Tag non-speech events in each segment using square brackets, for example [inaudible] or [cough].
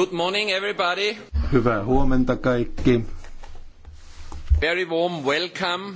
Good morning everybody. Hyvää huomenta kaikki. Very warm welcome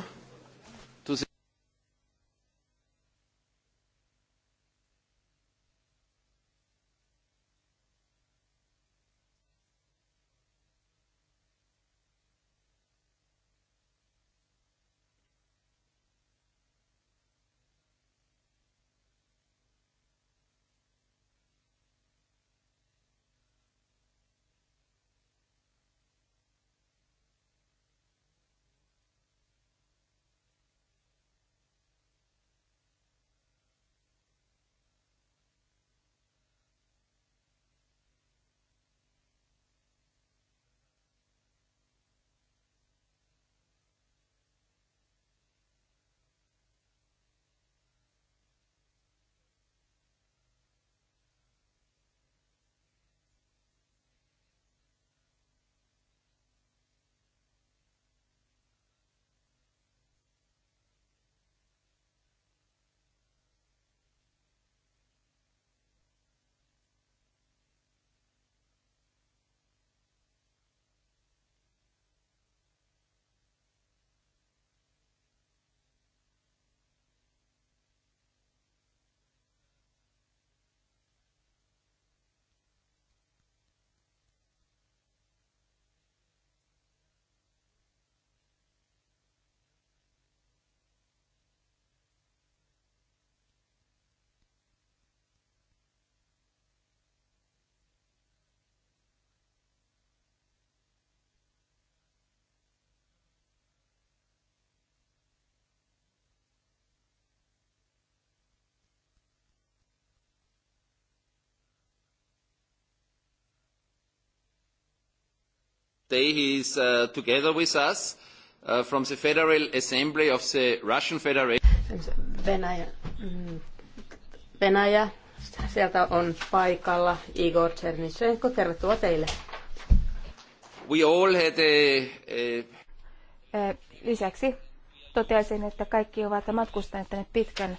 Today he is uh, together with us uh, from the Federal Assembly of the Russian Federation. Venäjä, mm, Venäjä, sieltä on paikalla Igor Chernyshenko, tervetuloa teille. We all had a, a... Lisäksi toteaisin, että kaikki ovat matkustaneet tänne pitkän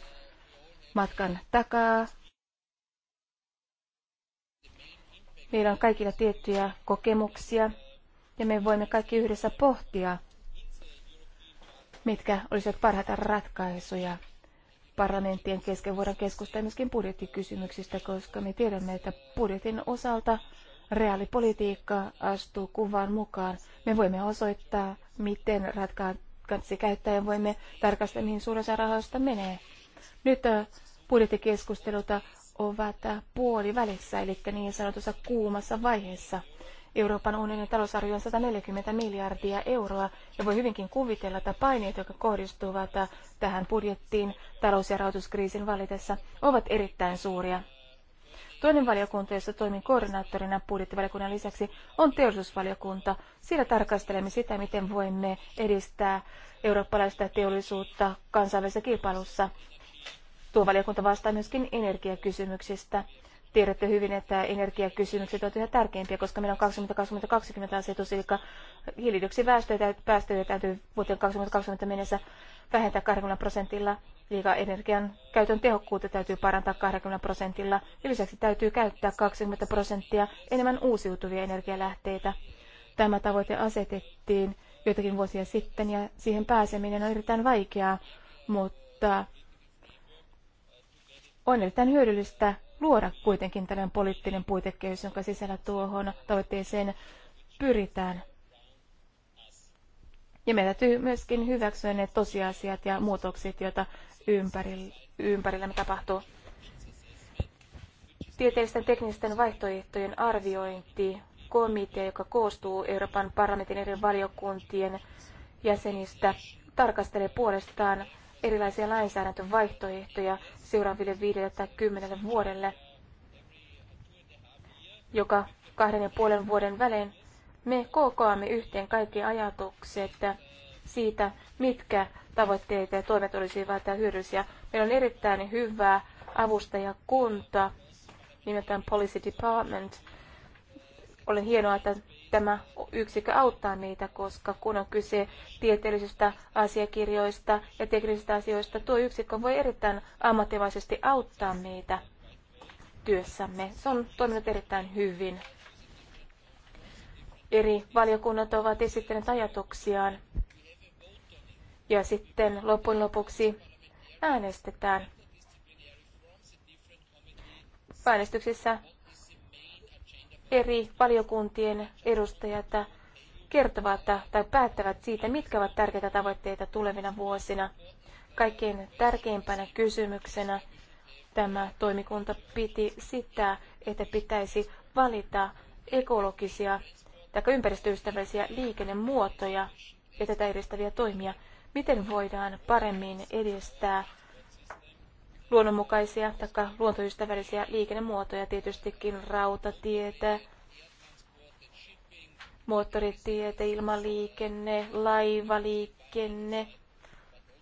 matkan takaa. Meillä on kaikilla tiettyjä kokemuksia ja me voimme kaikki yhdessä pohtia, mitkä olisivat parhaita ratkaisuja parlamenttien kesken. Voidaan keskustella myöskin budjettikysymyksistä, koska me tiedämme, että budjetin osalta reaalipolitiikka astuu kuvaan mukaan. Me voimme osoittaa, miten ratkaisi käyttäjä voimme tarkastaa, mihin suurin rahoista menee. Nyt äh, budjettikeskustelut ovat puolivälissä, eli niin sanotussa kuumassa vaiheessa. Euroopan unionin talousarvio on 140 miljardia euroa ja voi hyvinkin kuvitella, että paineet, jotka kohdistuvat tähän budjettiin talous- ja rahoituskriisin valitessa, ovat erittäin suuria. Toinen valiokunta, jossa toimin koordinaattorina budjettivaliokunnan lisäksi, on teollisuusvaliokunta. Siellä tarkastelemme sitä, miten voimme edistää eurooppalaista teollisuutta kansainvälisessä kilpailussa. Tuo valiokunta vastaa myöskin energiakysymyksistä. Tiedätte hyvin, että energiakysymykset ovat yhä tärkeimpiä, koska meillä on 2020 asetus, eli päästöjä täytyy vuoteen 2020 mennessä vähentää 20 prosentilla. Liika energian käytön tehokkuutta täytyy parantaa 20 prosentilla ja lisäksi täytyy käyttää 20 prosenttia enemmän uusiutuvia energialähteitä. Tämä tavoite asetettiin joitakin vuosia sitten ja siihen pääseminen on erittäin vaikeaa, mutta on erittäin hyödyllistä luoda kuitenkin tällainen poliittinen puitekehys, jonka sisällä tuohon tavoitteeseen pyritään. Ja meidän täytyy myöskin hyväksyä ne tosiasiat ja muutokset, joita ympärillä, ympärillämme tapahtuu. Tieteellisten teknisten vaihtoehtojen arviointi, komitea, joka koostuu Euroopan parlamentin eri valiokuntien jäsenistä, tarkastelee puolestaan erilaisia lainsäädäntövaihtoehtoja seuraaville viidelle tai kymmenelle vuodelle. Joka kahden ja puolen vuoden välein me kokoamme yhteen kaikki ajatukset siitä, mitkä tavoitteet ja toimet olisivat hyödyllisiä. Meillä on erittäin hyvää avustajakunta nimeltään Policy Department, olen hienoa, että tämä yksikö auttaa niitä, koska kun on kyse tieteellisistä asiakirjoista ja teknisistä asioista, tuo yksikkö voi erittäin ammattimaisesti auttaa meitä työssämme. Se on toiminut erittäin hyvin. Eri valiokunnat ovat esittäneet ajatuksiaan ja sitten loppujen lopuksi äänestetään. Äänestyksissä eri valiokuntien edustajat kertovat tai päättävät siitä, mitkä ovat tärkeitä tavoitteita tulevina vuosina. Kaikkein tärkeimpänä kysymyksenä tämä toimikunta piti sitä, että pitäisi valita ekologisia tai ympäristöystävällisiä liikennemuotoja ja tätä edistäviä toimia. Miten voidaan paremmin edistää luonnonmukaisia tai luontoystävällisiä liikennemuotoja, tietystikin rautatietä, moottoritietä, ilmaliikenne, laivaliikenne.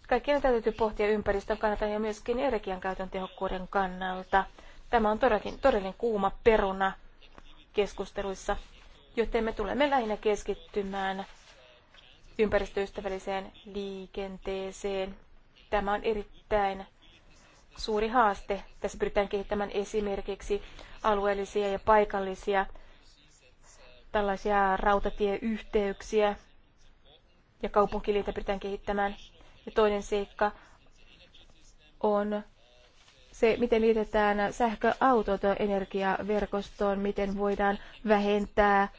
Kaikkia näitä täytyy pohtia ympäristön kannalta ja myöskin käytön tehokkuuden kannalta. Tämä on todellakin todellinen kuuma peruna keskusteluissa, joten me tulemme lähinnä keskittymään ympäristöystävälliseen liikenteeseen. Tämä on erittäin suuri haaste. Tässä pyritään kehittämään esimerkiksi alueellisia ja paikallisia tällaisia rautatieyhteyksiä ja kaupunkiliitä pyritään kehittämään. Ja toinen seikka on se, miten liitetään sähköautot energiaverkostoon, miten voidaan vähentää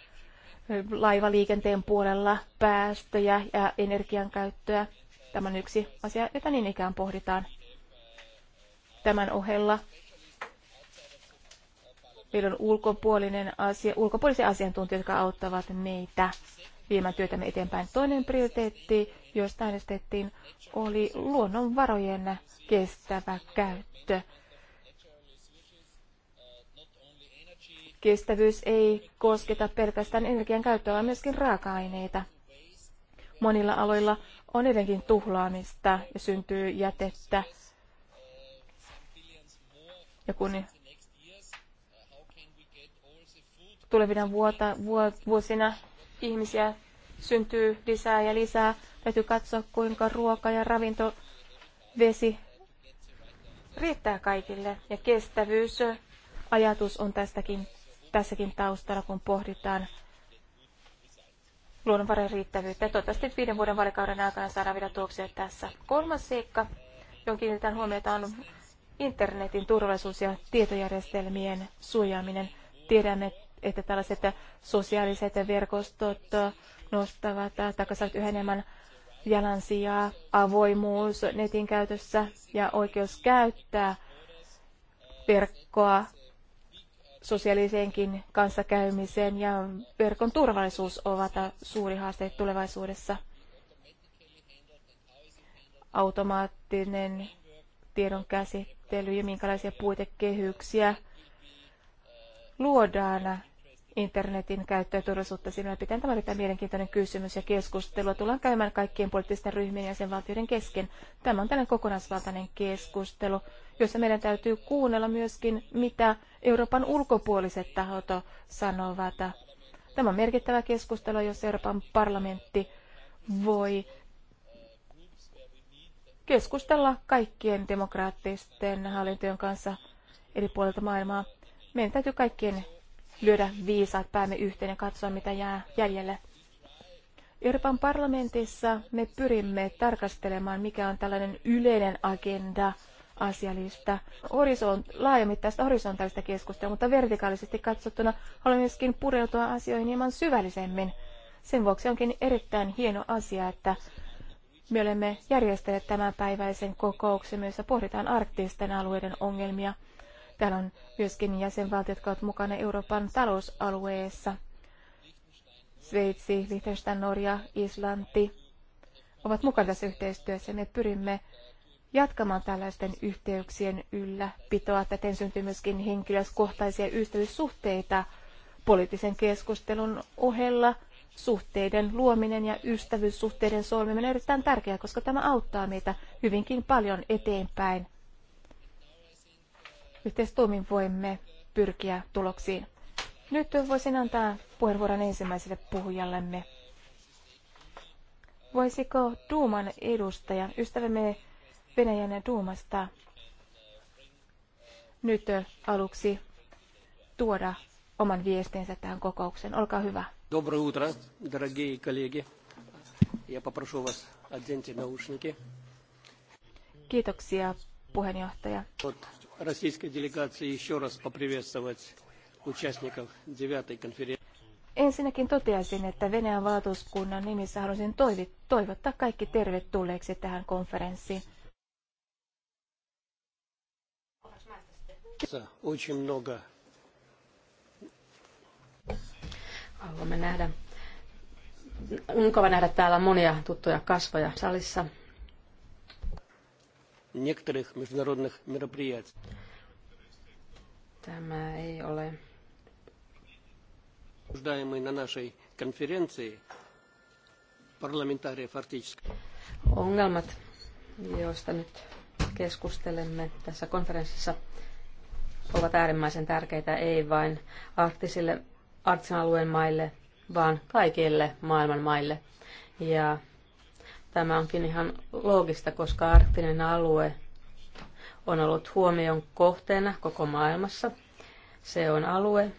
laivaliikenteen puolella päästöjä ja energian käyttöä. Tämä on yksi asia, jota niin ikään pohditaan. Tämän ohella meillä on ulkopuolinen asia, ulkopuolisia asiantuntijoita, jotka auttavat meitä viemään työtämme eteenpäin. Toinen prioriteetti, josta äänestettiin, oli luonnonvarojen kestävä käyttö. Kestävyys ei kosketa pelkästään energian käyttöä, vaan myöskin raaka-aineita. Monilla aloilla on edelleenkin tuhlaamista ja syntyy jätettä ja kun tulevina vuota, vuosina ihmisiä syntyy lisää ja lisää, täytyy katsoa kuinka ruoka ja ravinto, vesi riittää kaikille. Ja kestävyys, ajatus on tästäkin, tässäkin taustalla, kun pohditaan luonnonvarojen riittävyyttä. Ja toivottavasti viiden vuoden valikauden aikana saadaan vielä tuoksia tässä. Kolmas seikka, jonkin kiinnitän huomiota, on Internetin turvallisuus ja tietojärjestelmien suojaaminen. Tiedämme, että tällaiset sosiaaliset verkostot nostavat takaisin yhä enemmän jalansijaa, avoimuus netin käytössä ja oikeus käyttää verkkoa sosiaaliseenkin kanssakäymiseen ja verkon turvallisuus ovat suuri haaste tulevaisuudessa. Automaattinen tiedon käsittely ja minkälaisia puitekehyksiä luodaan internetin käyttöä ja turvallisuutta silmällä pitäen. Tämä oli tämä mielenkiintoinen kysymys ja keskustelua tullaan käymään kaikkien poliittisten ryhmien ja sen valtioiden kesken. Tämä on tällainen kokonaisvaltainen keskustelu, jossa meidän täytyy kuunnella myöskin, mitä Euroopan ulkopuoliset tahot sanovat. Tämä on merkittävä keskustelu, jos Euroopan parlamentti voi keskustella kaikkien demokraattisten hallintojen kanssa eri puolilta maailmaa. Meidän täytyy kaikkien lyödä viisaat päämme yhteen ja katsoa, mitä jää jäljelle. Euroopan parlamentissa me pyrimme tarkastelemaan, mikä on tällainen yleinen agenda asialista, horisont, laajamittaista horisontaalista keskustelua, mutta vertikaalisesti katsottuna haluan myöskin pureutua asioihin hieman syvällisemmin. Sen vuoksi onkin erittäin hieno asia, että me olemme järjestäneet tämänpäiväisen kokouksen, jossa pohditaan arktisten alueiden ongelmia. Täällä on myöskin jäsenvaltiot, jotka ovat mukana Euroopan talousalueessa. Sveitsi, Liechtenstein, Norja, Islanti ovat mukana tässä yhteistyössä. Me pyrimme jatkamaan tällaisten yhteyksien ylläpitoa. Täten syntyy myöskin henkilöskohtaisia ystävyyssuhteita poliittisen keskustelun ohella suhteiden luominen ja ystävyyssuhteiden solmiminen on erittäin tärkeää, koska tämä auttaa meitä hyvinkin paljon eteenpäin. Yhteistuumin voimme pyrkiä tuloksiin. Nyt voisin antaa puheenvuoron ensimmäiselle puhujallemme. Voisiko Duuman edustaja, ystävämme Venäjän Duumasta, nyt aluksi tuoda oman viestinsä tähän kokoukseen? Olkaa hyvä. Доброе Kiitoksia, puheenjohtaja. От российской делегации еще раз поприветствовать Ensinnäkin toteaisin, että Venäjän valtuuskunnan nimissä haluaisin toivottaa kaikki tervetulleeksi tähän konferenssiin. Очень много Haluamme nähdä, mukava nähdä täällä monia tuttuja kasvoja salissa. Tämä ei ole Ongelmat, joista nyt keskustelemme tässä konferenssissa, ovat äärimmäisen tärkeitä ei vain arktisille arktisen alueen maille, vaan kaikille maailman maille. Ja tämä onkin ihan loogista, koska arktinen alue on ollut huomion kohteena koko maailmassa. Se on alue,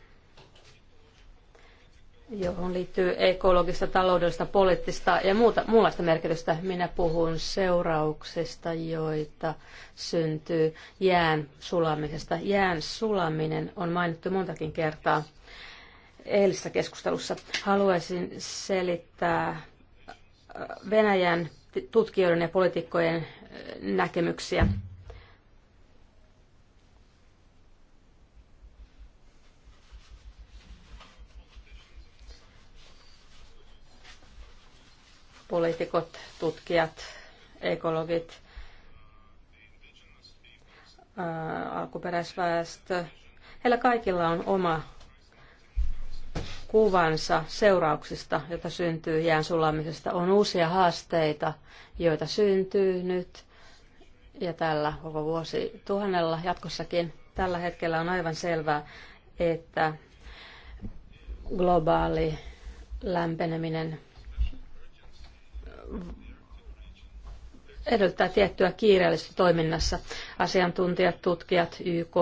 johon liittyy ekologista, taloudellista, poliittista ja muuta, muunlaista merkitystä. Minä puhun seurauksista, joita syntyy jään sulamisesta. Jään sulaminen on mainittu montakin kertaa eilisessä keskustelussa. Haluaisin selittää äh, Venäjän tutkijoiden ja poliitikkojen äh, näkemyksiä. Poliitikot, tutkijat, ekologit, äh, alkuperäisväestö, heillä kaikilla on oma kuvansa seurauksista, joita syntyy jään sulamisesta. On uusia haasteita, joita syntyy nyt ja tällä koko vuosi tuhannella jatkossakin. Tällä hetkellä on aivan selvää, että globaali lämpeneminen edellyttää tiettyä kiireellistä toiminnassa. Asiantuntijat, tutkijat, YK,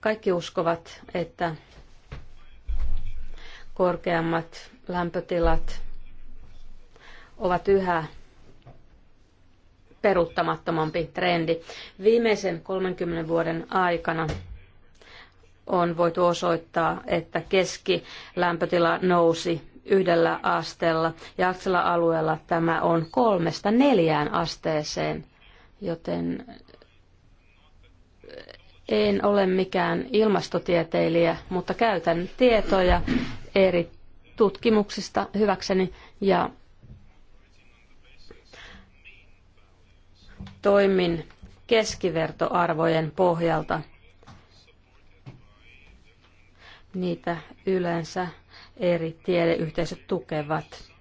kaikki uskovat, että korkeammat lämpötilat ovat yhä peruuttamattomampi trendi. Viimeisen 30 vuoden aikana on voitu osoittaa, että keskilämpötila nousi yhdellä asteella jaksella alueella tämä on kolmesta neljään asteeseen, joten en ole mikään ilmastotieteilijä, mutta käytän tietoja eri tutkimuksista hyväkseni ja toimin keskivertoarvojen pohjalta. Niitä yleensä eri tiedeyhteisöt tukevat.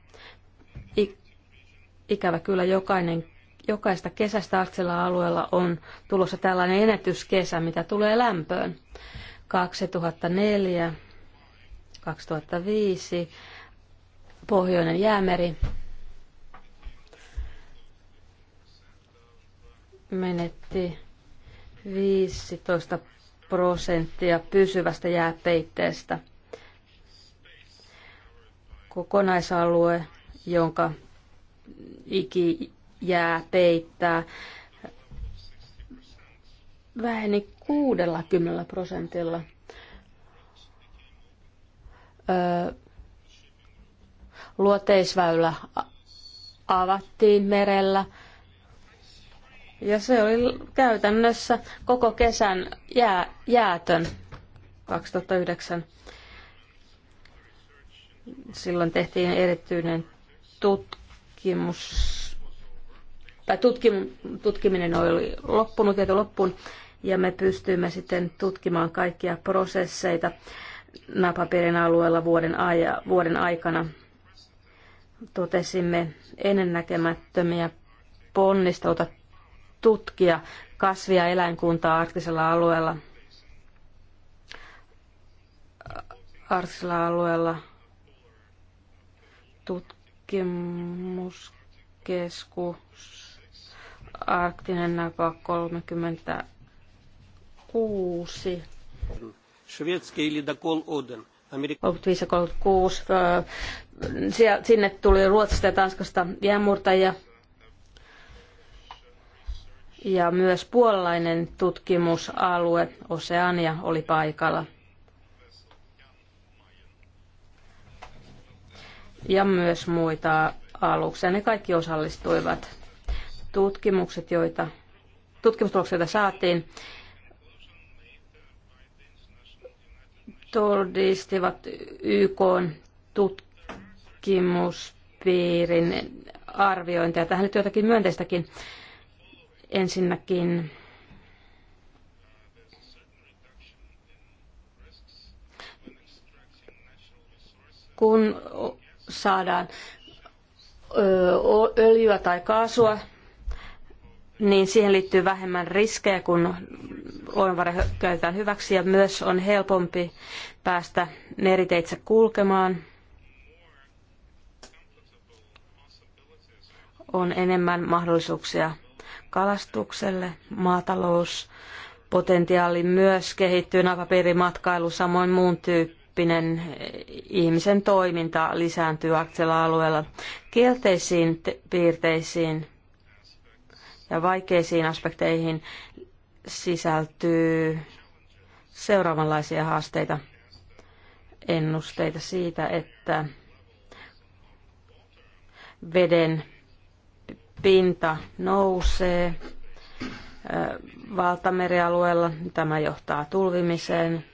ikävä kyllä jokainen jokaista kesästä arktisella alueella on tulossa tällainen ennätyskesä, mitä tulee lämpöön. 2004, 2005, Pohjoinen jäämeri menetti 15 prosenttia pysyvästä jääpeitteestä. Kokonaisalue, jonka iki jää peittää väheni 60 prosentilla. Öö, luoteisväylä avattiin merellä. Ja se oli käytännössä koko kesän jää, jäätön 2009. Silloin tehtiin erityinen tutkimus tai tutkim, tutkiminen oli loppunut, tieto loppuun, ja me pystyimme sitten tutkimaan kaikkia prosesseita napapiirin alueella vuoden, aja, vuoden aikana. Totesimme ennennäkemättömiä ponnisteluita tutkia kasvia ja eläinkuntaa arktisella alueella. Arktisella alueella tutkimuskeskus arktinen näkö 36. Шведский ледокол Оден. Америк- Sinne tuli Ruotsista ja Tanskasta jäänmurtajia. Ja myös puolalainen tutkimusalue Oseania oli paikalla. Ja myös muita aluksia. Ne kaikki osallistuivat Tutkimukset, joita, tutkimustuloksia, joita saatiin, todistivat YK tutkimuspiirin arviointia. Tähän nyt jotakin myönteistäkin. Ensinnäkin kun saadaan öljyä tai kaasua niin siihen liittyy vähemmän riskejä, kun luonnonvaroja käytetään hyväksi ja myös on helpompi päästä meriteitse kulkemaan. On enemmän mahdollisuuksia kalastukselle, maatalouspotentiaali myös kehittyy, napapiirimatkailu, samoin muun tyyppinen ihmisen toiminta lisääntyy arktisella alueella. Kielteisiin piirteisiin ja vaikeisiin aspekteihin sisältyy seuraavanlaisia haasteita. Ennusteita siitä, että veden pinta nousee valtamerialueella. Tämä johtaa tulvimiseen.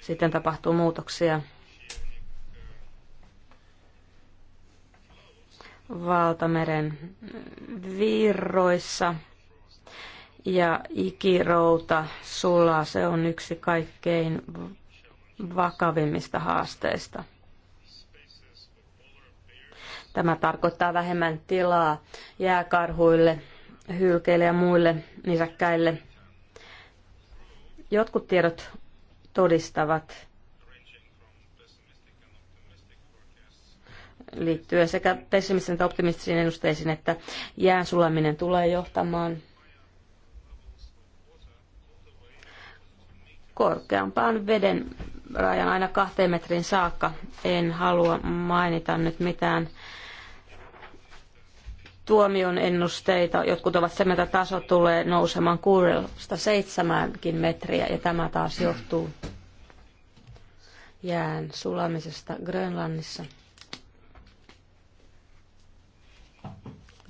Sitten tapahtuu muutoksia valtameren virroissa. Ja ikirouta sulaa, se on yksi kaikkein vakavimmista haasteista. Tämä tarkoittaa vähemmän tilaa jääkarhuille, hylkeille ja muille nisäkkäille. Jotkut tiedot todistavat, liittyen sekä pessimistisiin että optimistisiin ennusteisiin, että jään sulaminen tulee johtamaan korkeampaan veden rajan aina kahteen metrin saakka. En halua mainita nyt mitään tuomion ennusteita. Jotkut ovat se, että taso tulee nousemaan 6 seitsemänkin metriä ja tämä taas johtuu jään sulamisesta Grönlannissa.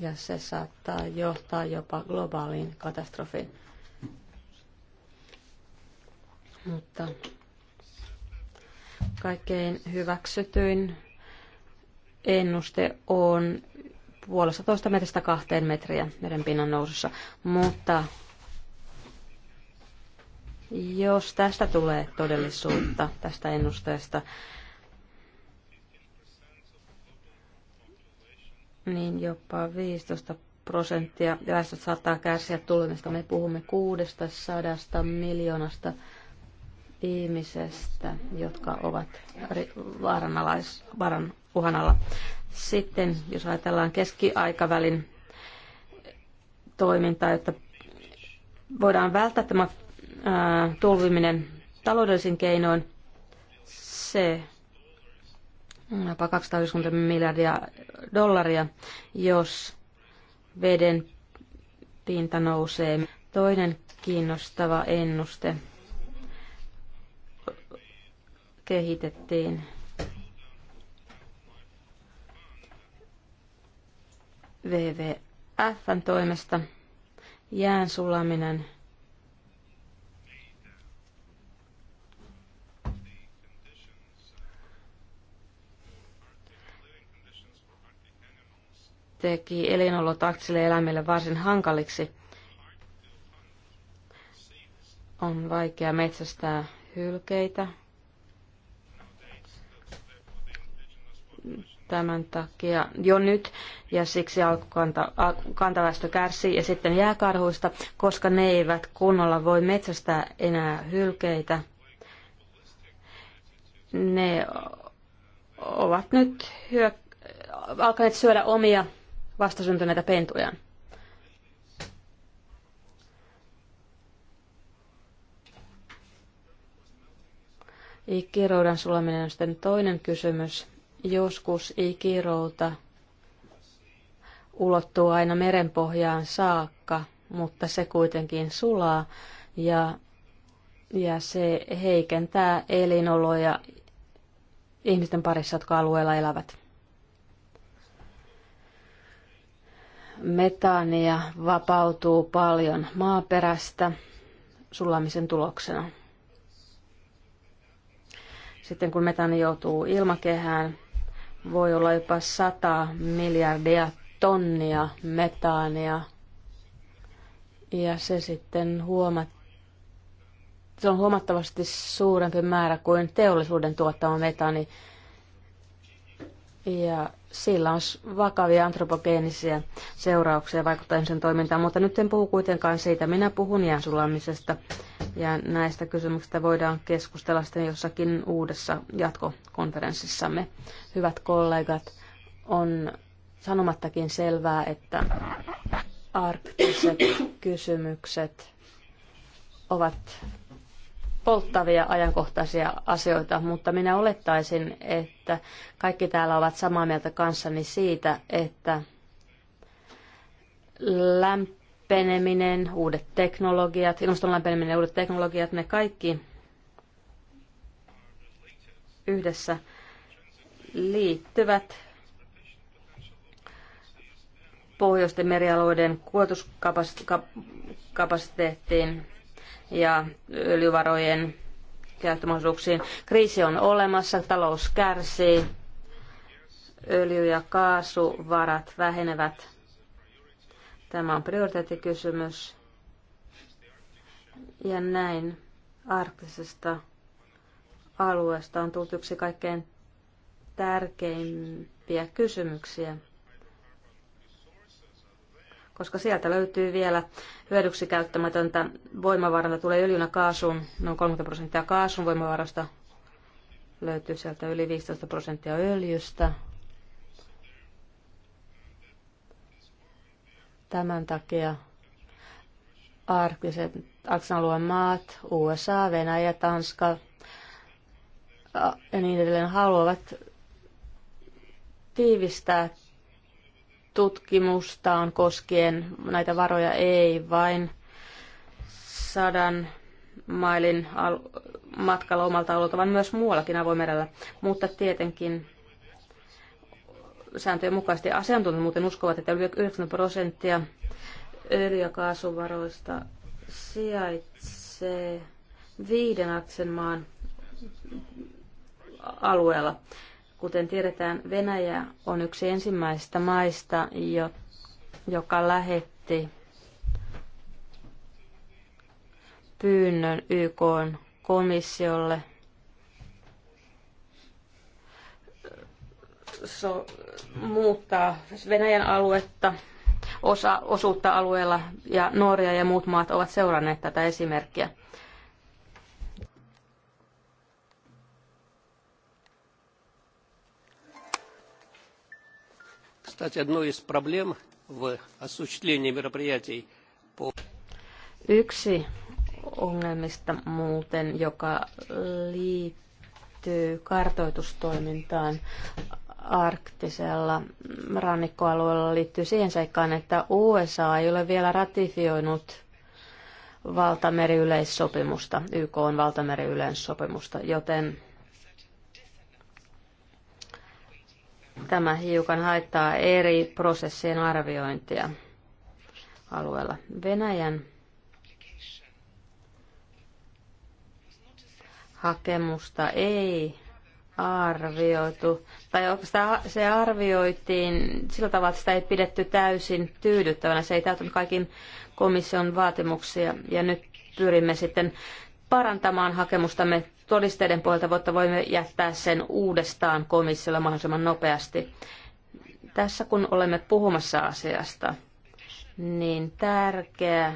ja se saattaa johtaa jopa globaaliin katastrofiin. Mutta kaikkein hyväksytyin ennuste on puolesta toista metristä kahteen metriä merenpinnan nousussa, mutta jos tästä tulee todellisuutta, tästä ennusteesta, niin jopa 15 prosenttia väestöt saattaa kärsiä tulemista. Me puhumme 600 miljoonasta ihmisestä, jotka ovat vaaranalais, vaaran uhanalla. Sitten jos ajatellaan keskiaikavälin toimintaa, että voidaan välttää tämä ää, tulviminen taloudellisin keinoin, se jopa 250 miljardia dollaria, jos veden pinta nousee. Toinen kiinnostava ennuste kehitettiin WWFn toimesta jään sulaminen – teki elinolot Aktsille eläimille varsin hankaliksi. On vaikea metsästää hylkeitä. Tämän takia jo nyt ja siksi alkukantaväestö kärsii ja sitten jääkarhuista, koska ne eivät kunnolla voi metsästää enää hylkeitä. Ne ovat nyt hyö, alkaneet syödä omia vastasyntyneitä pentuja. Ikiroudan sulaminen on sitten toinen kysymys. Joskus ikirouta ulottuu aina merenpohjaan saakka, mutta se kuitenkin sulaa ja, ja se heikentää elinoloja ihmisten parissa, jotka alueella elävät. metaania vapautuu paljon maaperästä sulamisen tuloksena. Sitten kun metaani joutuu ilmakehään, voi olla jopa 100 miljardia tonnia metaania. Ja se sitten huomat, se on huomattavasti suurempi määrä kuin teollisuuden tuottama metaani. Ja sillä on vakavia antropogeenisia seurauksia vaikuttaa sen toimintaan, mutta nyt en puhu kuitenkaan siitä. Minä puhun jään sulamisesta ja näistä kysymyksistä voidaan keskustella sitten jossakin uudessa jatkokonferenssissamme. Hyvät kollegat, on sanomattakin selvää, että arktiset kysymykset ovat polttavia ajankohtaisia asioita, mutta minä olettaisin, että kaikki täällä ovat samaa mieltä kanssani siitä, että lämpeneminen, uudet teknologiat, ilmaston lämpeneminen ja uudet teknologiat, ne kaikki yhdessä liittyvät pohjoisten merialueiden kuotuskapasiteettiin ja öljyvarojen käyttömahdollisuuksiin. Kriisi on olemassa, talous kärsii, öljy- ja kaasuvarat vähenevät. Tämä on prioriteettikysymys. Ja näin arktisesta alueesta on tullut yksi kaikkein tärkeimpiä kysymyksiä koska sieltä löytyy vielä hyödyksi käyttämätöntä voimavarana. Tulee öljynä kaasuun, noin 30 prosenttia kaasun voimavarasta löytyy sieltä yli 15 prosenttia öljystä. Tämän takia arktisen alueen maat, USA, Venäjä, Tanska ja niin edelleen haluavat tiivistää tutkimustaan koskien näitä varoja ei vain sadan mailin matkalla omalta alueelta, vaan myös muuallakin avoimerellä. Mutta tietenkin sääntöjen mukaisesti asiantuntijat muuten uskovat, että yli 90 prosenttia öljy- ja kaasuvaroista sijaitsee viiden aksen maan alueella. Kuten tiedetään, Venäjä on yksi ensimmäisistä maista, joka lähetti pyynnön YK komissiolle so, muuttaa Venäjän aluetta, osa, osuutta alueella ja Norja ja muut maat ovat seuranneet tätä esimerkkiä. Кстати, одной из проблем в осуществлении мероприятий по... Yksi ongelmista muuten, joka liittyy kartoitustoimintaan arktisella rannikkoalueella, liittyy siihen seikkaan, että USA ei ole vielä ratifioinut valtameriyleissopimusta, YK on valtameriyleissopimusta, joten Tämä hiukan haittaa eri prosessien arviointia alueella. Venäjän hakemusta ei arvioitu, tai oikeastaan se arvioitiin sillä tavalla, että sitä ei pidetty täysin tyydyttävänä. Se ei täytynyt kaikin komission vaatimuksia, ja nyt pyrimme sitten parantamaan hakemustamme todisteiden pohjalta, mutta voimme jättää sen uudestaan komissiolle mahdollisimman nopeasti. Tässä kun olemme puhumassa asiasta, niin tärkeä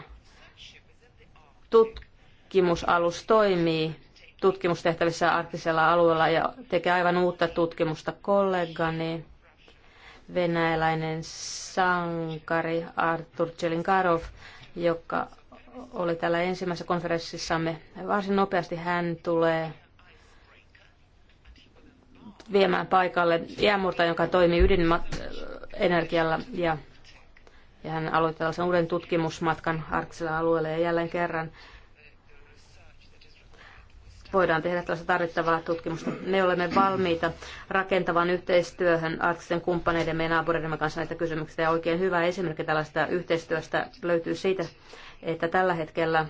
tutkimusalus toimii tutkimustehtävissä arktisella alueella ja tekee aivan uutta tutkimusta kollegani, venäläinen sankari Artur Chelinkarov, joka oli täällä ensimmäisessä konferenssissamme. Varsin nopeasti hän tulee viemään paikalle jäämurta, joka toimii ydinenergialla ja, ja hän aloitti tällaisen uuden tutkimusmatkan arktisella alueella ja jälleen kerran voidaan tehdä tällaista tarvittavaa tutkimusta. Me olemme valmiita rakentavan yhteistyöhön arktisten kumppaneiden ja naapureidemme kanssa näitä kysymyksiä. Ja oikein hyvä esimerkki tällaista yhteistyöstä löytyy siitä, että tällä hetkellä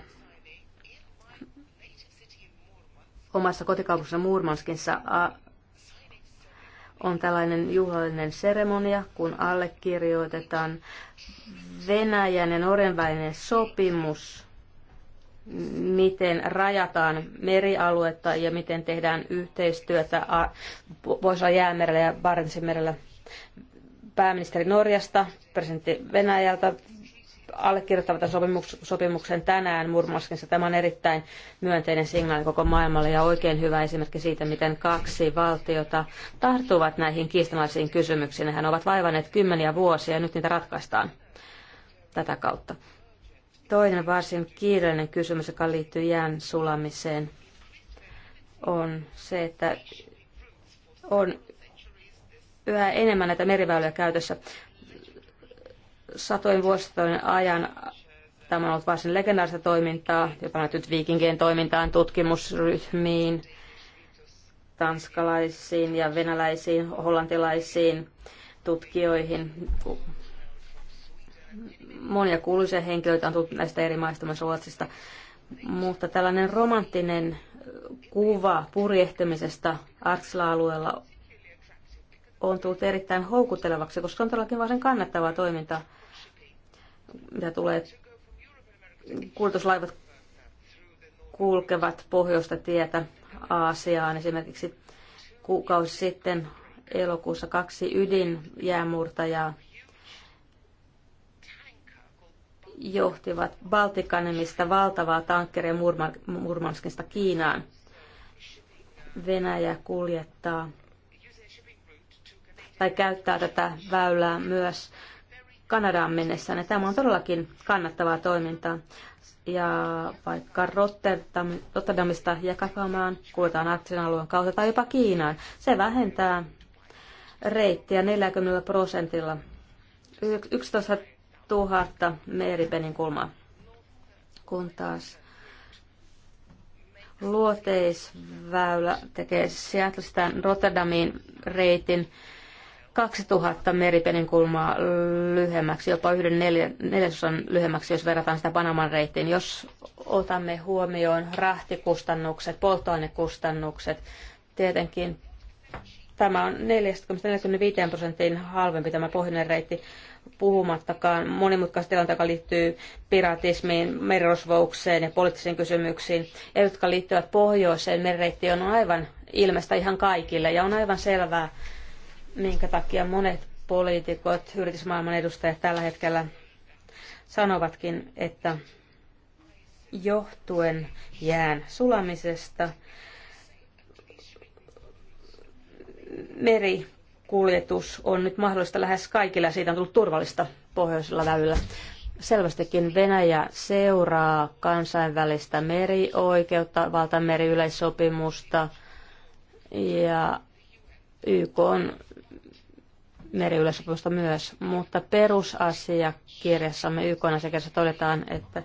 omassa kotikaupungissa Murmanskissa on tällainen juhlallinen seremonia, kun allekirjoitetaan Venäjän ja Norjan välinen sopimus, miten rajataan merialuetta ja miten tehdään yhteistyötä Voisa jäämerellä ja Barentsin merellä. Pääministeri Norjasta, presidentti Venäjältä, allekirjoittavat sopimuksen tänään Murmanskissa. Tämä on erittäin myönteinen signaali koko maailmalle ja oikein hyvä esimerkki siitä, miten kaksi valtiota tarttuvat näihin kiistanalaisiin kysymyksiin. Hän ovat vaivanneet kymmeniä vuosia ja nyt niitä ratkaistaan tätä kautta. Toinen varsin kiireellinen kysymys, joka liittyy jään sulamiseen, on se, että on yhä enemmän näitä meriväyliä käytössä satojen vuosien ajan tämä on ollut varsin legendaarista toimintaa, Jopa nyt viikinkien toimintaan, tutkimusryhmiin, tanskalaisiin ja venäläisiin, hollantilaisiin tutkijoihin. Monia kuuluisia henkilöitä on tullut näistä eri maista, myös Ruotsista. Mutta tällainen romanttinen kuva purjehtimisesta Artsla-alueella on tullut erittäin houkuttelevaksi, koska on todellakin varsin kannattavaa toimintaa mitä tulee, kuljetuslaivat kulkevat pohjoista tietä Aasiaan. Esimerkiksi kuukausi sitten elokuussa kaksi ydinjäämurtajaa johtivat Baltikanemista valtavaa tankkeria Murmanskista Kiinaan. Venäjä kuljettaa tai käyttää tätä väylää myös Kanadaan mennessään. Ja tämä on todellakin kannattavaa toimintaa. Ja vaikka Rotterdam, Rotterdamista ja Kakamaan kuljetaan arktisen alueen kautta tai jopa Kiinaan, se vähentää reittiä 40 prosentilla. 11 000 meripenin kulmaa. Kun taas luoteisväylä tekee Seattleista Rotterdamin reitin 2000 meripenin kulmaa lyhyemmäksi, jopa yhden neljäsosan lyhyemmäksi, jos verrataan sitä Panaman reittiin. Jos otamme huomioon rahtikustannukset, polttoainekustannukset, tietenkin tämä on 40-45 prosentin halvempi tämä pohjoinen reitti, puhumattakaan monimutkaista tilanteita, joka liittyy piratismiin, merirosvoukseen ja poliittisiin kysymyksiin, ja jotka liittyvät pohjoiseen. Merireitti on aivan ilmeistä ihan kaikille, ja on aivan selvää, minkä takia monet poliitikot, yritysmaailman edustajat tällä hetkellä sanovatkin, että johtuen jään sulamisesta merikuljetus on nyt mahdollista lähes kaikilla. Siitä on tullut turvallista pohjoisella väylällä. Selvästikin Venäjä seuraa kansainvälistä merioikeutta, valtameriyleissopimusta ja YK on meriyleisopimusta myös, mutta perusasiakirjassamme YK asiakirjassa todetaan, että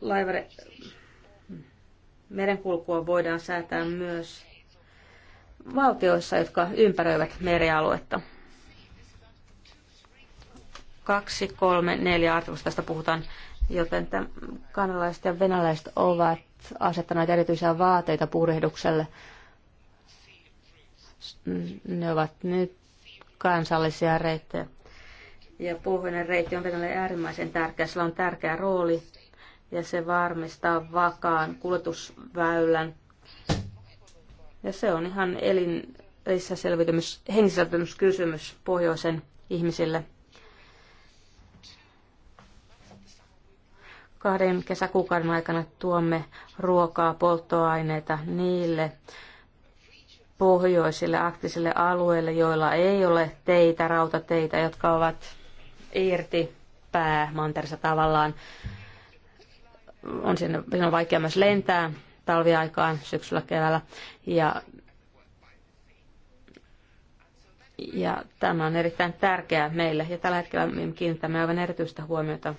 laivare, merenkulkua voidaan säätää myös valtioissa, jotka ympäröivät merialuetta. Kaksi, kolme, neljä artikkelista tästä puhutaan, joten kanalaiset ja venäläiset ovat asettaneet erityisiä vaateita purjehdukselle. Ne ovat nyt kansallisia reittejä. Ja pohjoinen reitti on Venäjälle äärimmäisen tärkeä. Sillä on tärkeä rooli ja se varmistaa vakaan kuljetusväylän. Ja se on ihan elin, elissä selvitymys, kysymys pohjoisen ihmisille. kahden kesäkuukauden aikana tuomme ruokaa, polttoaineita niille pohjoisille arktisille alueille, joilla ei ole teitä, rautateitä, jotka ovat irti päämanterissa tavallaan. On siinä, siinä on vaikea myös lentää talviaikaan, syksyllä, keväällä. Ja, ja tämä on erittäin tärkeää meille. Ja tällä hetkellä me kiinnitämme aivan erityistä huomiota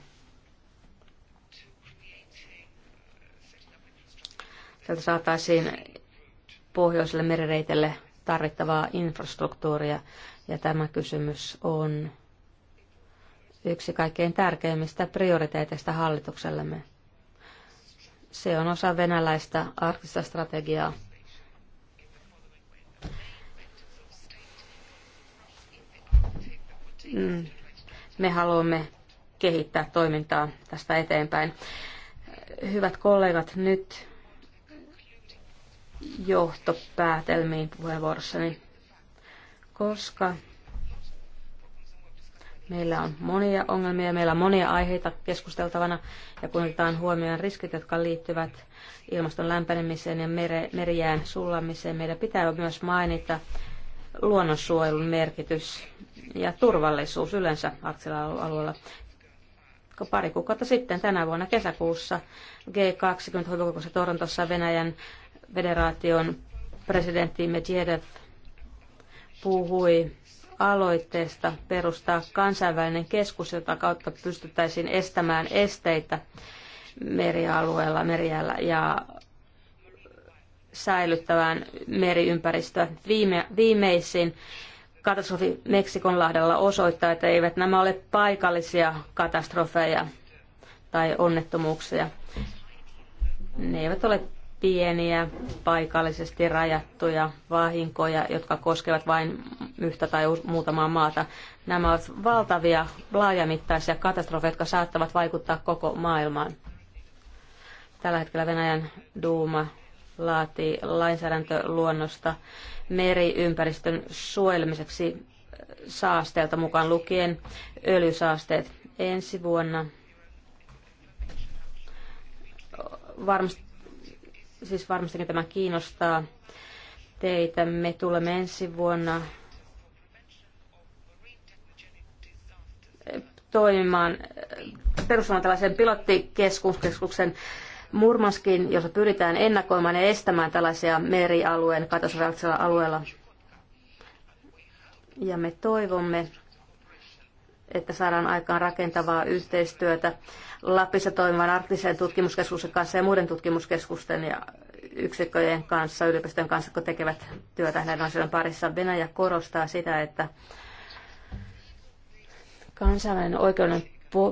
Sieltä saataisiin pohjoiselle merireitelle tarvittavaa infrastruktuuria, ja tämä kysymys on yksi kaikkein tärkeimmistä prioriteeteista hallituksellemme. Se on osa venäläistä arktista strategiaa. Me haluamme kehittää toimintaa tästä eteenpäin. Hyvät kollegat, nyt johtopäätelmiin puheenvuorossani, koska meillä on monia ongelmia, meillä on monia aiheita keskusteltavana ja kun otetaan huomioon riskit, jotka liittyvät ilmaston lämpenemiseen ja mere, merijään sulamiseen, meidän pitää myös mainita luonnonsuojelun merkitys ja turvallisuus yleensä arktisella alueella. Pari kuukautta sitten tänä vuonna kesäkuussa G20 huippukokouksessa Torontossa Venäjän federaation presidentti Medvedev puhui aloitteesta perustaa kansainvälinen keskus, jota kautta pystyttäisiin estämään esteitä merialueella, merijällä ja säilyttävään meriympäristöä. Viime, viimeisin katastrofi Meksikon lahdella osoittaa, että eivät nämä ole paikallisia katastrofeja tai onnettomuuksia. Ne eivät ole pieniä paikallisesti rajattuja vahinkoja, jotka koskevat vain yhtä tai muutamaa maata. Nämä ovat valtavia laajamittaisia katastrofeja, jotka saattavat vaikuttaa koko maailmaan. Tällä hetkellä Venäjän duuma laatii lainsäädäntöluonnosta meriympäristön suojelemiseksi saasteelta mukaan lukien öljysaasteet ensi vuonna. Varmasti siis varmastikin tämä kiinnostaa teitä. Me tulemme ensi vuonna toimimaan, eh, perustamaan tällaisen pilottikeskuksen Murmanskin, jossa pyritään ennakoimaan ja estämään tällaisia merialueen katastrofaalisella alueella. Ja me toivomme, että saadaan aikaan rakentavaa yhteistyötä Lapissa toimivan arktiseen tutkimuskeskuksen kanssa ja muiden tutkimuskeskusten ja yksikköjen kanssa, yliopistojen kanssa, kun tekevät työtä näiden asioiden parissa. Venäjä korostaa sitä, että kansainvälinen oikeuden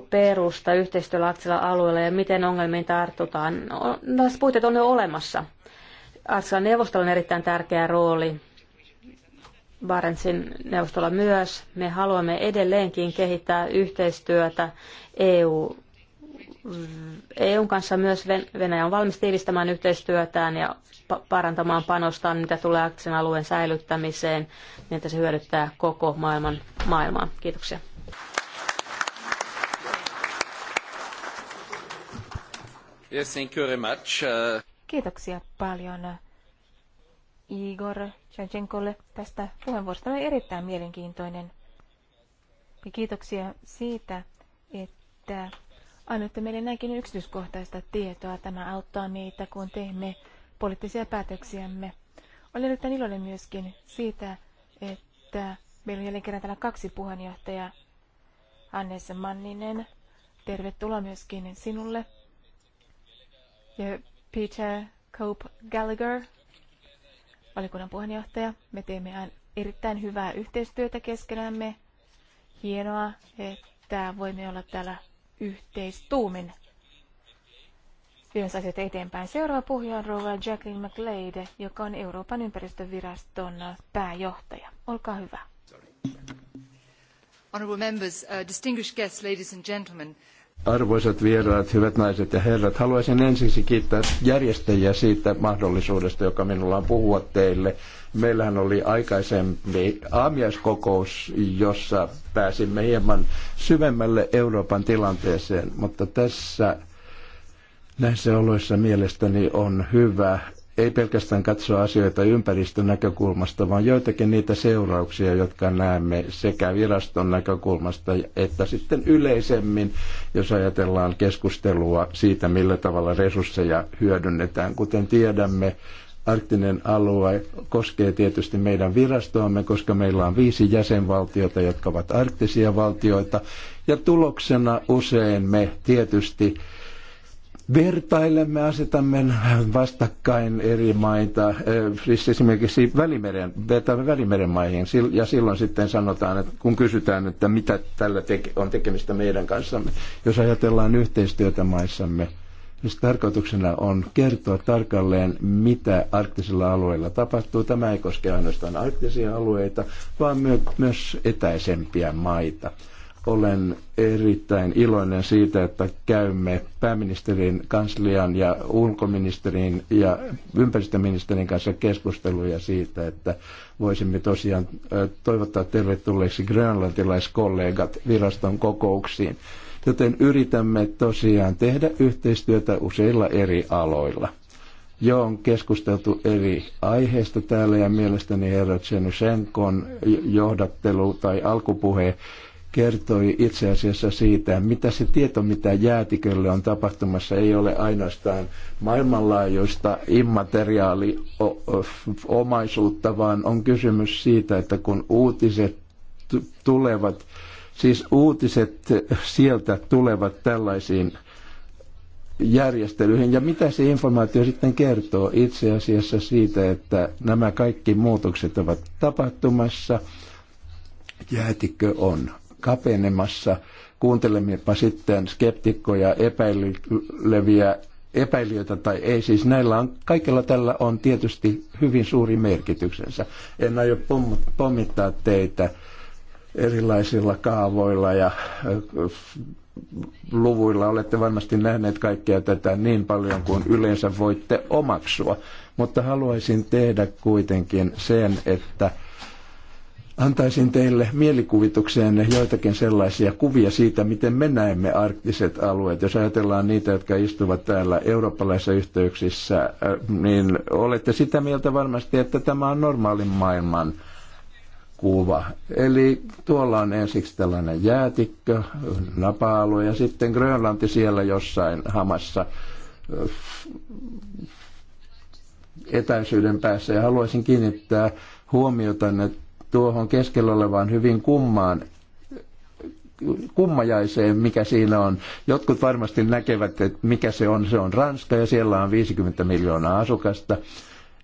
perusta yhteistyöllä arktisella alueella ja miten ongelmiin tartutaan. Tällaiset puitteet on jo olemassa. Arktisella neuvostolla on erittäin tärkeä rooli Barentsin neuvostolla myös. Me haluamme edelleenkin kehittää yhteistyötä EU, EUn kanssa myös. Venäjä on valmis tiivistämään yhteistyötään ja parantamaan panostaan, mitä tulee aksen alueen säilyttämiseen, niin että se hyödyttää koko maailman maailmaa. Kiitoksia. Yes, thank you very much. Uh, Kiitoksia paljon Igor Chachenkolle tästä puheenvuorosta. Oli erittäin mielenkiintoinen. Ja kiitoksia siitä, että annatte meille näinkin yksityiskohtaista tietoa. Tämä auttaa meitä, kun teemme poliittisia päätöksiämme. Olen erittäin iloinen myöskin siitä, että meillä on jälleen kerran täällä kaksi puheenjohtajaa. Hannes Manninen, tervetuloa myöskin sinulle. Ja Peter Cope Gallagher, valiokunnan puheenjohtaja. Me teemme erittäin hyvää yhteistyötä keskenämme. Hienoa, että voimme olla täällä yhteistuumin viemässä asiat eteenpäin. Seuraava puhuja on Rova Jacqueline McLeod, joka on Euroopan ympäristöviraston pääjohtaja. Olkaa hyvä. Honourable members, uh, distinguished guests, ladies and gentlemen. Arvoisat vieraat, hyvät naiset ja herrat, haluaisin ensiksi kiittää järjestäjiä siitä mahdollisuudesta, joka minulla on puhua teille. Meillähän oli aikaisempi aamiaiskokous, jossa pääsimme hieman syvemmälle Euroopan tilanteeseen, mutta tässä näissä oloissa mielestäni on hyvä ei pelkästään katsoa asioita ympäristön näkökulmasta, vaan joitakin niitä seurauksia, jotka näemme sekä viraston näkökulmasta että sitten yleisemmin, jos ajatellaan keskustelua siitä, millä tavalla resursseja hyödynnetään. Kuten tiedämme, arktinen alue koskee tietysti meidän virastoamme, koska meillä on viisi jäsenvaltiota, jotka ovat arktisia valtioita, ja tuloksena usein me tietysti vertailemme, asetamme vastakkain eri maita, eh, siis esimerkiksi Välimeren, vertaamme Välimeren maihin, ja silloin sitten sanotaan, että kun kysytään, että mitä tällä teke, on tekemistä meidän kanssamme, jos ajatellaan yhteistyötä maissamme, siis tarkoituksena on kertoa tarkalleen, mitä arktisilla alueilla tapahtuu. Tämä ei koske ainoastaan arktisia alueita, vaan myös etäisempiä maita. Olen erittäin iloinen siitä, että käymme pääministerin kanslian ja ulkoministerin ja ympäristöministerin kanssa keskusteluja siitä, että voisimme tosiaan toivottaa tervetulleeksi grönlantilaiskollegat viraston kokouksiin. Joten yritämme tosiaan tehdä yhteistyötä useilla eri aloilla. Jo on keskusteltu eri aiheista täällä ja mielestäni herra Tsenyshenkon johdattelu tai alkupuhe kertoi itse asiassa siitä, mitä se tieto, mitä jäätikölle on tapahtumassa, ei ole ainoastaan maailmanlaajuista immateriaaliomaisuutta, vaan on kysymys siitä, että kun uutiset tulevat, siis uutiset sieltä tulevat tällaisiin järjestelyihin. Ja mitä se informaatio sitten kertoo itse asiassa siitä, että nämä kaikki muutokset ovat tapahtumassa, jäätikö on kapenemassa. Kuuntelemmepa sitten skeptikkoja, epäileviä, epäilijöitä tai ei. Siis näillä on, kaikilla tällä on tietysti hyvin suuri merkityksensä. En aio pommittaa teitä erilaisilla kaavoilla ja luvuilla. Olette varmasti nähneet kaikkea tätä niin paljon kuin yleensä voitte omaksua. Mutta haluaisin tehdä kuitenkin sen, että antaisin teille mielikuvitukseenne joitakin sellaisia kuvia siitä, miten me näemme arktiset alueet. Jos ajatellaan niitä, jotka istuvat täällä eurooppalaisissa yhteyksissä, äh, niin olette sitä mieltä varmasti, että tämä on normaalin maailman kuva. Eli tuolla on ensiksi tällainen jäätikkö, napa-alue ja sitten Grönlanti siellä jossain hamassa äh, etäisyyden päässä. Ja haluaisin kiinnittää huomiota, että tuohon keskellä olevaan hyvin kummaan kummajaiseen, mikä siinä on. Jotkut varmasti näkevät, että mikä se on. Se on Ranska ja siellä on 50 miljoonaa asukasta.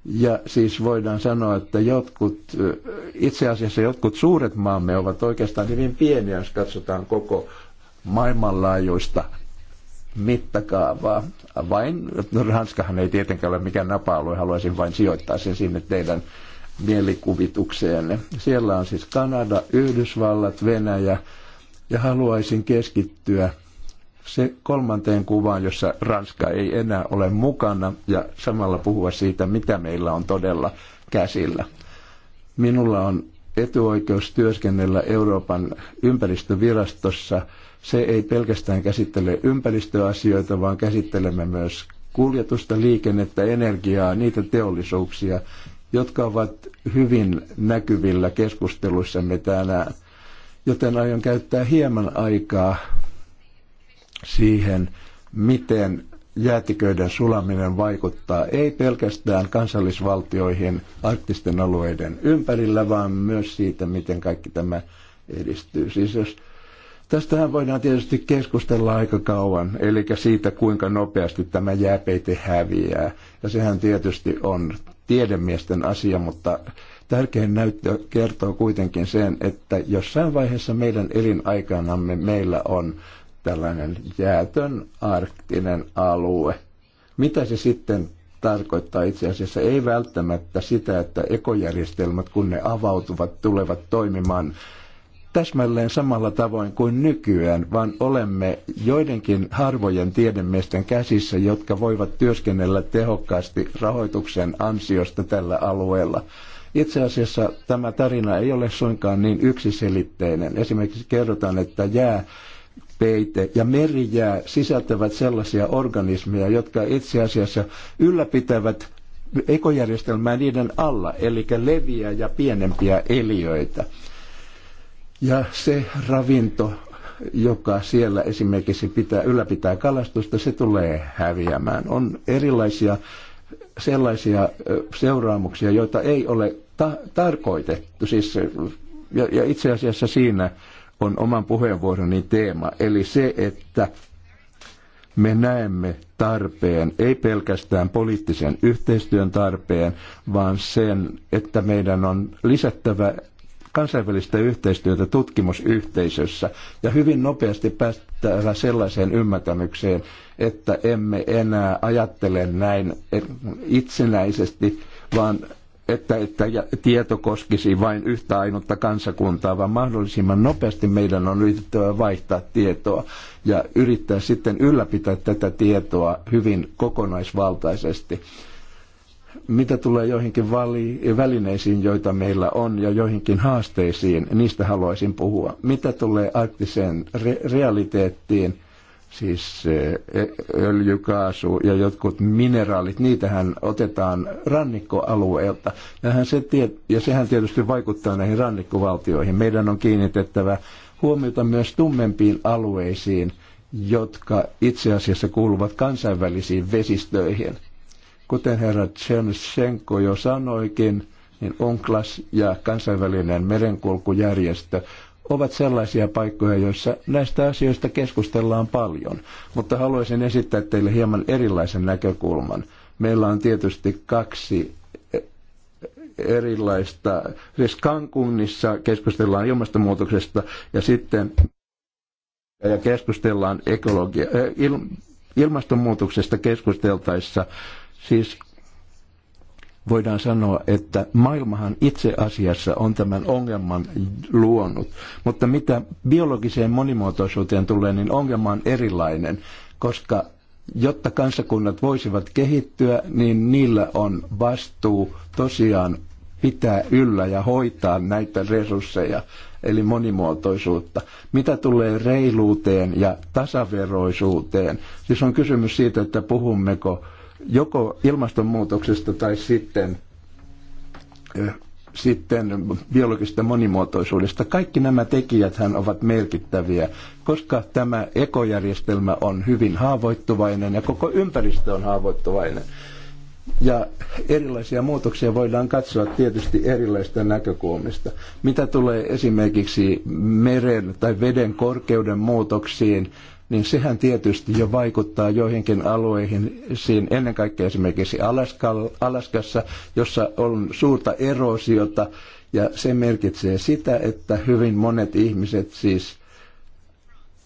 Ja siis voidaan sanoa, että jotkut, itse asiassa jotkut suuret maamme ovat oikeastaan hyvin pieniä, jos katsotaan koko maailmanlaajuista mittakaavaa. Vain, Ranskahan ei tietenkään ole mikään napa-alue, haluaisin vain sijoittaa sen sinne teidän mielikuvitukseenne. Siellä on siis Kanada, Yhdysvallat, Venäjä ja haluaisin keskittyä se kolmanteen kuvaan, jossa Ranska ei enää ole mukana ja samalla puhua siitä, mitä meillä on todella käsillä. Minulla on etuoikeus työskennellä Euroopan ympäristövirastossa. Se ei pelkästään käsittele ympäristöasioita, vaan käsittelemme myös kuljetusta, liikennettä, energiaa, niitä teollisuuksia, jotka ovat hyvin näkyvillä keskusteluissamme täällä, joten aion käyttää hieman aikaa siihen, miten jäätiköiden sulaminen vaikuttaa ei pelkästään kansallisvaltioihin arktisten alueiden ympärillä, vaan myös siitä, miten kaikki tämä edistyy. Siis jos Tästähän voidaan tietysti keskustella aika kauan, eli siitä kuinka nopeasti tämä jääpeite häviää. Ja sehän tietysti on tiedemiesten asia, mutta tärkein näyttö kertoo kuitenkin sen, että jossain vaiheessa meidän elinaikanamme meillä on tällainen jäätön arktinen alue. Mitä se sitten tarkoittaa itse asiassa? Ei välttämättä sitä, että ekojärjestelmät, kun ne avautuvat, tulevat toimimaan täsmälleen samalla tavoin kuin nykyään, vaan olemme joidenkin harvojen tiedemiesten käsissä, jotka voivat työskennellä tehokkaasti rahoituksen ansiosta tällä alueella. Itse asiassa tämä tarina ei ole suinkaan niin yksiselitteinen. Esimerkiksi kerrotaan, että jää peite ja merijää sisältävät sellaisia organismeja, jotka itse asiassa ylläpitävät ekojärjestelmää niiden alla, eli leviä ja pienempiä eliöitä. Ja se ravinto, joka siellä esimerkiksi pitää, ylläpitää kalastusta, se tulee häviämään. On erilaisia sellaisia seuraamuksia, joita ei ole ta- tarkoitettu. Siis, ja, ja itse asiassa siinä on oman puheenvuoroni teema, eli se, että me näemme tarpeen, ei pelkästään poliittisen yhteistyön tarpeen, vaan sen, että meidän on lisättävä kansainvälistä yhteistyötä tutkimusyhteisössä ja hyvin nopeasti päästävä sellaiseen ymmärtämykseen, että emme enää ajattele näin itsenäisesti, vaan että, että tieto koskisi vain yhtä ainutta kansakuntaa, vaan mahdollisimman nopeasti meidän on yritettävä vaihtaa tietoa ja yrittää sitten ylläpitää tätä tietoa hyvin kokonaisvaltaisesti mitä tulee joihinkin vali- välineisiin, joita meillä on, ja joihinkin haasteisiin, niistä haluaisin puhua. Mitä tulee arktiseen re- realiteettiin, siis eh, eh, öljykaasu ja jotkut mineraalit, niitähän otetaan rannikkoalueelta. Nähän se tie- ja sehän tietysti vaikuttaa näihin rannikkovaltioihin. Meidän on kiinnitettävä huomiota myös tummempiin alueisiin, jotka itse asiassa kuuluvat kansainvälisiin vesistöihin – Kuten herra Tchernsenko jo sanoikin, niin UNCLAS ja kansainvälinen merenkulkujärjestö ovat sellaisia paikkoja, joissa näistä asioista keskustellaan paljon. Mutta haluaisin esittää teille hieman erilaisen näkökulman. Meillä on tietysti kaksi e- erilaista. Siis Cancunissa keskustellaan ilmastonmuutoksesta ja sitten ja keskustellaan ekologia, e- il, ilmastonmuutoksesta keskusteltaessa Siis voidaan sanoa, että maailmahan itse asiassa on tämän ongelman luonut. Mutta mitä biologiseen monimuotoisuuteen tulee, niin ongelma on erilainen, koska jotta kansakunnat voisivat kehittyä, niin niillä on vastuu tosiaan pitää yllä ja hoitaa näitä resursseja, eli monimuotoisuutta. Mitä tulee reiluuteen ja tasaveroisuuteen? Siis on kysymys siitä, että puhummeko joko ilmastonmuutoksesta tai sitten, sitten biologisesta monimuotoisuudesta. Kaikki nämä tekijät ovat merkittäviä, koska tämä ekojärjestelmä on hyvin haavoittuvainen ja koko ympäristö on haavoittuvainen. Ja erilaisia muutoksia voidaan katsoa tietysti erilaisista näkökulmista. Mitä tulee esimerkiksi meren tai veden korkeuden muutoksiin, niin sehän tietysti jo vaikuttaa joihinkin alueihin, siinä ennen kaikkea esimerkiksi Alaskassa, jossa on suurta erosiota, ja se merkitsee sitä, että hyvin monet ihmiset siis,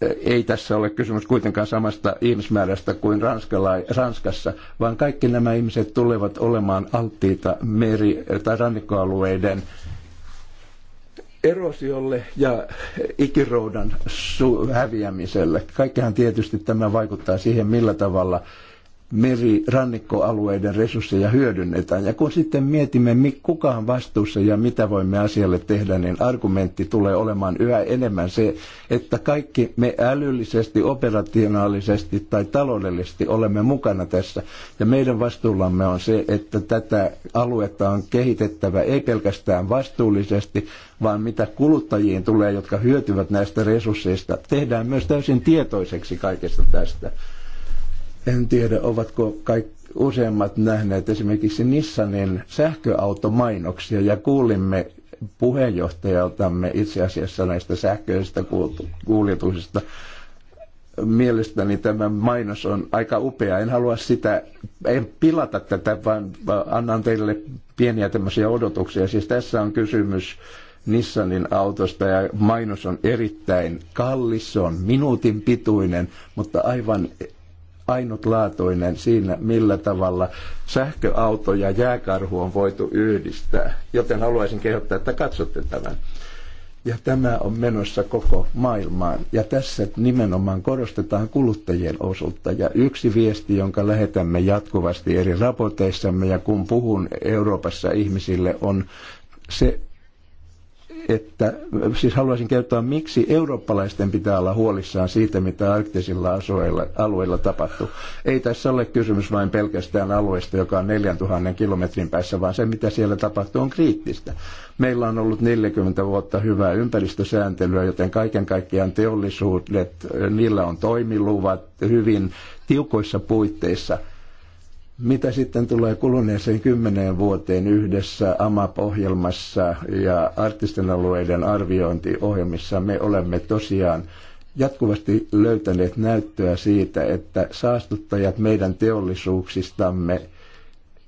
eh, ei tässä ole kysymys kuitenkaan samasta ihmismäärästä kuin Ranskassa, vaan kaikki nämä ihmiset tulevat olemaan alttiita meri- tai rannikkoalueiden erosiolle ja ikiroudan häviämiselle. Kaikkihan tietysti tämä vaikuttaa siihen, millä tavalla meri- rannikkoalueiden resursseja hyödynnetään. Ja kun sitten mietimme, kuka on vastuussa ja mitä voimme asialle tehdä, niin argumentti tulee olemaan yhä enemmän se, että kaikki me älyllisesti, operationaalisesti tai taloudellisesti olemme mukana tässä. Ja meidän vastuullamme on se, että tätä aluetta on kehitettävä ei pelkästään vastuullisesti, vaan mitä kuluttajiin tulee, jotka hyötyvät näistä resursseista, tehdään myös täysin tietoiseksi kaikesta tästä. En tiedä, ovatko kaikki useimmat nähneet esimerkiksi Nissanin sähköautomainoksia ja kuulimme puheenjohtajaltamme itse asiassa näistä sähköisistä kuljetuksista. Mielestäni tämä mainos on aika upea. En halua sitä, en pilata tätä, vaan annan teille pieniä tämmöisiä odotuksia. Siis tässä on kysymys Nissanin autosta ja mainos on erittäin kallis, se on minuutin pituinen, mutta aivan ainutlaatuinen siinä, millä tavalla sähköauto ja jääkarhu on voitu yhdistää. Joten haluaisin kehottaa, että katsotte tämän. Ja tämä on menossa koko maailmaan. Ja tässä nimenomaan korostetaan kuluttajien osuutta. Ja yksi viesti, jonka lähetämme jatkuvasti eri raporteissamme ja kun puhun Euroopassa ihmisille, on se että siis haluaisin kertoa, miksi eurooppalaisten pitää olla huolissaan siitä, mitä arktisilla asueilla, alueilla tapahtuu. Ei tässä ole kysymys vain pelkästään alueesta, joka on 4000 kilometrin päässä, vaan se, mitä siellä tapahtuu, on kriittistä. Meillä on ollut 40 vuotta hyvää ympäristösääntelyä, joten kaiken kaikkiaan teollisuudet, niillä on toimiluvat hyvin tiukoissa puitteissa – mitä sitten tulee kuluneeseen kymmeneen vuoteen yhdessä AMAP-ohjelmassa ja arktisten alueiden arviointiohjelmissa, me olemme tosiaan jatkuvasti löytäneet näyttöä siitä, että saastuttajat meidän teollisuuksistamme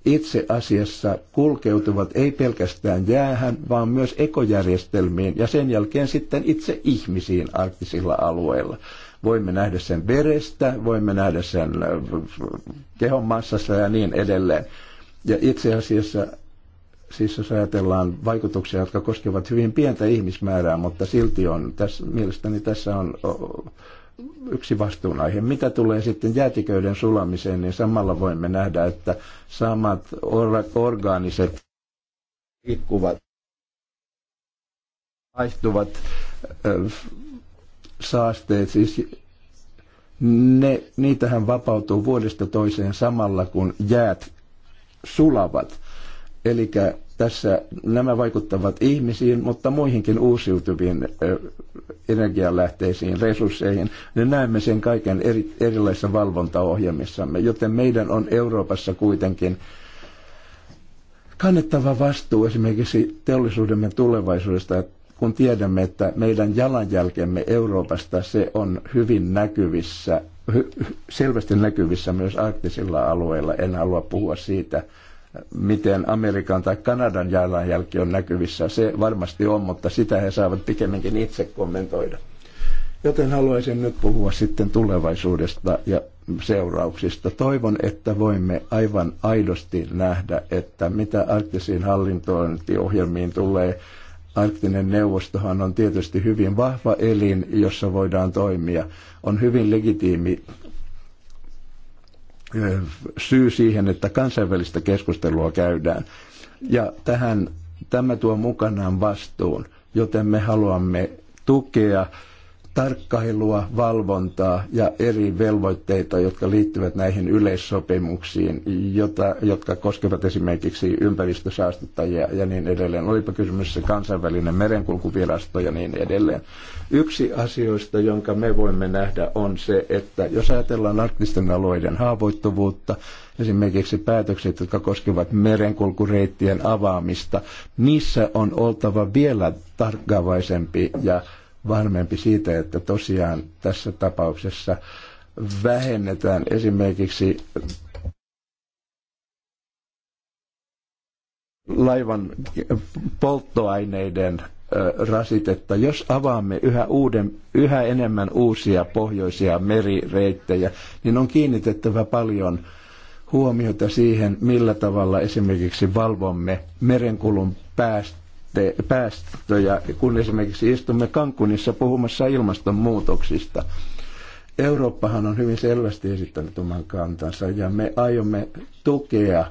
itse asiassa kulkeutuvat ei pelkästään jäähän, vaan myös ekojärjestelmiin ja sen jälkeen sitten itse ihmisiin arktisilla alueilla. Voimme nähdä sen verestä, voimme nähdä sen äh, massassa ja niin edelleen. Ja itse asiassa, siis jos ajatellaan vaikutuksia, jotka koskevat hyvin pientä ihmismäärää, mutta silti on, tässä, mielestäni tässä on yksi vastuunaihe. Mitä tulee sitten jäätiköiden sulamiseen, niin samalla voimme nähdä, että samat orgaaniset liikkuvat, vaihtuvat saasteet, siis ne, niitähän vapautuu vuodesta toiseen samalla kun jäät sulavat. Eli tässä nämä vaikuttavat ihmisiin, mutta muihinkin uusiutuviin energialähteisiin, resursseihin. Me näemme sen kaiken eri, erilaisissa valvontaohjelmissamme, joten meidän on Euroopassa kuitenkin kannettava vastuu esimerkiksi teollisuudemme tulevaisuudesta, että kun tiedämme, että meidän jalanjälkemme Euroopasta se on hyvin näkyvissä, selvästi näkyvissä myös arktisilla alueilla. En halua puhua siitä, miten Amerikan tai Kanadan jalanjälki on näkyvissä. Se varmasti on, mutta sitä he saavat pikemminkin itse kommentoida. Joten haluaisin nyt puhua sitten tulevaisuudesta ja seurauksista. Toivon, että voimme aivan aidosti nähdä, että mitä arktisiin hallintointiohjelmiin tulee, Arktinen neuvostohan on tietysti hyvin vahva elin, jossa voidaan toimia. On hyvin legitiimi syy siihen, että kansainvälistä keskustelua käydään. Ja tähän, tämä tuo mukanaan vastuun, joten me haluamme tukea tarkkailua, valvontaa ja eri velvoitteita, jotka liittyvät näihin yleissopimuksiin, jota, jotka koskevat esimerkiksi ympäristösaastuttajia ja niin edelleen. Olipa se kansainvälinen merenkulkuvirasto ja niin edelleen. Yksi asioista, jonka me voimme nähdä, on se, että jos ajatellaan arktisten alueiden haavoittuvuutta, esimerkiksi päätökset, jotka koskevat merenkulkureittien avaamista, niissä on oltava vielä tarkkaavaisempi ja varmempi siitä, että tosiaan tässä tapauksessa vähennetään esimerkiksi laivan polttoaineiden rasitetta, jos avaamme yhä, uuden, yhä enemmän uusia pohjoisia merireittejä, niin on kiinnitettävä paljon huomiota siihen, millä tavalla esimerkiksi valvomme merenkulun päästöjä pääste, päästöjä, kun esimerkiksi istumme Kankunissa puhumassa ilmastonmuutoksista. Eurooppahan on hyvin selvästi esittänyt oman kantansa ja me aiomme tukea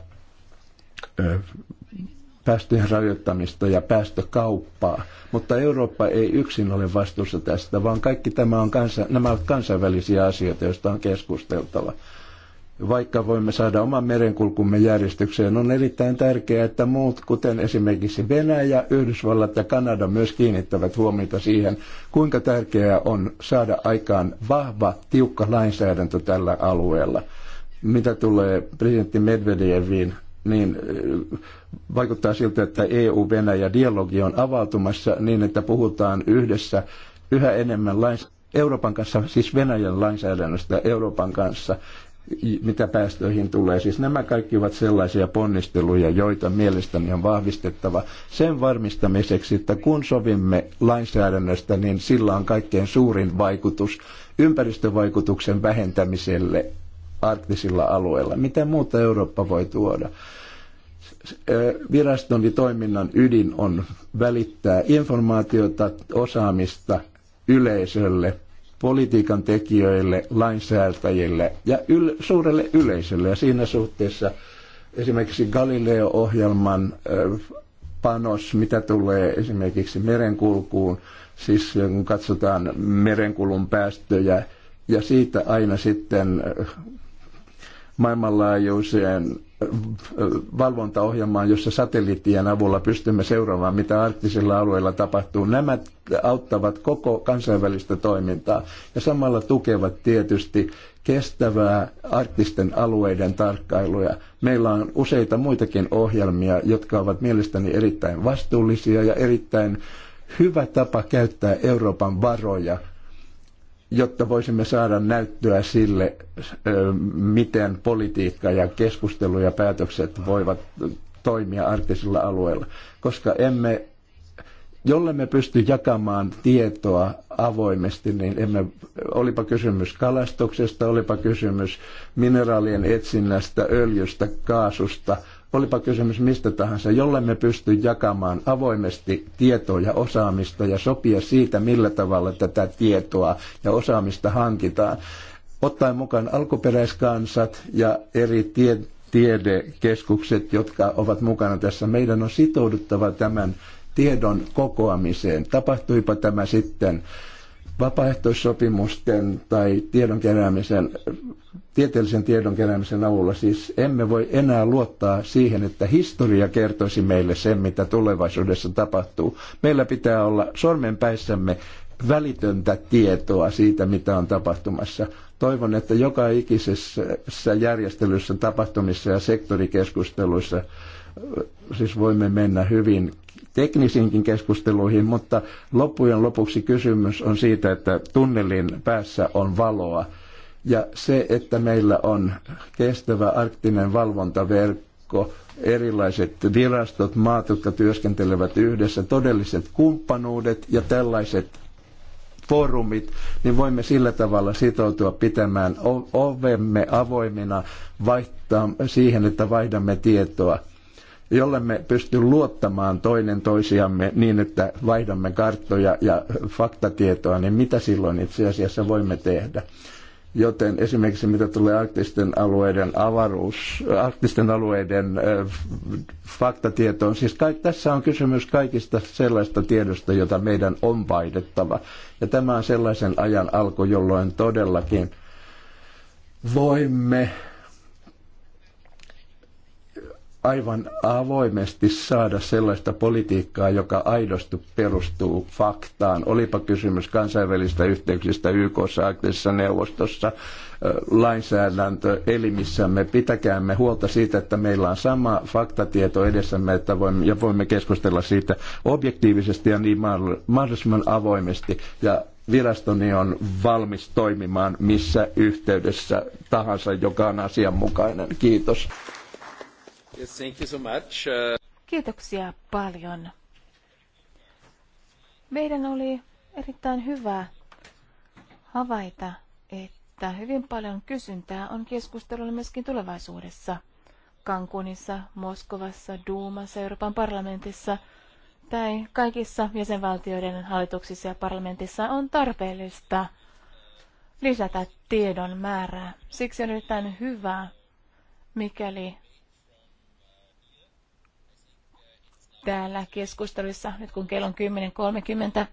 päästöjen rajoittamista ja päästökauppaa. Mutta Eurooppa ei yksin ole vastuussa tästä, vaan kaikki tämä on kansa, nämä ovat kansainvälisiä asioita, joista on keskusteltava vaikka voimme saada oman merenkulkumme järjestykseen, on erittäin tärkeää, että muut, kuten esimerkiksi Venäjä, Yhdysvallat ja Kanada, myös kiinnittävät huomiota siihen, kuinka tärkeää on saada aikaan vahva, tiukka lainsäädäntö tällä alueella. Mitä tulee presidentti Medvedeviin, niin eh, vaikuttaa siltä, että EU-Venäjä-dialogi on avautumassa niin, että puhutaan yhdessä yhä enemmän lainsäädäntöä Euroopan kanssa, siis Venäjän lainsäädännöstä Euroopan kanssa mitä päästöihin tulee. Siis nämä kaikki ovat sellaisia ponnisteluja, joita mielestäni on vahvistettava sen varmistamiseksi, että kun sovimme lainsäädännöstä, niin sillä on kaikkein suurin vaikutus ympäristövaikutuksen vähentämiselle arktisilla alueilla. Mitä muuta Eurooppa voi tuoda? Viraston ja toiminnan ydin on välittää informaatiota, osaamista yleisölle – politiikan tekijöille, lainsäätäjille ja yl- suurelle yleisölle. Ja siinä suhteessa esimerkiksi Galileo-ohjelman panos, mitä tulee esimerkiksi merenkulkuun, siis kun katsotaan merenkulun päästöjä ja siitä aina sitten maailmanlaajuiseen valvontaohjelmaan, jossa satelliittien avulla pystymme seuraamaan, mitä arktisilla alueilla tapahtuu. Nämä auttavat koko kansainvälistä toimintaa ja samalla tukevat tietysti kestävää arktisten alueiden tarkkailuja. Meillä on useita muitakin ohjelmia, jotka ovat mielestäni erittäin vastuullisia ja erittäin hyvä tapa käyttää Euroopan varoja – jotta voisimme saada näyttöä sille, miten politiikka ja keskustelu ja päätökset voivat toimia arktisilla alueilla, koska emme, jolle me pysty jakamaan tietoa avoimesti, niin emme, olipa kysymys kalastuksesta, olipa kysymys mineraalien etsinnästä, öljystä, kaasusta – Olipa kysymys mistä tahansa, jolle me pysty jakamaan avoimesti tietoa ja osaamista ja sopia siitä, millä tavalla tätä tietoa ja osaamista hankitaan, ottaen mukaan alkuperäiskansat ja eri tie- tiedekeskukset, jotka ovat mukana tässä. Meidän on sitouduttava tämän tiedon kokoamiseen. Tapahtuipa tämä sitten Vapaaehtoissopimusten tai tiedon keräämisen, tieteellisen tiedon keräämisen avulla siis emme voi enää luottaa siihen, että historia kertoisi meille sen, mitä tulevaisuudessa tapahtuu. Meillä pitää olla sormenpäissämme välitöntä tietoa siitä, mitä on tapahtumassa. Toivon, että joka ikisessä järjestelyssä, tapahtumissa ja sektorikeskusteluissa siis voimme mennä hyvin teknisiinkin keskusteluihin, mutta loppujen lopuksi kysymys on siitä, että tunnelin päässä on valoa. Ja se, että meillä on kestävä arktinen valvontaverkko, erilaiset virastot, maat, jotka työskentelevät yhdessä, todelliset kumppanuudet ja tällaiset foorumit, niin voimme sillä tavalla sitoutua pitämään ovemme avoimina vaihtaa siihen, että vaihdamme tietoa jollemme pysty luottamaan toinen toisiamme niin, että vaihdamme karttoja ja faktatietoa, niin mitä silloin itse asiassa voimme tehdä? Joten esimerkiksi mitä tulee arktisten alueiden avaruus, arktisten alueiden äh, faktatietoon, siis ka- tässä on kysymys kaikista sellaista tiedosta, jota meidän on vaihdettava. Ja tämä on sellaisen ajan alku, jolloin todellakin voimme aivan avoimesti saada sellaista politiikkaa, joka aidosti perustuu faktaan. Olipa kysymys kansainvälistä yhteyksistä YK Arktisessa neuvostossa, elimissämme, Pitäkäämme huolta siitä, että meillä on sama faktatieto edessämme että voimme, ja voimme keskustella siitä objektiivisesti ja niin mahdollisimman avoimesti. Ja virastoni on valmis toimimaan missä yhteydessä tahansa, joka on asianmukainen. Kiitos. Yes, thank you so much. Uh, Kiitoksia paljon. Meidän oli erittäin hyvä havaita, että hyvin paljon kysyntää on keskustelulla myöskin tulevaisuudessa. Kankunissa, Moskovassa, Duumassa, Euroopan parlamentissa tai kaikissa jäsenvaltioiden hallituksissa ja parlamentissa on tarpeellista lisätä tiedon määrää. Siksi on erittäin hyvä, mikäli täällä keskusteluissa, nyt kun kello on 10.30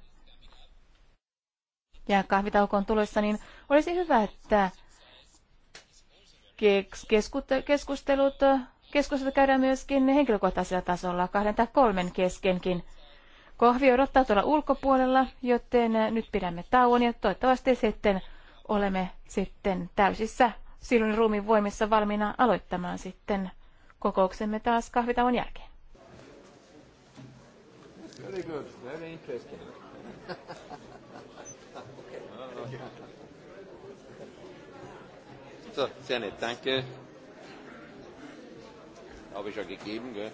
ja kahvitauko on tulossa, niin olisi hyvä, että keskustelut, keskustelut käydään myöskin henkilökohtaisella tasolla, kahden tai kolmen keskenkin. Kahvi odottaa tuolla ulkopuolella, joten nyt pidämme tauon ja toivottavasti sitten olemme sitten täysissä silloin ruumin voimissa valmiina aloittamaan sitten kokouksemme taas kahvitauon jälkeen very good, very interesting. okay. Thank you. So, sehr nett, danke. Habe ich ja gegeben, gell?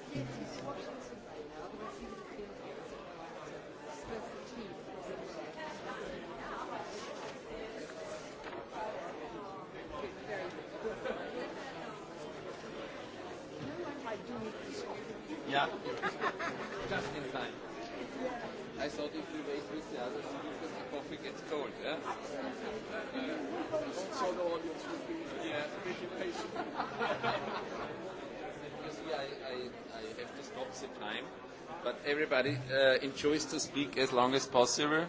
33 days with the others because the coffee gets cold. Yeah? Uh, so the audience will be yeah. pretty patient. you see, I, I, I have to stop the time, but everybody uh, enjoys to speak as long as possible.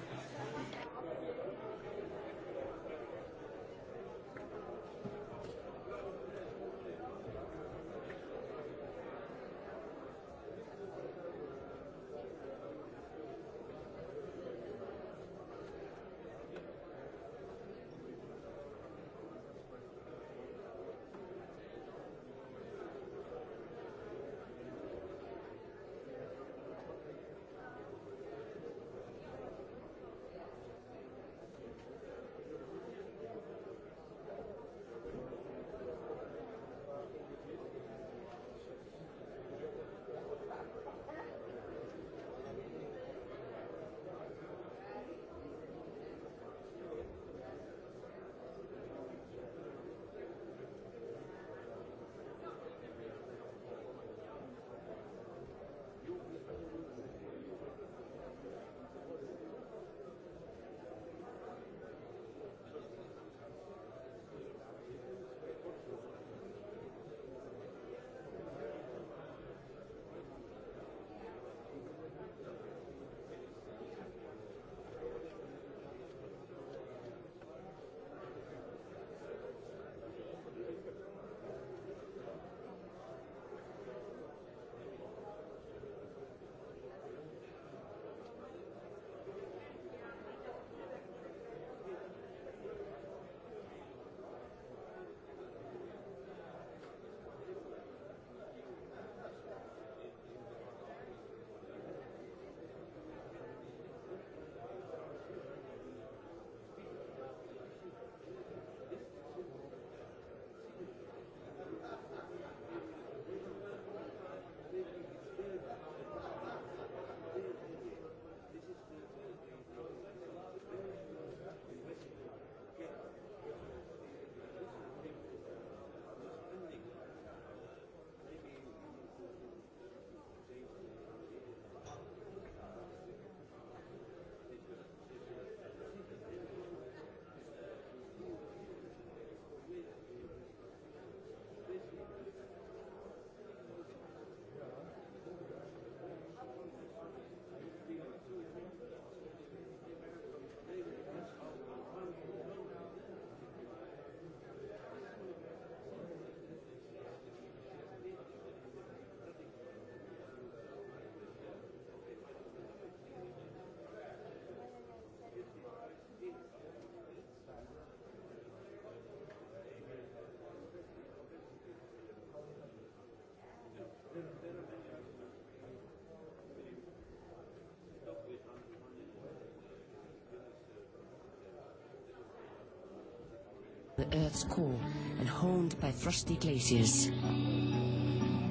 the Earth's core and honed by frosty glaciers.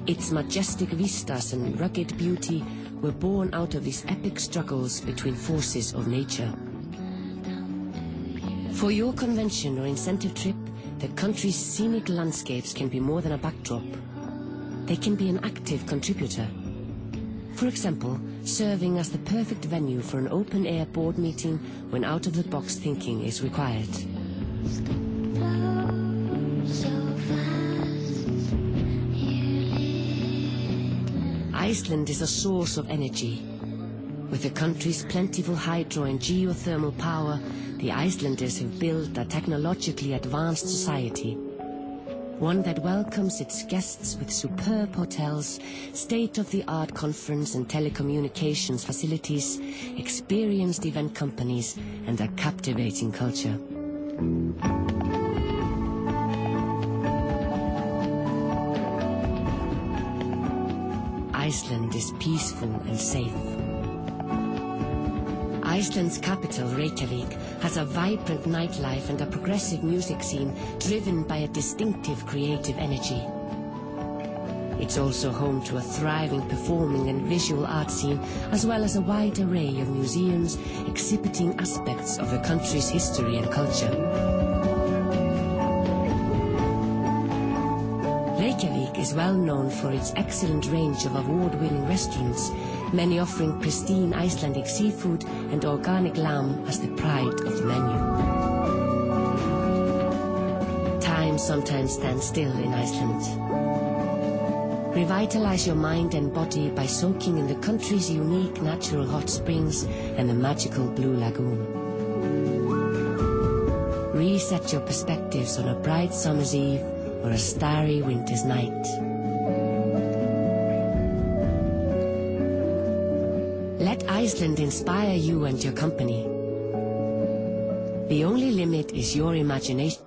Its majestic vistas and rugged beauty were born out of these epic struggles between forces of nature. For your convention or incentive trip, the country's scenic landscapes can be more than a backdrop. They can be an active contributor. For example, serving as the perfect venue for an open-air board meeting when out-of-the-box thinking is required. Iceland is a source of energy. With the country's plentiful hydro and geothermal power, the Icelanders have built a technologically advanced society. One that welcomes its guests with superb hotels, state-of-the-art conference and telecommunications facilities, experienced event companies, and a captivating culture. Iceland is peaceful and safe. Iceland's capital, Reykjavik, has a vibrant nightlife and a progressive music scene driven by a distinctive creative energy. It's also home to a thriving performing and visual art scene, as well as a wide array of museums exhibiting aspects of the country's history and culture. is well known for its excellent range of award-winning restaurants, many offering pristine Icelandic seafood and organic lamb as the pride of the menu. Time sometimes stands still in Iceland. Revitalize your mind and body by soaking in the country's unique natural hot springs and the magical blue lagoon. Reset your perspectives on a bright summer's eve or a starry winter's night. Let Iceland inspire you and your company. The only limit is your imagination.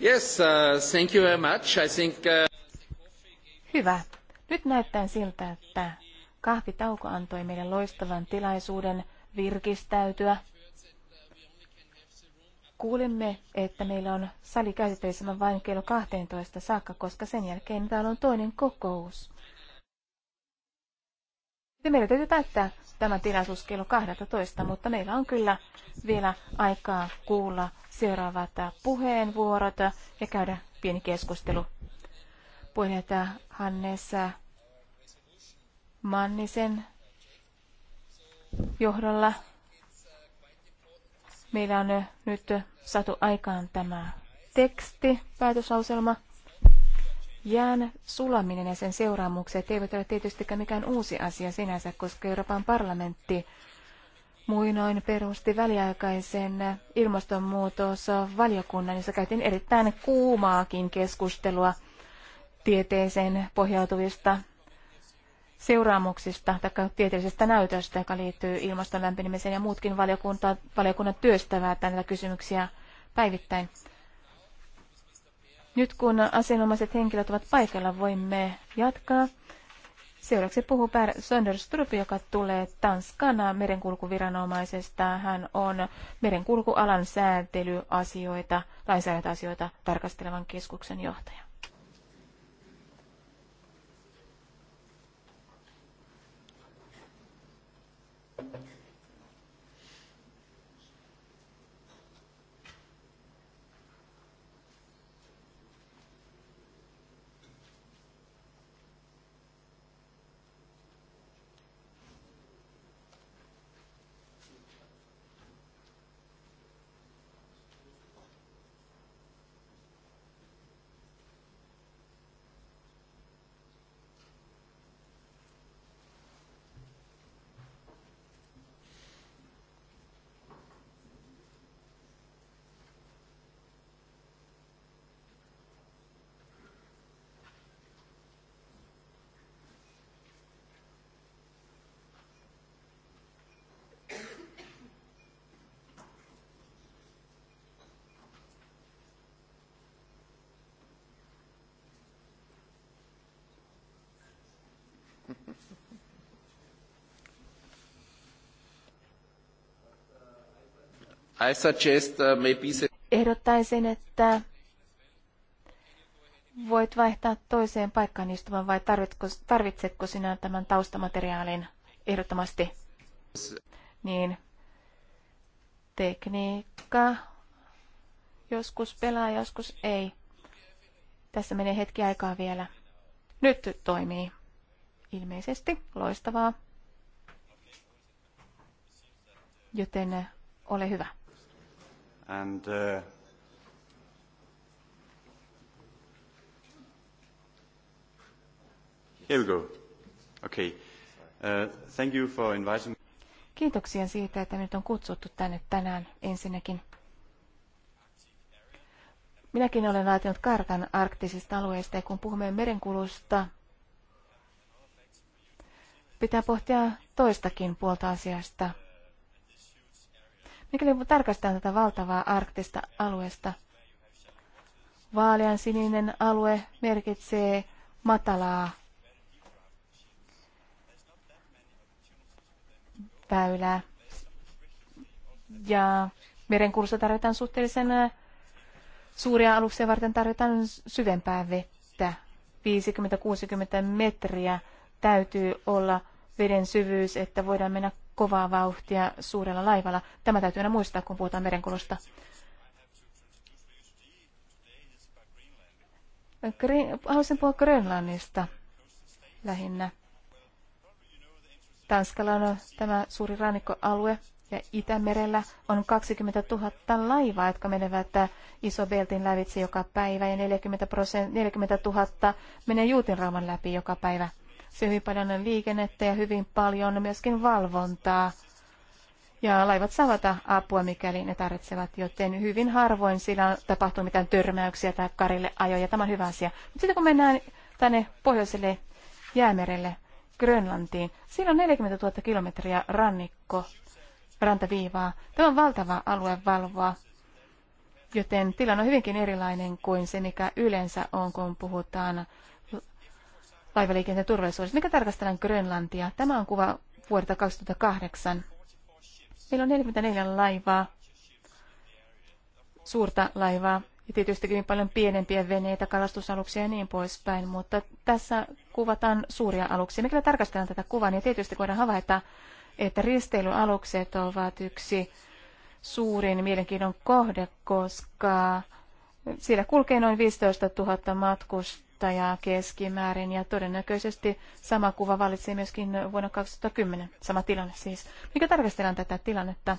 Uh, uh, Hyvä. Nyt näyttää siltä, että kahvitauko antoi meille loistavan tilaisuuden virkistäytyä. Kuulimme, että meillä on sali käytettävissä vain kello 12 saakka, koska sen jälkeen täällä on toinen kokous. Ja meillä täytyy päättää tämä tilaisuus kello 12, mutta meillä on kyllä vielä aikaa kuulla seuraavat puheenvuorot ja käydä pieni keskustelu. Puheenjohtaja Hannes Mannisen johdolla meillä on nyt saatu aikaan tämä teksti, päätöslauselma. Jään sulaminen ja sen seuraamukset eivät ole tietystikään mikään uusi asia sinänsä, koska Euroopan parlamentti muinoin perusti väliaikaisen ilmastonmuutosvaliokunnan, jossa käytiin erittäin kuumaakin keskustelua tieteeseen pohjautuvista seuraamuksista tai tieteellisestä näytöstä, joka liittyy ilmaston lämpenemiseen ja muutkin valiokunta, valiokunnat työstävät näitä kysymyksiä päivittäin. Nyt kun asianomaiset henkilöt ovat paikalla, voimme jatkaa. Seuraavaksi puhuu Per Sönderstrup, joka tulee Tanskana merenkulkuviranomaisesta. Hän on merenkulkualan sääntelyasioita, lainsäädäntöasioita tarkastelevan keskuksen johtaja. Uh, Ehdottaisin, että voit vaihtaa toiseen paikkaan istuvan vai tarvitsetko, tarvitsetko sinä tämän taustamateriaalin ehdottomasti? Niin, tekniikka joskus pelaa, joskus ei. Tässä menee hetki aikaa vielä. Nyt toimii. Ilmeisesti loistavaa. Joten ole hyvä and uh, here we go. Okay. Uh, thank you for inviting me. Kiitoksia siitä, että nyt on kutsuttu tänne tänään ensinnäkin. Minäkin olen laatinut kartan arktisista alueista ja kun puhumme merenkulusta, pitää pohtia toistakin puolta asiasta. Mikäli tarkastetaan tätä valtavaa arktista alueesta, vaalean sininen alue merkitsee matalaa väylää. Ja merenkulussa tarvitaan suhteellisen äh, suuria aluksia varten tarvitaan syvempää vettä. 50-60 metriä täytyy olla veden syvyys, että voidaan mennä kovaa vauhtia suurella laivalla. Tämä täytyy aina muistaa, kun puhutaan merenkulusta. Haluaisin puhua Grönlannista lähinnä. Tanskalla on tämä suuri rannikkoalue ja Itämerellä on 20 000 laivaa, jotka menevät beltin lävitse joka päivä ja 40, 40 000 menee Juutinrauman läpi joka päivä. Se hyvin paljon liikennettä ja hyvin paljon myöskin valvontaa. Ja laivat saavat apua, mikäli ne tarvitsevat, joten hyvin harvoin sillä tapahtuu mitään törmäyksiä tai karille ajoja. Tämä on hyvä asia. Mutta sitten kun mennään tänne pohjoiselle jäämerelle, Grönlantiin, siinä on 40 000 kilometriä rannikko, rantaviivaa. Tämä on valtava alue valvoa, joten tilanne on hyvinkin erilainen kuin se, mikä yleensä on, kun puhutaan laivaliikenteen turvallisuudesta. Mikä tarkastellaan Grönlantia? Tämä on kuva vuodelta 2008. Meillä on 44 laivaa, suurta laivaa ja tietysti hyvin paljon pienempiä veneitä, kalastusaluksia ja niin poispäin, mutta tässä kuvataan suuria aluksia. Mikä tarkastellaan tätä kuvaa, niin tietysti voidaan havaita, että risteilyalukset ovat yksi suurin mielenkiinnon kohde, koska siellä kulkee noin 15 000 matkusta kuluttajaa keskimäärin ja todennäköisesti sama kuva valitsi myöskin vuonna 2010, sama tilanne siis. Mikä tarkastellaan tätä tilannetta?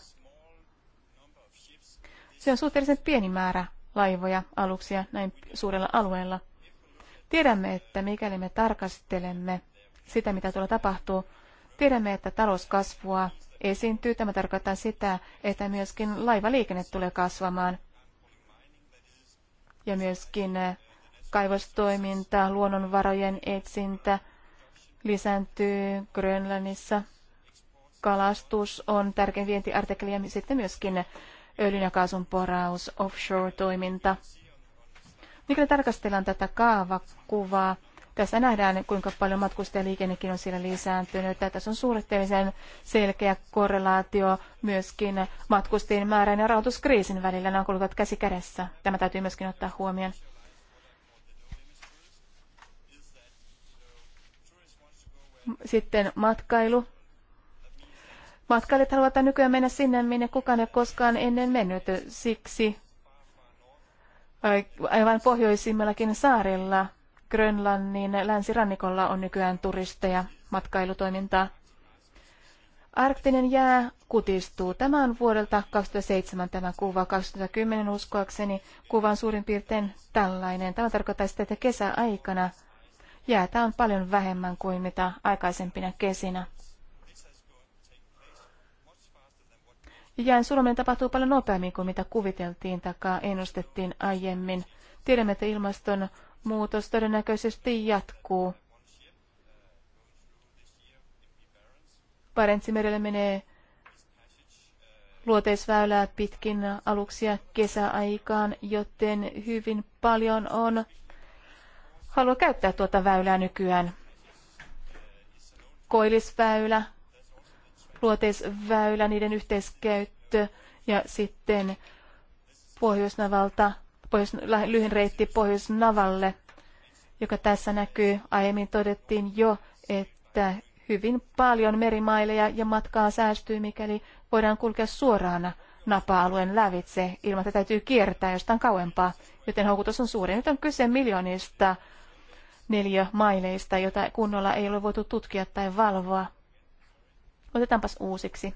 Se on suhteellisen pieni määrä laivoja, aluksia näin suurella alueella. Tiedämme, että mikäli me tarkastelemme sitä, mitä tuolla tapahtuu, tiedämme, että talouskasvua esiintyy. Tämä tarkoittaa sitä, että myöskin laivaliikenne tulee kasvamaan ja myöskin kaivostoiminta, luonnonvarojen etsintä lisääntyy Grönlannissa. Kalastus on tärkein vientiartikkeli ja sitten myöskin öljyn ja kaasun poraus, offshore-toiminta. Mikäli tarkastellaan tätä kaavakuvaa, tässä nähdään, kuinka paljon matkustajaliikennekin on siellä lisääntynyt. Tässä on suhteellisen selkeä korrelaatio myöskin matkustajien määrän ja rahoituskriisin välillä. Nämä kulkevat käsi kädessä. Tämä täytyy myöskin ottaa huomioon. Sitten matkailu. Matkailijat haluavat nykyään mennä sinne, minne kukaan ei koskaan ennen mennyt. Siksi äh, aivan pohjoisimmillakin saarilla, Grönlannin länsirannikolla on nykyään turisteja matkailutoimintaa. Arktinen jää kutistuu. Tämä on vuodelta 2007 tämä kuva. 2010 uskoakseni kuva on suurin piirtein tällainen. Tämä tarkoittaa sitä, että kesäaikana jäätä on paljon vähemmän kuin mitä aikaisempina kesinä. Jään suluminen tapahtuu paljon nopeammin kuin mitä kuviteltiin tai ennustettiin aiemmin. Tiedämme, että ilmastonmuutos todennäköisesti jatkuu. Parentsimerelle menee luoteisväylää pitkin aluksia kesäaikaan, joten hyvin paljon on halua käyttää tuota väylää nykyään. Koillisväylä, luoteisväylä, niiden yhteiskäyttö ja sitten Pohjoisnavalta, pohjois, lyhyen reitti Pohjoisnavalle, joka tässä näkyy. Aiemmin todettiin jo, että hyvin paljon merimaileja ja matkaa säästyy, mikäli voidaan kulkea suoraan napa-alueen lävitse, ilman että täytyy kiertää jostain kauempaa, joten houkutus on suuri. Nyt on kyse miljoonista neljä maileista, jota kunnolla ei ole voitu tutkia tai valvoa. Otetaanpas uusiksi.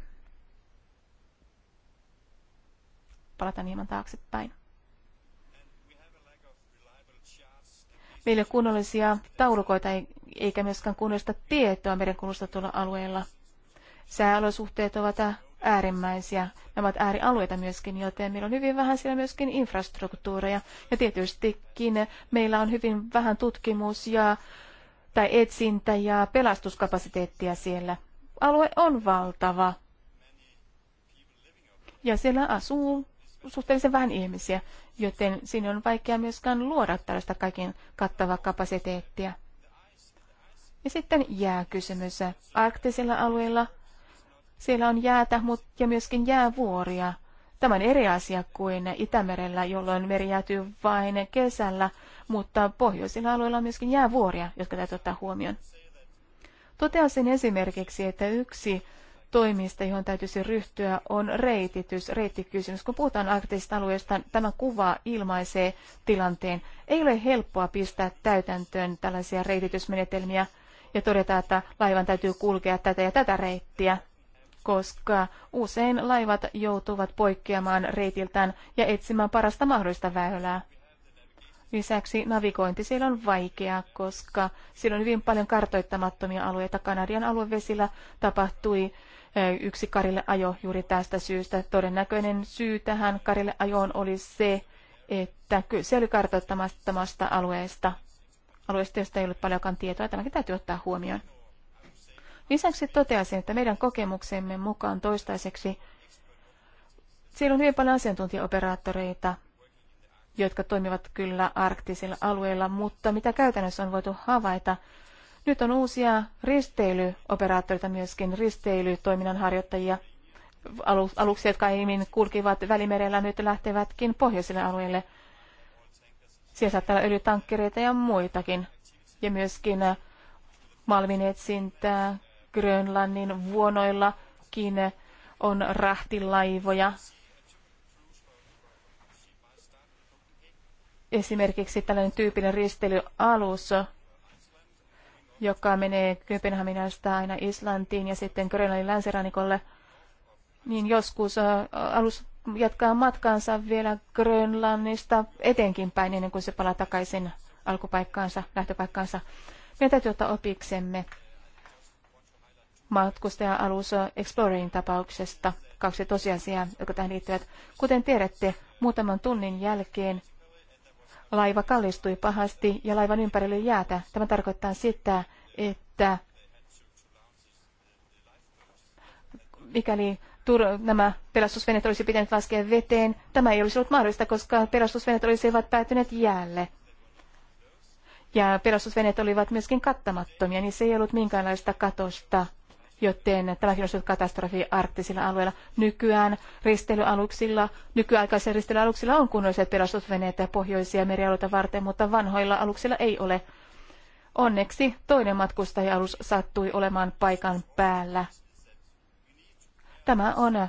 Palataan hieman taaksepäin. Meillä ei ole kunnollisia taulukoita eikä myöskään kunnollista tietoa merenkulusta tuolla alueella. Sääolosuhteet ovat äärimmäisiä. Ne ovat äärialueita myöskin, joten meillä on hyvin vähän siellä myöskin infrastruktuureja. Ja tietystikin meillä on hyvin vähän tutkimus ja, tai etsintä ja pelastuskapasiteettia siellä. Alue on valtava. Ja siellä asuu suhteellisen vähän ihmisiä, joten sinne on vaikea myöskään luoda tällaista kaiken kattavaa kapasiteettia. Ja sitten jääkysymys. Arktisilla alueilla siellä on jäätä mutta, ja myöskin jäävuoria. Tämä on eri asia kuin Itämerellä, jolloin meri jäätyy vain kesällä, mutta pohjoisilla alueilla on myöskin jäävuoria, jotka täytyy ottaa huomioon. Toteasin esimerkiksi, että yksi toimista, johon täytyisi ryhtyä, on reititys, reittikysymys. Kun puhutaan arktisista alueista, tämä kuva ilmaisee tilanteen. Ei ole helppoa pistää täytäntöön tällaisia reititysmenetelmiä ja todeta, että laivan täytyy kulkea tätä ja tätä reittiä koska usein laivat joutuvat poikkeamaan reitiltään ja etsimään parasta mahdollista väylää. Lisäksi navigointi siellä on vaikeaa, koska siellä on hyvin paljon kartoittamattomia alueita. Kanadian aluevesillä tapahtui yksi Karille ajo juuri tästä syystä. Todennäköinen syy tähän Karille ajoon oli se, että se oli kartoittamattomasta alueesta. Alueesta, josta ei ollut paljonkaan tietoa. Tämäkin täytyy ottaa huomioon. Lisäksi toteaisin, että meidän kokemuksemme mukaan toistaiseksi siellä on hyvin paljon asiantuntijaoperaattoreita, jotka toimivat kyllä arktisilla alueilla, mutta mitä käytännössä on voitu havaita, nyt on uusia risteilyoperaattoreita myöskin, risteilytoiminnan harjoittajia. Aluksia, jotka aiemmin kulkivat välimerellä, nyt lähtevätkin pohjoisille alueille. Siellä saattaa olla öljytankkereita ja muitakin. Ja myöskin äh, malminetsintää, Grönlannin vuonoillakin on rahtilaivoja. Esimerkiksi tällainen tyypillinen risteilyalus, joka menee Kööpenhaminasta aina Islantiin ja sitten Grönlannin länsirannikolle, niin joskus äh, alus jatkaa matkaansa vielä Grönlannista etenkin päin ennen kuin se palaa takaisin alkupaikkaansa, lähtöpaikkaansa. Meidän täytyy ottaa opiksemme matkustaja-alus Explorerin tapauksesta. Kaksi tosiasiaa, jotka tähän liittyvät. Kuten tiedätte, muutaman tunnin jälkeen laiva kallistui pahasti ja laivan ympärille jäätä. Tämä tarkoittaa sitä, että mikäli nämä pelastusvenet olisi pitänyt laskea veteen, tämä ei olisi ollut mahdollista, koska pelastusvenet olisivat päätyneet jäälle. Ja pelastusvenet olivat myöskin kattamattomia, niin se ei ollut minkäänlaista katosta joten tämäkin on ollut katastrofi arktisilla alueilla. Nykyään risteilyaluksilla, nykyaikaisilla risteilyaluksilla on kunnolliset pelastusveneet ja pohjoisia merialueita varten, mutta vanhoilla aluksilla ei ole. Onneksi toinen matkustajaalus sattui olemaan paikan päällä. Tämä on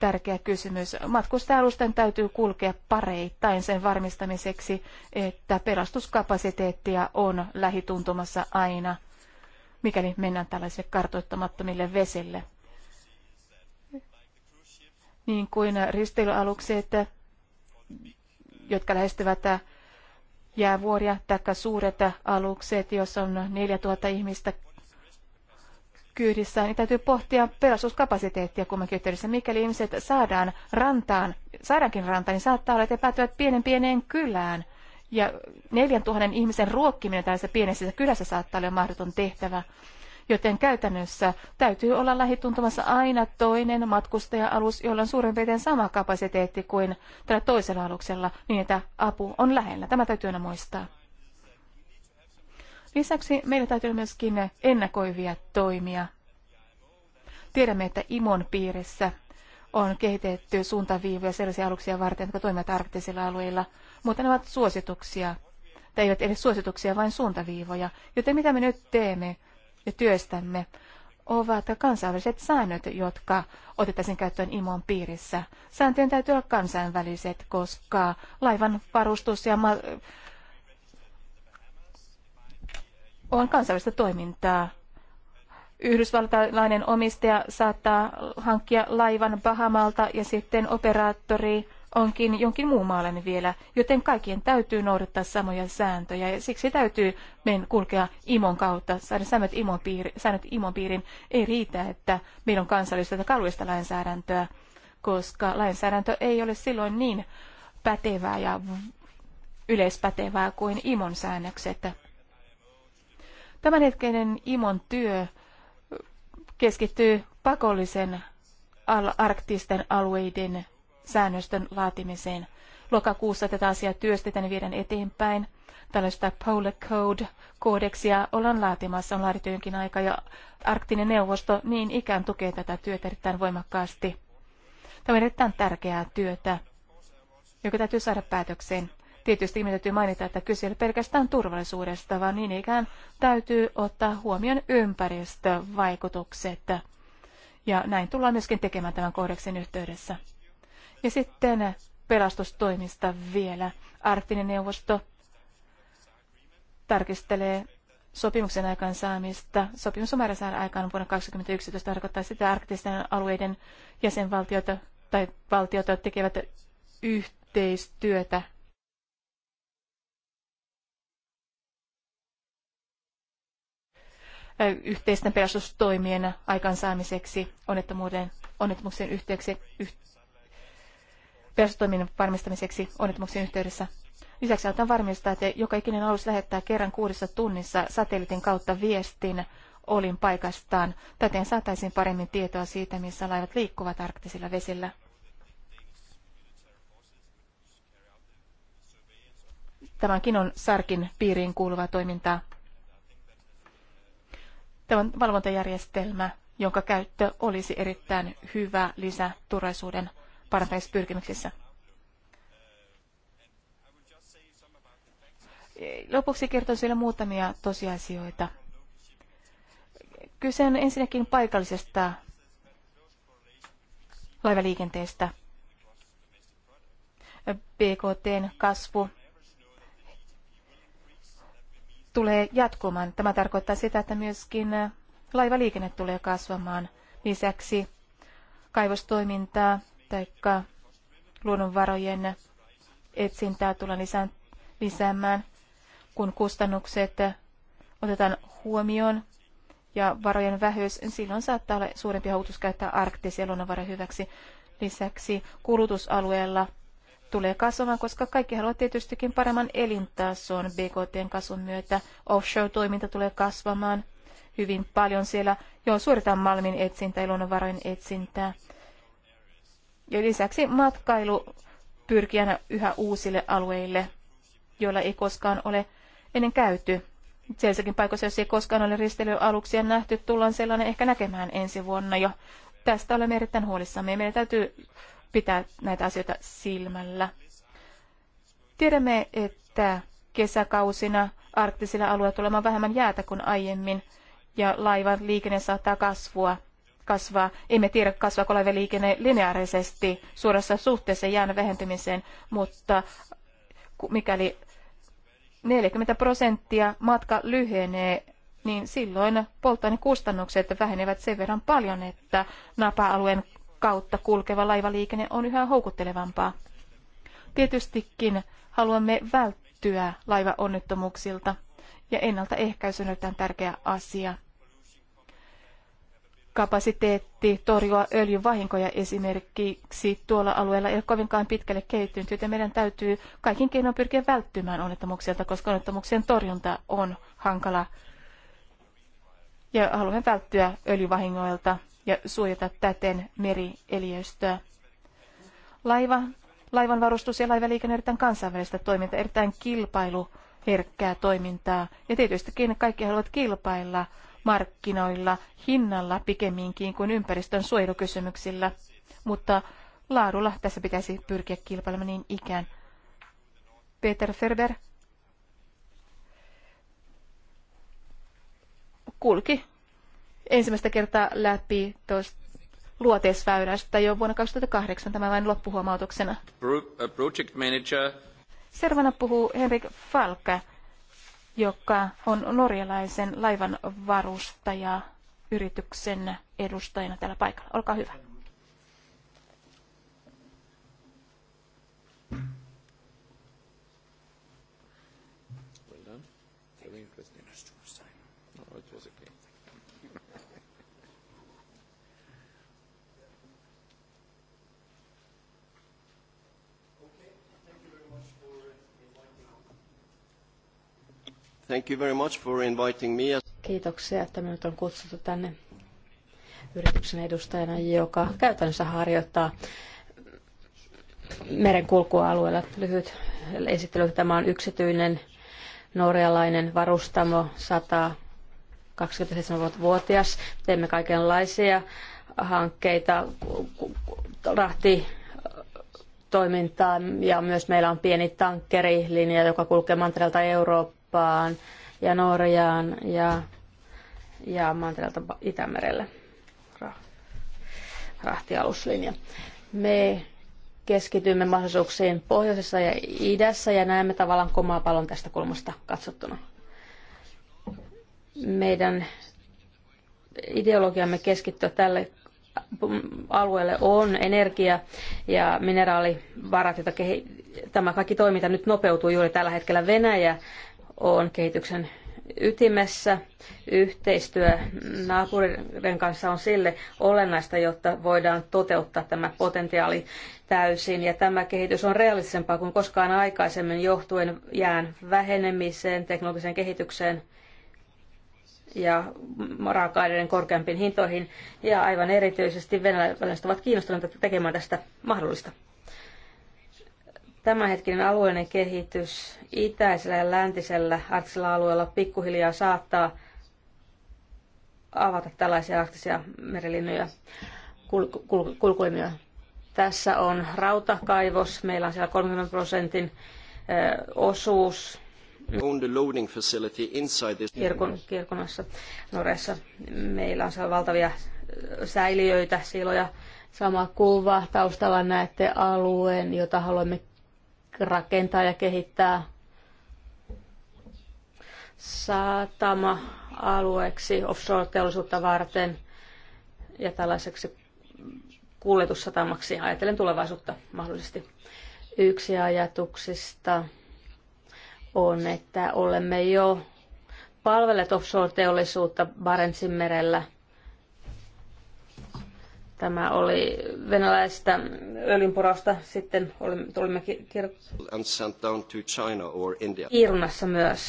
tärkeä kysymys. Matkustajalusten täytyy kulkea pareittain sen varmistamiseksi, että pelastuskapasiteettia on lähituntumassa aina – mikäli mennään tällaisille kartoittamattomille vesille. Niin kuin risteilyalukset, jotka lähestyvät jäävuoria, taikka suuret alukset, jos on 4000 ihmistä kyydissä, niin täytyy pohtia pelastuskapasiteettia kummankin yhteydessä. Mikäli ihmiset saadaan rantaan, saadaankin rantaan, niin saattaa olla, että päätyvät pienen pieneen kylään – ja neljän tuhannen ihmisen ruokkiminen tässä pienessä kylässä saattaa olla mahdoton tehtävä. Joten käytännössä täytyy olla lähituntumassa aina toinen matkustaja-alus, jolla on suurin piirtein sama kapasiteetti kuin tällä toisella aluksella, niin että apu on lähellä. Tämä täytyy aina muistaa. Lisäksi meillä täytyy myöskin ennakoivia toimia. Tiedämme, että IMON piirissä on kehitetty suuntaviivoja sellaisia aluksia varten, jotka toimivat arktisilla alueilla, mutta ne ovat suosituksia, tai eivät edes suosituksia, vain suuntaviivoja. Joten mitä me nyt teemme ja työstämme, ovat kansainväliset säännöt, jotka otettaisiin käyttöön IMOn piirissä. Sääntöjen täytyy olla kansainväliset, koska laivan varustus ja ma- on kansainvälistä toimintaa. Yhdysvaltalainen omistaja saattaa hankkia laivan Bahamalta ja sitten operaattori onkin jonkin muun maalainen vielä, joten kaikkien täytyy noudattaa samoja sääntöjä ja siksi täytyy men kulkea imon kautta, saada säännöt imon, piiri, säännöt imon piirin. Ei riitä, että meillä on kansallista tai kaluista lainsäädäntöä, koska lainsäädäntö ei ole silloin niin pätevää ja yleispätevää kuin imon säännökset. Tämänhetkinen imon työ keskittyy pakollisen al- arktisten alueiden säännöstön laatimiseen. Lokakuussa tätä asiaa työstetään ja viedään eteenpäin. Tällaista Polar Code-koodeksia ollaan laatimassa, on laadittu jonkin aikaa, ja arktinen neuvosto niin ikään tukee tätä työtä erittäin voimakkaasti. Tämä on erittäin tärkeää työtä, joka täytyy saada päätökseen. Tietysti minun täytyy mainita, että kyse ei ole pelkästään turvallisuudesta, vaan niin ikään täytyy ottaa huomioon ympäristövaikutukset. Ja näin tullaan myöskin tekemään tämän kohdeksen yhteydessä. Ja sitten pelastustoimista vielä. Arktinen neuvosto tarkistelee sopimuksen aikaansaamista. Sopimus on määrä saada aikaan vuonna 2011. Tarkoittaa sitä, että arktisten alueiden jäsenvaltiot tai valtiot tekevät yhteistyötä yhteisten pelastustoimien aikansaamiseksi onnettomuuden, onnettomuuksien yhteyksi, yh, pelastustoimien varmistamiseksi onnettomuuksien yhteydessä. Lisäksi halutaan varmistaa, että joka ikinen alus lähettää kerran kuudessa tunnissa satelliitin kautta viestin olin paikastaan. Täten saataisiin paremmin tietoa siitä, missä laivat liikkuvat arktisilla vesillä. Tämäkin on Sarkin piiriin kuuluvaa toimintaa. Tämä on valvontajärjestelmä, jonka käyttö olisi erittäin hyvä lisä turvallisuuden parantamispyrkimyksissä. Lopuksi kertoisin muutamia tosiasioita. Kyse on ensinnäkin paikallisesta laivaliikenteestä. BKTn kasvu tulee jatkumaan. Tämä tarkoittaa sitä, että myöskin äh, laivaliikenne tulee kasvamaan. Lisäksi kaivostoimintaa tai luonnonvarojen etsintää tullaan lisäämään, kun kustannukset äh, otetaan huomioon ja varojen vähyys, silloin saattaa olla suurempi houkutus käyttää arktisia luonnonvaroja hyväksi. Lisäksi kulutusalueella tulee kasvamaan, koska kaikki haluavat tietystikin paremman elintason BKTn kasvun myötä. Offshore-toiminta tulee kasvamaan hyvin paljon siellä, jo suoritetaan malmin etsintä ja luonnonvarojen etsintää. Ja lisäksi matkailu pyrkii aina yhä uusille alueille, joilla ei koskaan ole ennen käyty. Sielläkin paikoissa, jos ei koskaan ole risteilyaluksia nähty, tullaan sellainen ehkä näkemään ensi vuonna jo. Tästä olemme erittäin huolissamme. Meidän täytyy pitää näitä asioita silmällä. Tiedämme, että kesäkausina arktisilla alueilla tulee olemaan vähemmän jäätä kuin aiemmin ja laivan liikenne saattaa kasvua, kasvaa. Emme tiedä, kasvaako liikenne lineaarisesti suorassa suhteessa jään vähentymiseen, mutta mikäli 40 prosenttia matka lyhenee, niin silloin polttoainekustannukset vähenevät sen verran paljon, että napa-alueen kautta kulkeva laivaliikenne on yhä houkuttelevampaa. Tietystikin haluamme välttyä laivaonnettomuuksilta ja ennaltaehkäisy on tärkeä asia. Kapasiteetti torjua öljyvahinkoja esimerkiksi tuolla alueella ei ole kovinkaan pitkälle kehittynyt, joten meidän täytyy kaikin keinoin pyrkiä välttymään onnettomuuksilta, koska onnettomuuksien torjunta on hankala. Ja haluamme välttyä öljyvahingoilta ja suojata täten merieliöstöä. Laiva, laivan varustus ja laivaliikenne erittäin kansainvälistä toimintaa, erittäin kilpailuherkkää toimintaa. Ja tietystikin kaikki haluavat kilpailla markkinoilla, hinnalla pikemminkin kuin ympäristön suojelukysymyksillä. Mutta laadulla tässä pitäisi pyrkiä kilpailemaan niin ikään. Peter Ferber kulki ensimmäistä kertaa läpi tuosta luoteisväylästä jo vuonna 2008, tämä vain loppuhuomautuksena. Project manager. Seuraavana puhuu Henrik Falka, joka on norjalaisen laivan varustaja yrityksen edustajana täällä paikalla. Olkaa hyvä. Thank you very much for inviting me. Kiitoksia, että minut on kutsuttu tänne yrityksen edustajana, joka käytännössä harjoittaa merenkulkualueella. Lyhyt esittely. Tämä on yksityinen norjalainen varustamo, 127-vuotias. Teemme kaikenlaisia hankkeita, rahti äh, toimintaan ja myös meillä on pieni tankkerilinja, joka kulkee mantereelta Eurooppaan Eurooppaan ja Norjaan ja, ja Mantereelta Itämerelle rahtialuslinja. Me keskitymme mahdollisuuksiin pohjoisessa ja idässä ja näemme tavallaan palon tästä kulmasta katsottuna. Meidän ideologiamme keskittyä tälle alueelle on energia ja mineraalivarat, joita kehi- tämä kaikki toiminta nyt nopeutuu juuri tällä hetkellä. Venäjä on kehityksen ytimessä. Yhteistyö naapurien kanssa on sille olennaista, jotta voidaan toteuttaa tämä potentiaali täysin. Ja tämä kehitys on realistisempaa kuin koskaan aikaisemmin johtuen jään vähenemiseen, teknologiseen kehitykseen ja raaka-aineiden korkeampiin hintoihin. Ja aivan erityisesti venäläiset ovat kiinnostuneita tekemään tästä mahdollista tämänhetkinen alueellinen kehitys itäisellä ja läntisellä arktisella alueella pikkuhiljaa saattaa avata tällaisia arktisia merilinjoja, kulku, kulkulinjoja. Tässä on rautakaivos, meillä on siellä 30 prosentin osuus owned a loading facility inside this... Noressa. Meillä on siellä valtavia säiliöitä, siloja. Sama kuva. Taustalla näette alueen, jota haluamme rakentaa ja kehittää satama-alueeksi offshore-teollisuutta varten ja tällaiseksi kuljetussatamaksi ajatellen tulevaisuutta mahdollisesti. Yksi ajatuksista on, että olemme jo palvelleet offshore-teollisuutta Barentsin merellä – Tämä oli venäläistä öljynporausta. Sitten olimme, tulimme Kiirunassa myös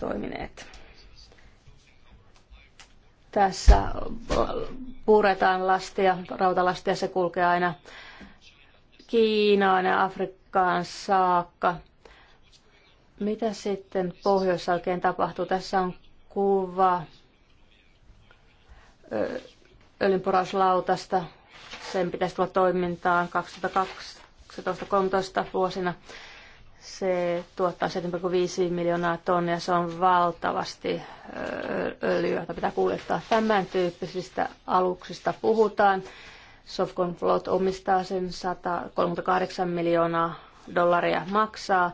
toimineet. Tässä puretaan lastia, rautalastia, se kulkee aina Kiinaan ja Afrikkaan saakka. Mitä sitten pohjois oikein tapahtuu? Tässä on kuva öljynporauslautasta. Sen pitäisi tulla toimintaan 2012-2013 vuosina. Se tuottaa 7,5 miljoonaa tonnia. Se on valtavasti öljyä, jota pitää kuljettaa. Tämän tyyppisistä aluksista puhutaan. Sofcon Float omistaa sen 138 miljoonaa dollaria maksaa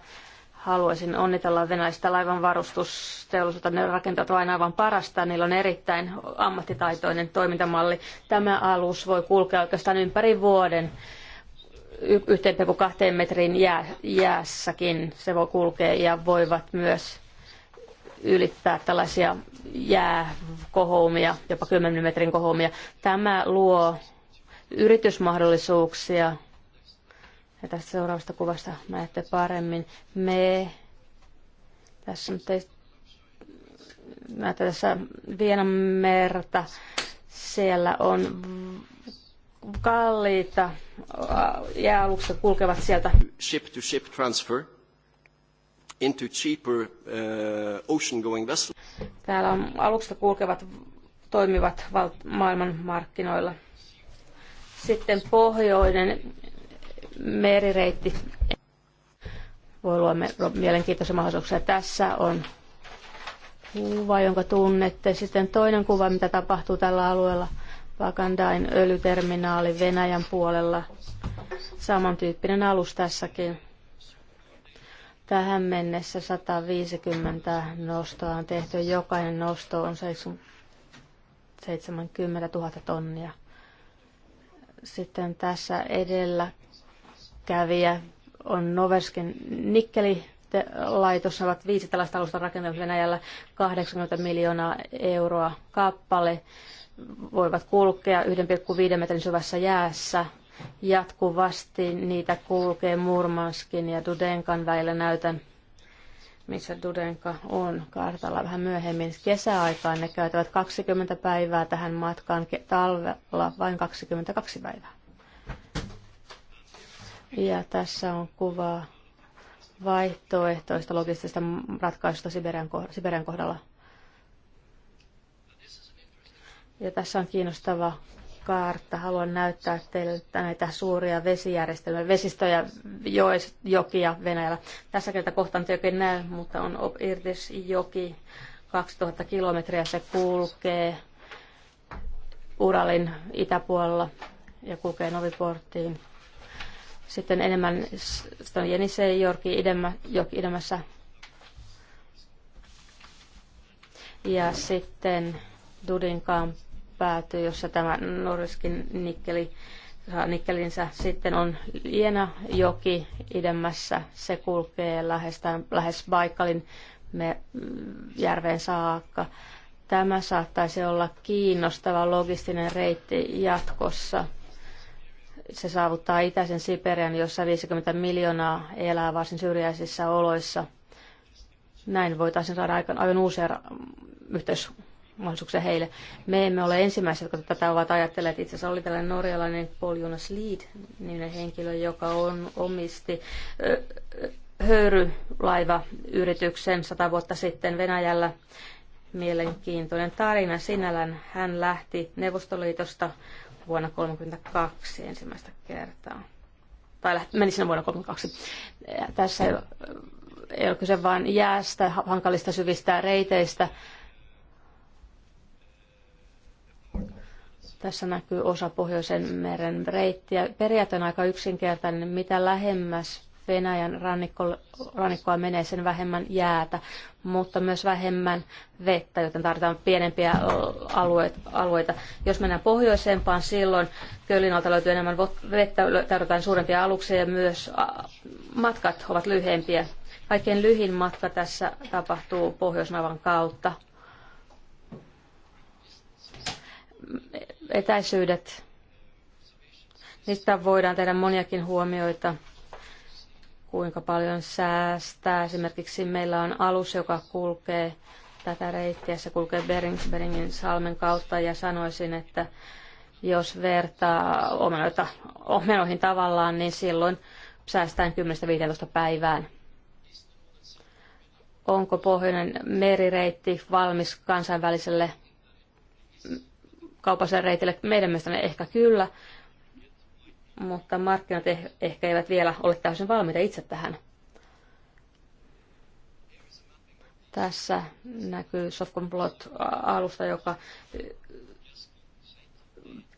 haluaisin onnitella venäistä laivan varustusteollisuutta. Ne rakentavat vain aivan parasta. Niillä on erittäin ammattitaitoinen toimintamalli. Tämä alus voi kulkea oikeastaan ympäri vuoden 1,2 metrin jää, jäässäkin se voi kulkea ja voivat myös ylittää tällaisia jääkohoumia, jopa 10 metrin kohoumia. Tämä luo yritysmahdollisuuksia ja tässä seuraavasta kuvasta näette paremmin. Me tässä nyt ei, näette tässä Vienanmerta. Siellä on kalliita jääalukset kulkevat sieltä. Ship to ship transfer into cheaper uh, ocean going vessels. Täällä on alukset kulkevat toimivat val- maailman markkinoilla. Sitten pohjoinen merireitti voi luoda mielenkiintoisia mahdollisuuksia. Tässä on kuva, jonka tunnette. Sitten toinen kuva, mitä tapahtuu tällä alueella. Vakandain öljyterminaali Venäjän puolella. Samantyyppinen alus tässäkin. Tähän mennessä 150 nostoa on tehty. Jokainen nosto on 70 000 tonnia. Sitten tässä edellä kävijä on Noverskin nikkeli laitos, ovat viisi tällaista alusta rakennettu Venäjällä 80 miljoonaa euroa kappale, voivat kulkea 1,5 metrin syvässä jäässä. Jatkuvasti niitä kulkee Murmanskin ja Dudenkan väillä näytän missä Dudenka on kartalla vähän myöhemmin. Kesäaikaan ne käytävät 20 päivää tähän matkaan, talvella vain 22 päivää. Ja tässä on kuva vaihtoehtoista logistisesta ratkaisusta Siberian kohdalla. Ja tässä on kiinnostava kartta. Haluan näyttää teille näitä suuria vesijärjestelmiä, vesistöjä, joes, jokia Venäjällä. Tässä kertaa kohtaan nyt oikein näy, mutta on Op Irtis joki 2000 kilometriä. Se kulkee Uralin itäpuolella ja kulkee Noviporttiin. Sitten enemmän sitä on Jenisei Jorki idemmä, Jorki idemmässä. Ja sitten Dudinkaan päätyy, jossa tämä Norriskin nikkeli saa nikkelinsä. Sitten on Liena joki idemmässä. Se kulkee lähestään, lähes Baikalin me, järven saakka. Tämä saattaisi olla kiinnostava logistinen reitti jatkossa – se saavuttaa itäisen Siperian, jossa 50 miljoonaa elää varsin syrjäisissä oloissa. Näin voitaisiin saada aikaan aivan uusia yhteysmahdollisuuksia heille. Me emme ole ensimmäiset, jotka tätä ovat ajatelleet. Itse asiassa oli tällainen norjalainen Paul Jonas Lead, niminen henkilö, joka on, omisti höyrylaivayrityksen sata vuotta sitten Venäjällä. Mielenkiintoinen tarina sinällään. Hän lähti Neuvostoliitosta vuonna 1932 ensimmäistä kertaa. Tai meni sinne vuonna 1932. Tässä ei, ei ole kyse vain jäästä, hankalista syvistä reiteistä. Tässä näkyy osa Pohjoisen meren reittiä. Periaate on aika yksinkertainen. Mitä lähemmäs Venäjän rannikko, rannikkoa menee, sen vähemmän jäätä, mutta myös vähemmän vettä, joten tarvitaan pienempiä alueita. Jos mennään pohjoisempaan, silloin Kölinalta löytyy enemmän vettä, tarvitaan suurempia aluksia ja myös matkat ovat lyhyempiä. Kaikkein lyhin matka tässä tapahtuu Pohjoisnavan kautta. Etäisyydet Niistä voidaan tehdä moniakin huomioita kuinka paljon säästää. Esimerkiksi meillä on alus, joka kulkee tätä reittiä, se kulkee Beringsbergin salmen kautta ja sanoisin, että jos vertaa omenoita, omenoihin tavallaan, niin silloin säästään 10-15 päivään. Onko pohjoinen merireitti valmis kansainväliselle kaupalliselle reitille? Meidän mielestämme ehkä kyllä, mutta markkinat eh- ehkä eivät vielä ole täysin valmiita itse tähän. Tässä näkyy softcomplot alusta joka eh,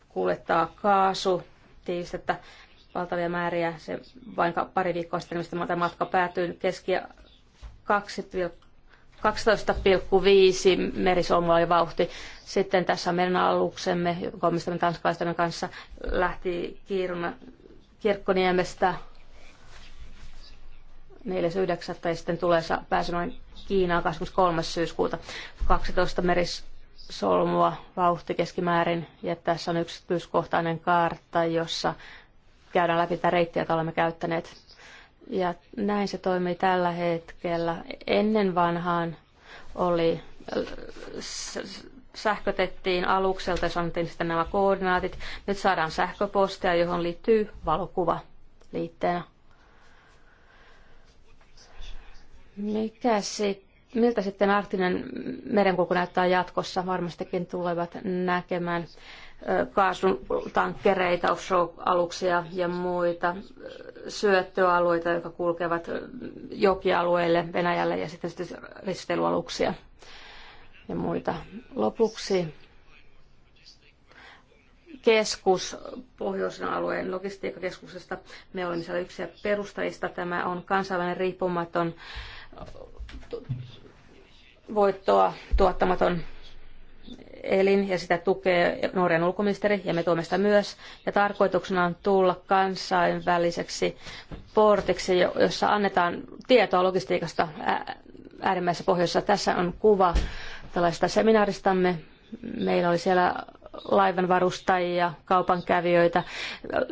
kuljettaa kaasu tiivistettä valtavia määriä. Se vain pari viikkoa sitten, mistä matka päätyy niin keski 12,5 merisolmua vauhti. Sitten tässä meidän aluksemme, joka tanskalaisten kanssa, lähti Kiiruna, Kirkkoniemestä 4.9. ja sitten tulee noin Kiinaan 23. syyskuuta. 12 merisolmua vauhti keskimäärin ja tässä on yksityiskohtainen kartta, jossa käydään läpi tätä reittiä, jota olemme käyttäneet ja näin se toimii tällä hetkellä. Ennen vanhaan oli sähkötettiin alukselta ja sanottiin sitten nämä koordinaatit. Nyt saadaan sähköpostia, johon liittyy valokuva liitteenä. Mikä sit, miltä sitten arktinen merenkulku näyttää jatkossa? Varmastikin tulevat näkemään kaasutankkereita, offshore-aluksia ja muita syöttöalueita, jotka kulkevat jokialueille Venäjälle ja sitten risteilyaluksia ja muita. Lopuksi keskus pohjoisen alueen logistiikkakeskuksesta. Me olemme siellä yksi perustajista. Tämä on kansainvälinen riippumaton voittoa tuottamaton elin ja sitä tukee Norjan ulkoministeri ja me tuomme sitä myös. Ja tarkoituksena on tulla kansainväliseksi portiksi, jossa annetaan tietoa logistiikasta äärimmäisessä pohjoisessa. Tässä on kuva tällaista seminaaristamme. Meillä oli siellä laivanvarustajia, kaupankävijöitä,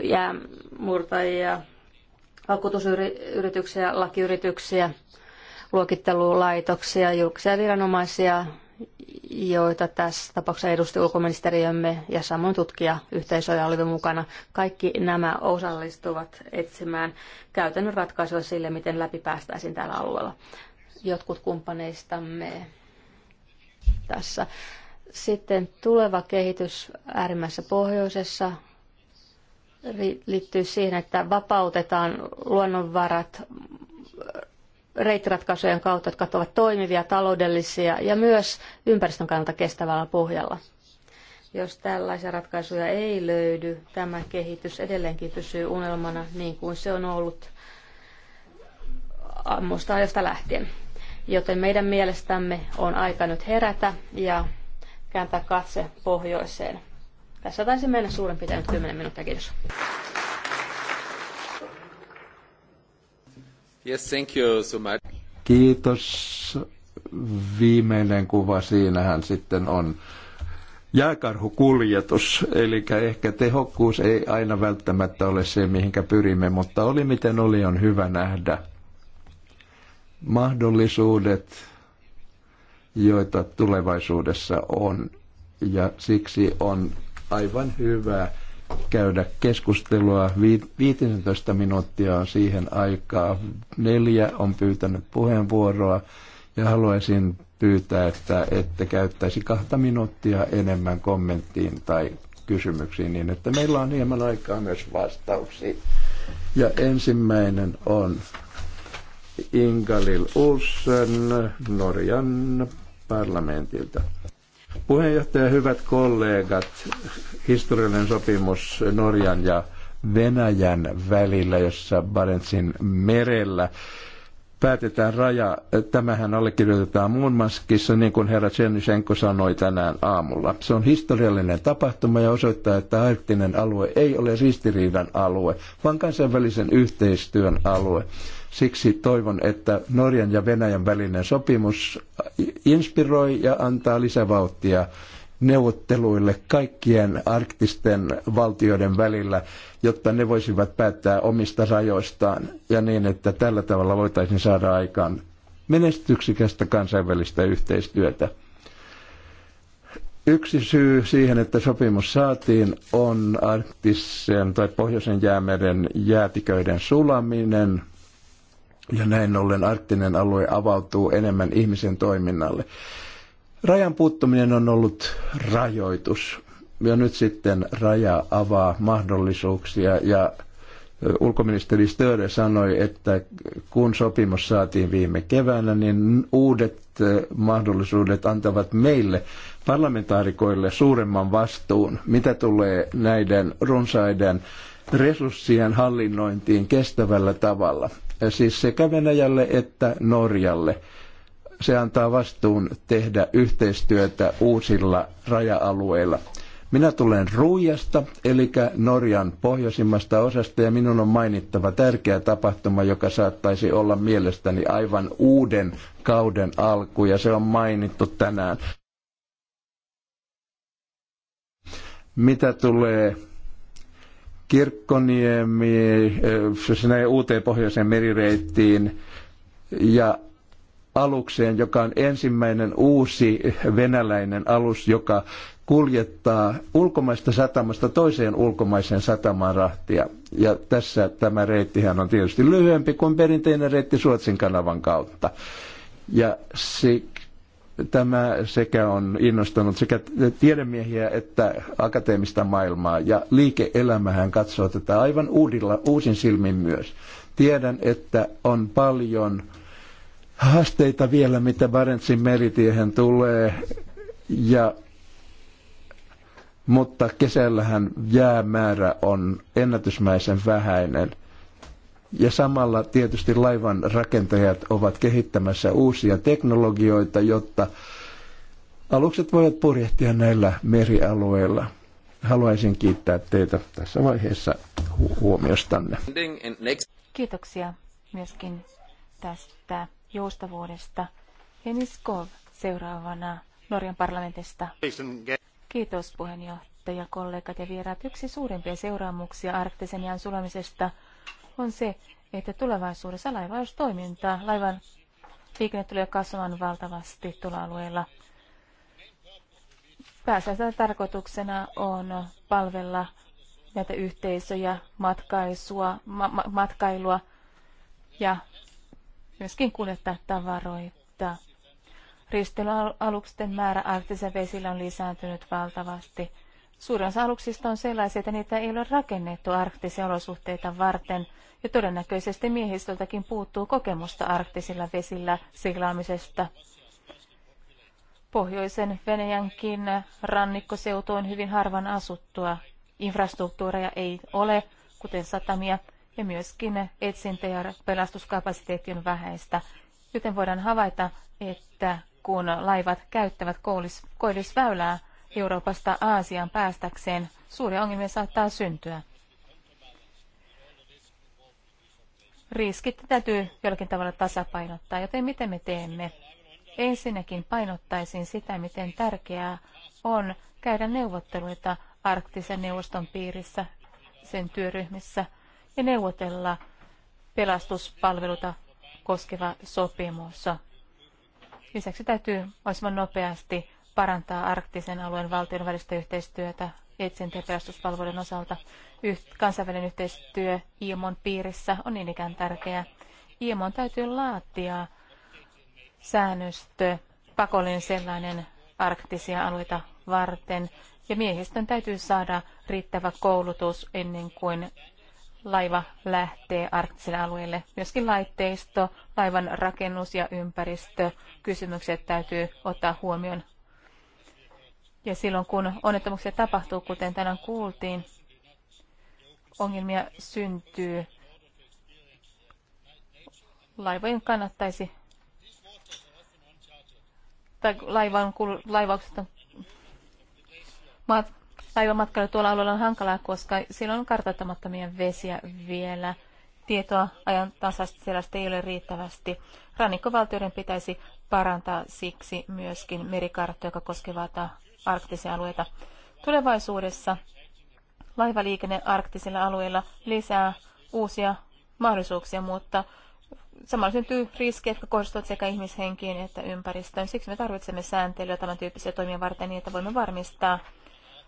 jäämurtajia, vakuutusyrityksiä, lakiyrityksiä, luokittelulaitoksia, julkisia viranomaisia, joita tässä tapauksessa edusti ulkoministeriömme ja samoin tutkijayhteisöjä oli mukana. Kaikki nämä osallistuvat etsimään käytännön ratkaisuja sille, miten läpi päästäisiin täällä alueella. Jotkut kumppaneistamme tässä. Sitten tuleva kehitys äärimmäisessä pohjoisessa liittyy siihen, että vapautetaan luonnonvarat reittiratkaisujen kautta, jotka ovat toimivia, taloudellisia ja myös ympäristön kannalta kestävällä pohjalla. Jos tällaisia ratkaisuja ei löydy, tämä kehitys edelleenkin pysyy unelmana niin kuin se on ollut ammusta ajoista lähtien. Joten meidän mielestämme on aika nyt herätä ja kääntää katse pohjoiseen. Tässä taisi mennä suurin piirtein 10 minuuttia. Kiitos. Yes, thank you so much. Kiitos. Viimeinen kuva siinähän sitten on jääkarhukuljetus, eli ehkä tehokkuus ei aina välttämättä ole se, mihinkä pyrimme, mutta oli miten oli, on hyvä nähdä mahdollisuudet, joita tulevaisuudessa on, ja siksi on aivan hyvä käydä keskustelua. 15 minuuttia on siihen aikaa. Neljä on pyytänyt puheenvuoroa ja haluaisin pyytää, että ette käyttäisi kahta minuuttia enemmän kommenttiin tai kysymyksiin niin, että meillä on hieman aikaa myös vastauksiin. Ja ensimmäinen on Ingalil Ussen Norjan parlamentilta. Puheenjohtaja, hyvät kollegat, historiallinen sopimus Norjan ja Venäjän välillä, jossa Barentsin merellä päätetään raja. Tämähän allekirjoitetaan maskissa, niin kuin herra Tsenyshenko sanoi tänään aamulla. Se on historiallinen tapahtuma ja osoittaa, että arktinen alue ei ole ristiriidan alue, vaan kansainvälisen yhteistyön alue. Siksi toivon, että Norjan ja Venäjän välinen sopimus inspiroi ja antaa lisävauhtia neuvotteluille kaikkien arktisten valtioiden välillä, jotta ne voisivat päättää omista rajoistaan ja niin, että tällä tavalla voitaisiin saada aikaan menestyksikästä kansainvälistä yhteistyötä. Yksi syy siihen, että sopimus saatiin, on arktisen tai pohjoisen jäämeren jäätiköiden sulaminen ja näin ollen arktinen alue avautuu enemmän ihmisen toiminnalle. Rajan puuttuminen on ollut rajoitus. Ja nyt sitten raja avaa mahdollisuuksia ja ulkoministeri Störe sanoi, että kun sopimus saatiin viime keväänä, niin uudet mahdollisuudet antavat meille parlamentaarikoille suuremman vastuun, mitä tulee näiden runsaiden resurssien hallinnointiin kestävällä tavalla siis sekä Venäjälle että Norjalle. Se antaa vastuun tehdä yhteistyötä uusilla raja-alueilla. Minä tulen Ruijasta, eli Norjan pohjoisimmasta osasta, ja minun on mainittava tärkeä tapahtuma, joka saattaisi olla mielestäni aivan uuden kauden alku, ja se on mainittu tänään. Mitä tulee Kirkkoniemi sinne uuteen pohjoiseen merireittiin ja alukseen, joka on ensimmäinen uusi venäläinen alus, joka kuljettaa ulkomaista satamasta toiseen ulkomaiseen satamaan rahtia. Ja tässä tämä reittihän on tietysti lyhyempi kuin perinteinen reitti Suotsin kanavan kautta. Ja se Tämä sekä on innostanut sekä tiedemiehiä että akateemista maailmaa ja liike-elämähän katsoo tätä aivan uudilla, uusin silmin myös. Tiedän, että on paljon haasteita vielä, mitä Barentsin meritiehen tulee ja mutta kesällähän jäämäärä on ennätysmäisen vähäinen – ja samalla tietysti laivan rakentajat ovat kehittämässä uusia teknologioita, jotta alukset voivat purjehtia näillä merialueilla. Haluaisin kiittää teitä tässä vaiheessa hu- huomiostanne. Kiitoksia myöskin tästä joustavuudesta. Jens Kov seuraavana Norjan parlamentista. Kiitos puheenjohtaja, kollegat ja vieraat. Yksi suurimpia seuraamuksia arktisen jään sulamisesta – on se, että tulevaisuudessa laivaustoimintaa, laivan liikenne tulee kasvamaan valtavasti tula-alueella. Pääsääntöön tarkoituksena on palvella näitä yhteisöjä, matkaisua, ma- ma- matkailua ja myöskin kuljettaa tavaroita. Risteilyaluksen määrä arktisen vesillä on lisääntynyt valtavasti – Suurin osa aluksista on sellaisia, että niitä ei ole rakennettu arktisia olosuhteita varten, ja todennäköisesti miehistöltäkin puuttuu kokemusta arktisilla vesillä siglaamisesta. Pohjoisen Venäjänkin rannikkoseutu on hyvin harvan asuttua. Infrastruktuureja ei ole, kuten satamia, ja myöskin etsintä- ja pelastuskapasiteetti on vähäistä, joten voidaan havaita, että kun laivat käyttävät koillisväylää, koillisväylää, Euroopasta Aasian päästäkseen, suuria ongelmia saattaa syntyä. Riskit täytyy jollakin tavalla tasapainottaa, joten miten me teemme? Ensinnäkin painottaisin sitä, miten tärkeää on käydä neuvotteluita arktisen neuvoston piirissä, sen työryhmissä ja neuvotella pelastuspalveluta koskeva sopimus. Lisäksi täytyy mahdollisimman nopeasti parantaa arktisen alueen valtion välistä yhteistyötä etsintä- ja pelastuspalveluiden osalta. Yht, kansainvälinen yhteistyö IMON piirissä on niin ikään tärkeää. IMON täytyy laatia säännöstö, pakollinen sellainen arktisia alueita varten, ja miehistön täytyy saada riittävä koulutus ennen kuin laiva lähtee arktisille alueille. Myöskin laitteisto, laivan rakennus ja ympäristö kysymykset täytyy ottaa huomioon ja silloin kun onnettomuuksia tapahtuu, kuten tänään kuultiin, ongelmia syntyy. Laivojen kannattaisi, tai laivan, laivaukset on, mat, laivamatkailu tuolla alueella on hankalaa, koska silloin on kartoittamattomia vesiä vielä. Tietoa ajan tasasta sellaista ei ole riittävästi. Rannikkovaltioiden pitäisi parantaa siksi myöskin merikarttoja, joka koskee arktisia alueita. Tulevaisuudessa laivaliikenne arktisilla alueilla lisää uusia mahdollisuuksia, mutta samalla syntyy riskejä, jotka kohdistuvat sekä ihmishenkiin että ympäristöön. Siksi me tarvitsemme sääntelyä tämän tyyppisiä toimia varten niin, että voimme varmistaa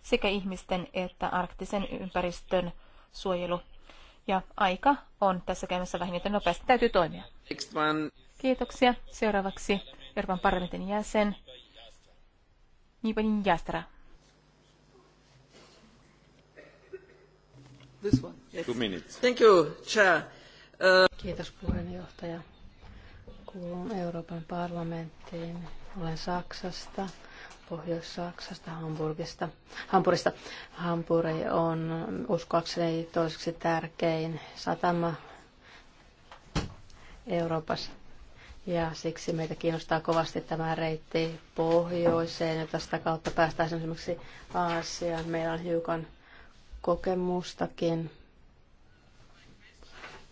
sekä ihmisten että arktisen ympäristön suojelu. Ja aika on tässä käymässä vähintään nopeasti. Täytyy toimia. Kiitoksia. Seuraavaksi Euroopan parlamentin jäsen ní paní Jastra. This one. Yes. Two minutes. Thank you, Chair. Uh... Kiitos puheenjohtaja. Kuulun Euroopan parlamenttiin. Olen Saksasta. Pohjois-Saksasta, Hamburgista. Hampurista. Hampuri on uskoakseni toiseksi tärkein satama Euroopassa. Ja siksi meitä kiinnostaa kovasti tämä reitti pohjoiseen ja tästä kautta päästään esimerkiksi Aasiaan. Meillä on hiukan kokemustakin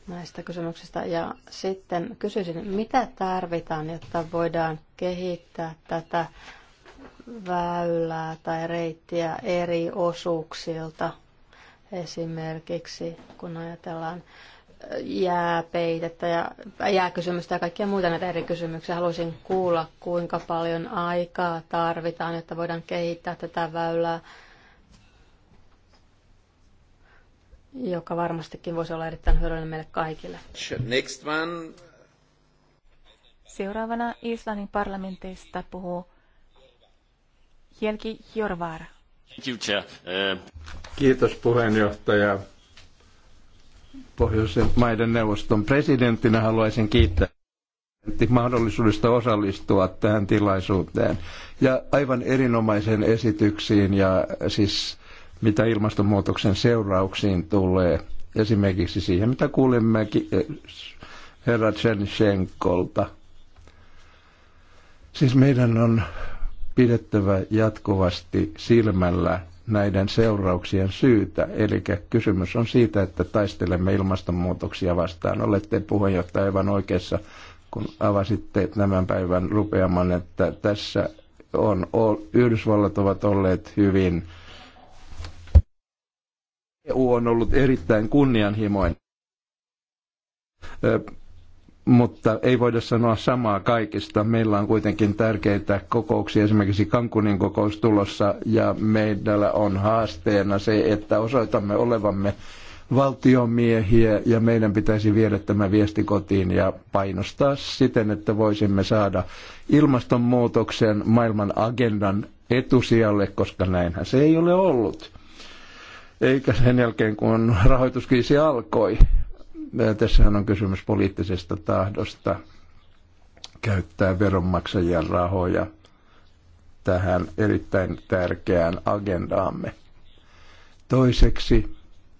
näistä kysymyksistä. Ja sitten kysyisin, mitä tarvitaan, jotta voidaan kehittää tätä väylää tai reittiä eri osuuksilta? Esimerkiksi kun ajatellaan jääpeitettä ja jääkysymystä ja kaikkia muita näitä eri kysymyksiä. Haluaisin kuulla, kuinka paljon aikaa tarvitaan, jotta voidaan kehittää tätä väylää, joka varmastikin voisi olla erittäin hyödyllinen meille kaikille. Next one. Seuraavana Islannin parlamentista puhuu Helki Jorvar. Uh, Kiitos puheenjohtaja. Pohjoisen maiden neuvoston presidenttinä haluaisin kiittää mahdollisuudesta osallistua tähän tilaisuuteen ja aivan erinomaisen esityksiin ja siis mitä ilmastonmuutoksen seurauksiin tulee. Esimerkiksi siihen, mitä kuulimme eh, herra Tsenchenkolta. Siis meidän on pidettävä jatkuvasti silmällä näiden seurauksien syytä. Eli kysymys on siitä, että taistelemme ilmastonmuutoksia vastaan. Olette puheenjohtaja aivan oikeassa, kun avasitte tämän päivän rupeaman, että tässä on, Yhdysvallat ovat olleet hyvin, EU on ollut erittäin kunnianhimoinen mutta ei voida sanoa samaa kaikista. Meillä on kuitenkin tärkeitä kokouksia, esimerkiksi Kankunin kokous tulossa, ja meillä on haasteena se, että osoitamme olevamme valtiomiehiä ja meidän pitäisi viedä tämä viesti kotiin ja painostaa siten, että voisimme saada ilmastonmuutoksen maailman agendan etusijalle, koska näinhän se ei ole ollut. Eikä sen jälkeen, kun rahoituskriisi alkoi, Äh, tässähän on kysymys poliittisesta tahdosta käyttää veronmaksajien rahoja tähän erittäin tärkeään agendaamme. Toiseksi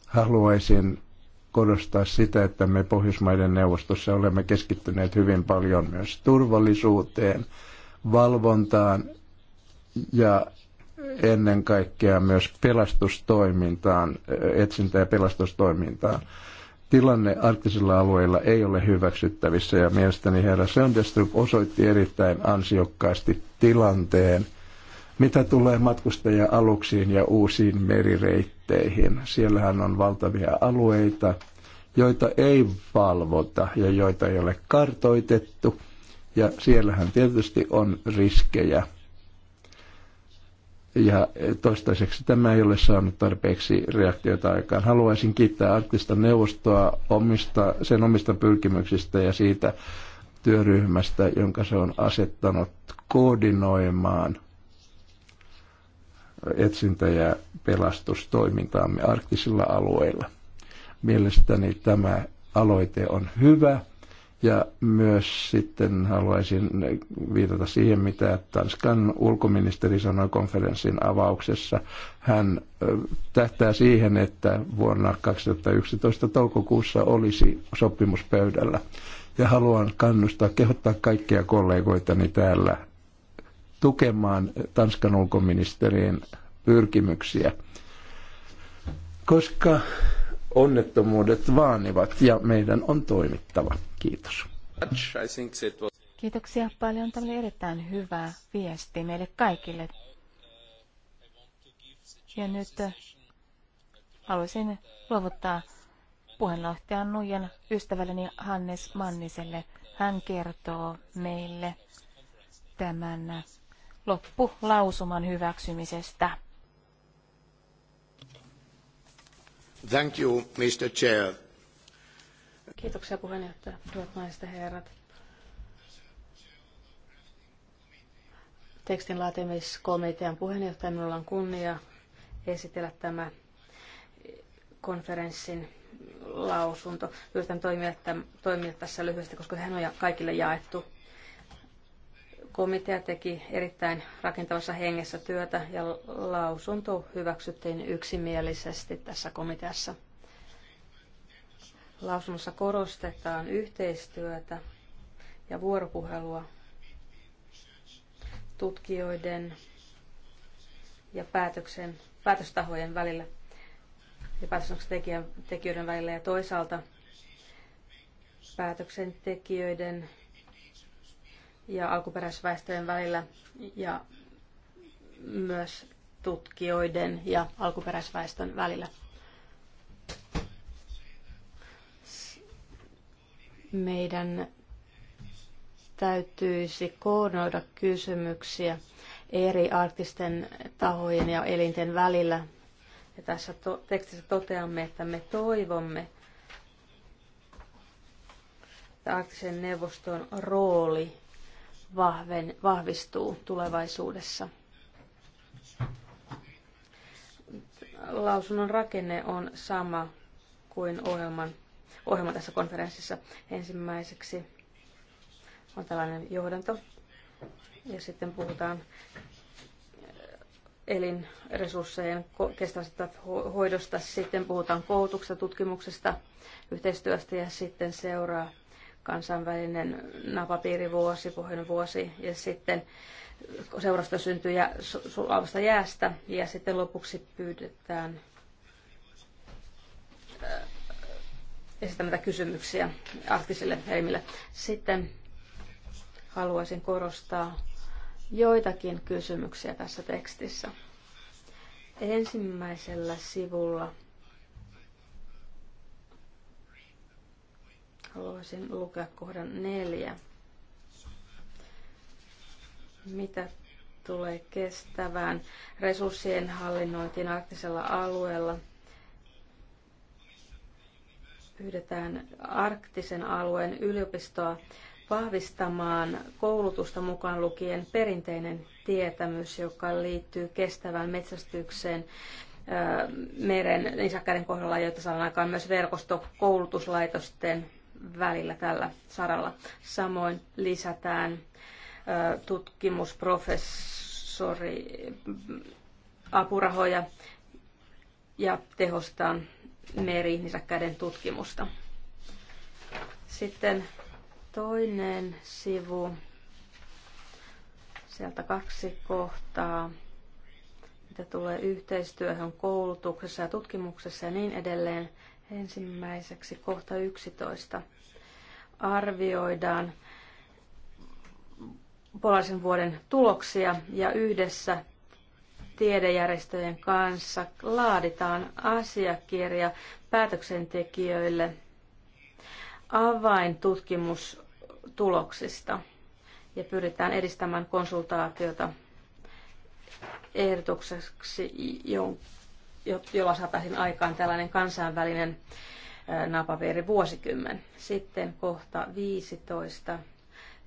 haluaisin korostaa sitä, että me Pohjoismaiden neuvostossa olemme keskittyneet hyvin paljon myös turvallisuuteen, valvontaan ja ennen kaikkea myös pelastustoimintaan, äh, etsintä- ja pelastustoimintaan tilanne arktisilla alueilla ei ole hyväksyttävissä ja mielestäni herra Söndestrup osoitti erittäin ansiokkaasti tilanteen, mitä tulee matkustaja-aluksiin ja uusiin merireitteihin. Siellähän on valtavia alueita, joita ei valvota ja joita ei ole kartoitettu. Ja siellähän tietysti on riskejä ja toistaiseksi tämä ei ole saanut tarpeeksi reaktiota aikaan. Haluaisin kiittää arktista neuvostoa omista, sen omista pyrkimyksistä ja siitä työryhmästä, jonka se on asettanut koordinoimaan etsintä- ja pelastustoimintaamme arktisilla alueilla. Mielestäni tämä aloite on hyvä ja myös sitten haluaisin viitata siihen, mitä Tanskan ulkoministeri sanoi konferenssin avauksessa. Hän tähtää siihen, että vuonna 2011 toukokuussa olisi sopimuspöydällä. Ja haluan kannustaa, kehottaa kaikkia kollegoitani täällä tukemaan Tanskan ulkoministeriin pyrkimyksiä, koska onnettomuudet vaanivat ja meidän on toimittava. Kiitos. Kiitoksia paljon. Tämä oli erittäin hyvä viesti meille kaikille. Ja nyt äh, haluaisin luovuttaa puheenjohtajan Nuijan ystävälleni Hannes Manniselle. Hän kertoo meille tämän äh, loppulausuman hyväksymisestä. arvoisa puhemies hyvät naiset ja herrat. Tekstin laatimiskomitean minulla on kunnia esitellä tämä konferenssin lausunto. Yritän toimia, tässä lyhyesti, koska sehän on kaikille jaettu Komitea teki erittäin rakentavassa hengessä työtä ja lausunto hyväksyttiin yksimielisesti tässä komiteassa. Lausunnossa korostetaan yhteistyötä ja vuoropuhelua tutkijoiden ja päätöksen, päätöstahojen välillä ja päätöksentekijöiden välillä ja toisaalta päätöksentekijöiden ja alkuperäisväestöjen välillä ja myös tutkijoiden ja alkuperäisväestön välillä. Meidän täytyisi koordinoida kysymyksiä eri arktisten tahojen ja elinten välillä. Ja tässä to- tekstissä toteamme, että me toivomme, että arktisen neuvoston rooli vahven, vahvistuu tulevaisuudessa. Lausunnon rakenne on sama kuin ohjelman, ohjelma tässä konferenssissa. Ensimmäiseksi on tällainen johdanto ja sitten puhutaan eh, elinresurssejen kestävästä hoidosta, sitten puhutaan koulutuksesta, tutkimuksesta, yhteistyöstä ja sitten seuraa kansainvälinen napapiirivuosi, pohjoinen vuosi ja sitten seurasta syntyy ja sulavasta jäästä ja sitten lopuksi pyydetään äh, esittämättä kysymyksiä arktisille elimille. Sitten haluaisin korostaa joitakin kysymyksiä tässä tekstissä. Ensimmäisellä sivulla Haluaisin lukea kohdan neljä. Mitä tulee kestävään resurssien hallinnointiin arktisella alueella? Pyydetään arktisen alueen yliopistoa vahvistamaan koulutusta mukaan lukien perinteinen tietämys, joka liittyy kestävään metsästykseen meren nisäkkäiden kohdalla, joita saadaan aikaan myös verkosto koulutuslaitosten välillä tällä saralla. Samoin lisätään tutkimusprofessori apurahoja ja tehostaan merinisäkkäiden tutkimusta. Sitten toinen sivu, sieltä kaksi kohtaa, mitä tulee yhteistyöhön koulutuksessa ja tutkimuksessa ja niin edelleen. Ensimmäiseksi kohta 11 arvioidaan polaisen vuoden tuloksia ja yhdessä tiedejärjestöjen kanssa laaditaan asiakirja päätöksentekijöille avaintutkimustuloksista ja pyritään edistämään konsultaatiota ehdotukseksi, jolla saataisiin aikaan tällainen kansainvälinen napaveeri vuosikymmen. Sitten kohta 15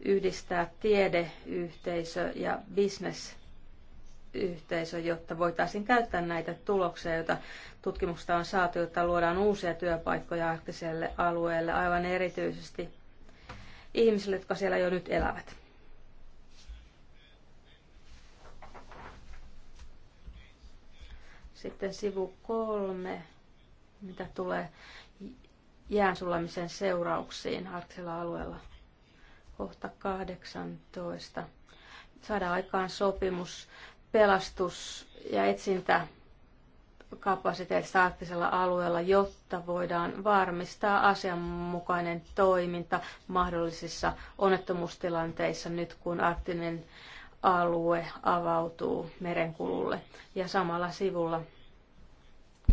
yhdistää tiedeyhteisö ja business-yhteisö, jotta voitaisiin käyttää näitä tuloksia, joita tutkimuksesta on saatu, jotta luodaan uusia työpaikkoja arktiselle alueelle, aivan erityisesti ihmisille, jotka siellä jo nyt elävät. Sitten sivu kolme, mitä tulee jäänsulamisen seurauksiin arktisella alueella. Kohta 18. Saadaan aikaan sopimus pelastus- ja etsintä kapasiteetista arktisella alueella, jotta voidaan varmistaa asianmukainen toiminta mahdollisissa onnettomuustilanteissa nyt, kun arktinen alue avautuu merenkululle. Ja samalla sivulla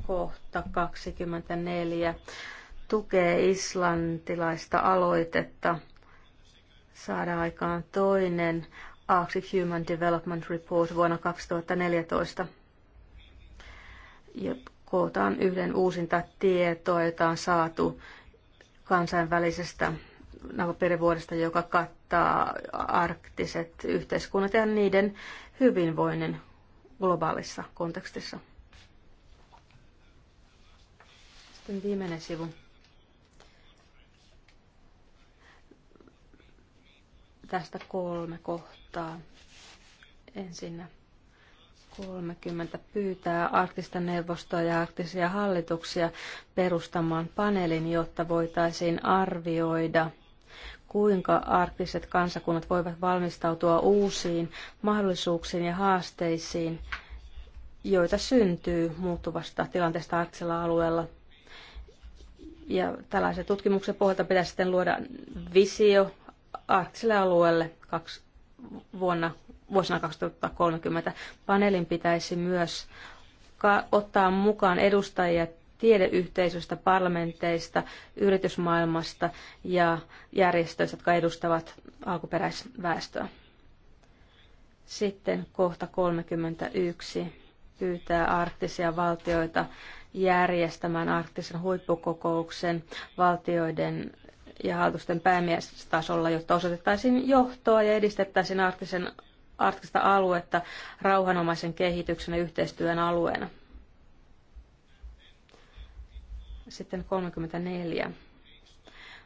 kohta 24 tukee islantilaista aloitetta saada aikaan toinen Arctic Human Development Report vuonna 2014. Ja kootaan yhden uusinta tietoa, jota on saatu kansainvälisestä napapiirivuodesta, joka kattaa arktiset yhteiskunnat ja niiden hyvinvoinnin globaalissa kontekstissa. Sitten viimeinen sivu. Tästä kolme kohtaa. Ensinnä 30 pyytää arktista neuvostoa ja arktisia hallituksia perustamaan paneelin, jotta voitaisiin arvioida kuinka arktiset kansakunnat voivat valmistautua uusiin mahdollisuuksiin ja haasteisiin, joita syntyy muuttuvasta tilanteesta arktisella alueella. Ja tällaisen tutkimuksen pohjalta pitäisi sitten luoda visio arktiselle alueelle kaksi, vuonna, vuosina 2030. Paneelin pitäisi myös ottaa mukaan edustajia tiedeyhteisöstä, parlamenteista, yritysmaailmasta ja järjestöistä, jotka edustavat alkuperäisväestöä. Sitten kohta 31 pyytää arktisia valtioita järjestämään arktisen huippukokouksen valtioiden ja hallitusten päämiestasolla, jotta osoitettaisiin johtoa ja edistettäisiin arktisen, arktista aluetta rauhanomaisen kehityksen ja yhteistyön alueena. Sitten 34.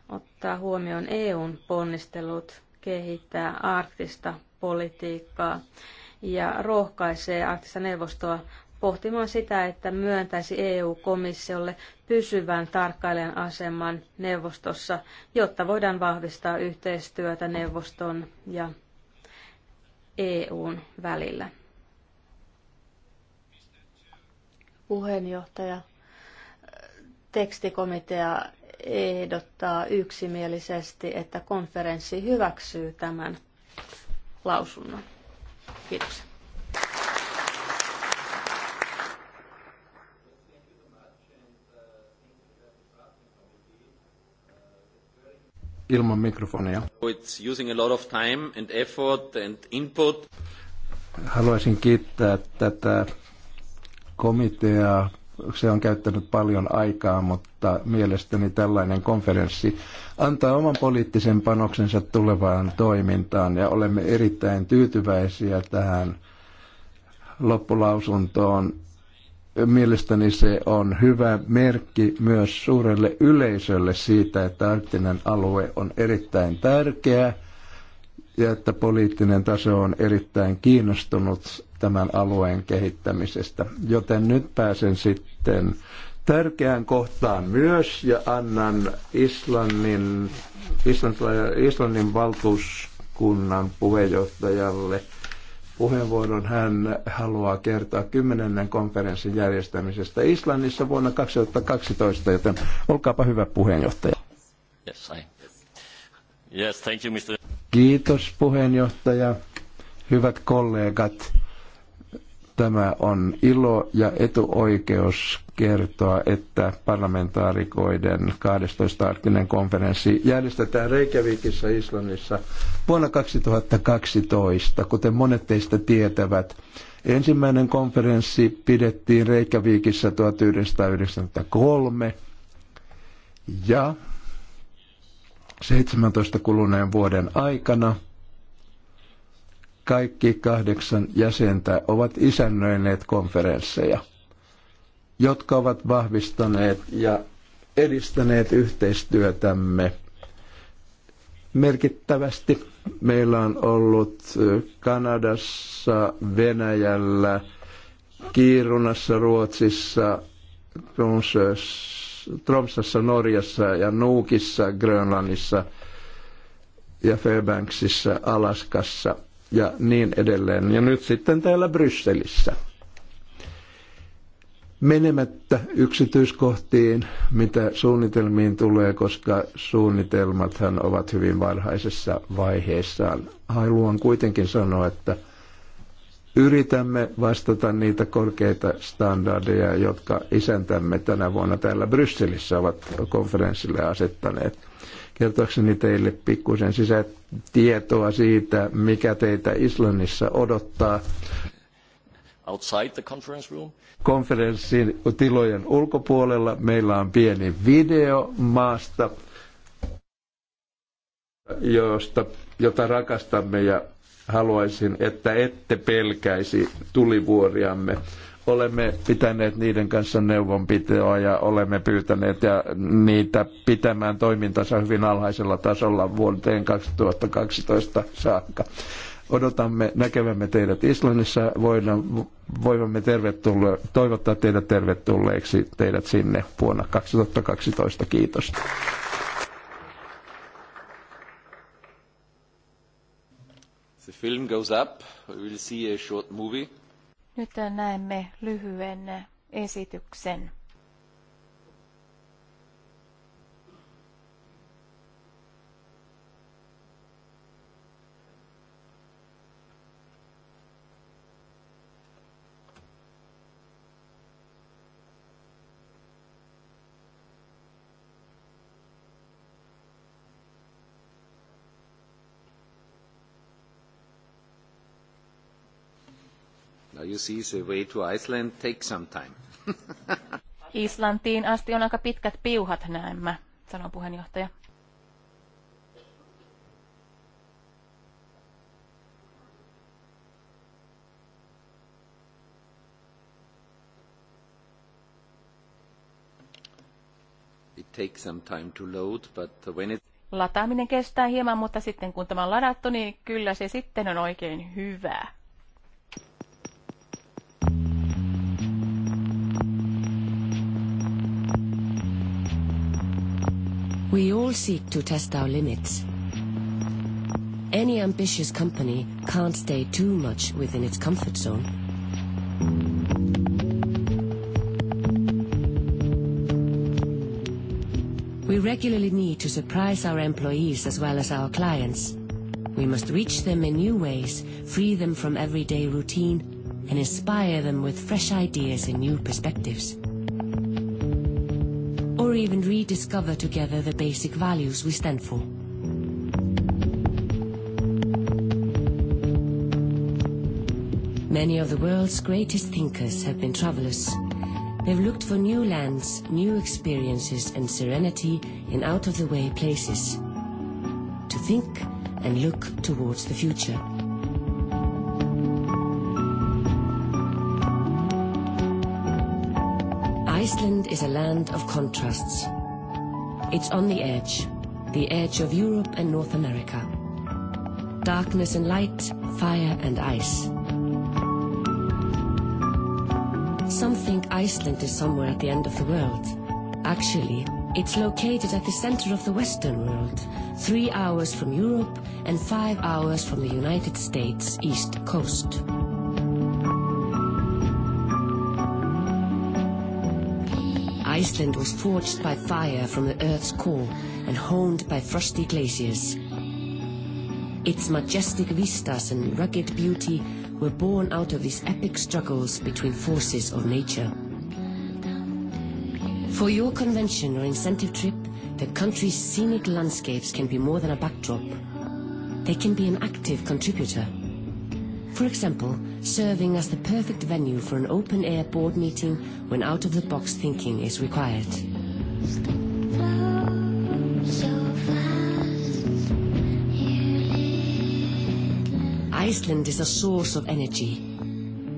Ottaa huomioon EUn ponnistelut kehittää arktista politiikkaa ja rohkaisee arktista neuvostoa pohtimaan sitä, että myöntäisi EU-komissiolle pysyvän tarkkailijan aseman neuvostossa, jotta voidaan vahvistaa yhteistyötä neuvoston ja EUn välillä. Puheenjohtaja Tekstikomitea ehdottaa yksimielisesti, että konferenssi hyväksyy tämän lausunnon. Kiitos. ilman mikrofonia. It's using a lot of time and effort and input. Haluaisin kiittää tätä komiteaa se on käyttänyt paljon aikaa, mutta mielestäni tällainen konferenssi antaa oman poliittisen panoksensa tulevaan toimintaan ja olemme erittäin tyytyväisiä tähän loppulausuntoon. Mielestäni se on hyvä merkki myös suurelle yleisölle siitä, että arktinen alue on erittäin tärkeä ja että poliittinen taso on erittäin kiinnostunut tämän alueen kehittämisestä. Joten nyt pääsen sitten tärkeään kohtaan myös ja annan Islannin, Islannin valtuuskunnan puheenjohtajalle puheenvuoron. Hän haluaa kertoa kymmenennen konferenssin järjestämisestä Islannissa vuonna 2012, joten olkaapa hyvä puheenjohtaja. Yes, I... yes, thank you, Mr. Kiitos puheenjohtaja. Hyvät kollegat, Tämä on ilo ja etuoikeus kertoa, että parlamentaarikoiden 12. arktinen konferenssi järjestetään Reykjavikissa Islannissa vuonna 2012. Kuten monet teistä tietävät, ensimmäinen konferenssi pidettiin Reykjavikissa 1993 ja 17 kuluneen vuoden aikana – kaikki kahdeksan jäsentä ovat isännöineet konferensseja, jotka ovat vahvistaneet ja edistäneet yhteistyötämme merkittävästi. Meillä on ollut Kanadassa, Venäjällä, Kiirunassa, Ruotsissa, Tromsassa, Norjassa ja Nuukissa, Grönlannissa ja Fairbanksissa, Alaskassa – ja niin edelleen. Ja nyt sitten täällä Brysselissä. Menemättä yksityiskohtiin, mitä suunnitelmiin tulee, koska suunnitelmathan ovat hyvin varhaisessa vaiheessaan. Haluan kuitenkin sanoa, että yritämme vastata niitä korkeita standardeja, jotka isäntämme tänä vuonna täällä Brysselissä ovat konferenssille asettaneet kertoakseni teille pikkusen sisätietoa siitä, mikä teitä Islannissa odottaa. Outside the conference room. Konferenssin tilojen ulkopuolella meillä on pieni video maasta, josta, jota rakastamme ja haluaisin, että ette pelkäisi tulivuoriamme olemme pitäneet niiden kanssa neuvonpitoa ja olemme pyytäneet ja niitä pitämään toimintansa hyvin alhaisella tasolla vuoteen 2012 saakka. Odotamme näkevämme teidät Islannissa. voimme tervetulle, toivottaa teidät tervetulleeksi teidät sinne vuonna 2012. Kiitos. The film goes up. We will see a short movie. Nyt näemme lyhyen esityksen. You see, the way to Iceland takes some time. [laughs] Islantiin asti on aika pitkät piuhat näemmä, sanoo puheenjohtaja. Lataaminen kestää hieman, mutta sitten kun tämä on ladattu, niin kyllä se sitten on oikein hyvää. We all seek to test our limits. Any ambitious company can't stay too much within its comfort zone. We regularly need to surprise our employees as well as our clients. We must reach them in new ways, free them from everyday routine, and inspire them with fresh ideas and new perspectives or even rediscover together the basic values we stand for. Many of the world's greatest thinkers have been travelers. They've looked for new lands, new experiences and serenity in out-of-the-way places. To think and look towards the future. Iceland is a land of contrasts. It's on the edge, the edge of Europe and North America. Darkness and light, fire and ice. Some think Iceland is somewhere at the end of the world. Actually, it's located at the center of the Western world, three hours from Europe and five hours from the United States East Coast. Iceland was forged by fire from the Earth's core and honed by frosty glaciers. Its majestic vistas and rugged beauty were born out of these epic struggles between forces of nature. For your convention or incentive trip, the country's scenic landscapes can be more than a backdrop. They can be an active contributor. For example, serving as the perfect venue for an open-air board meeting when out-of-the-box thinking is required. Iceland is a source of energy.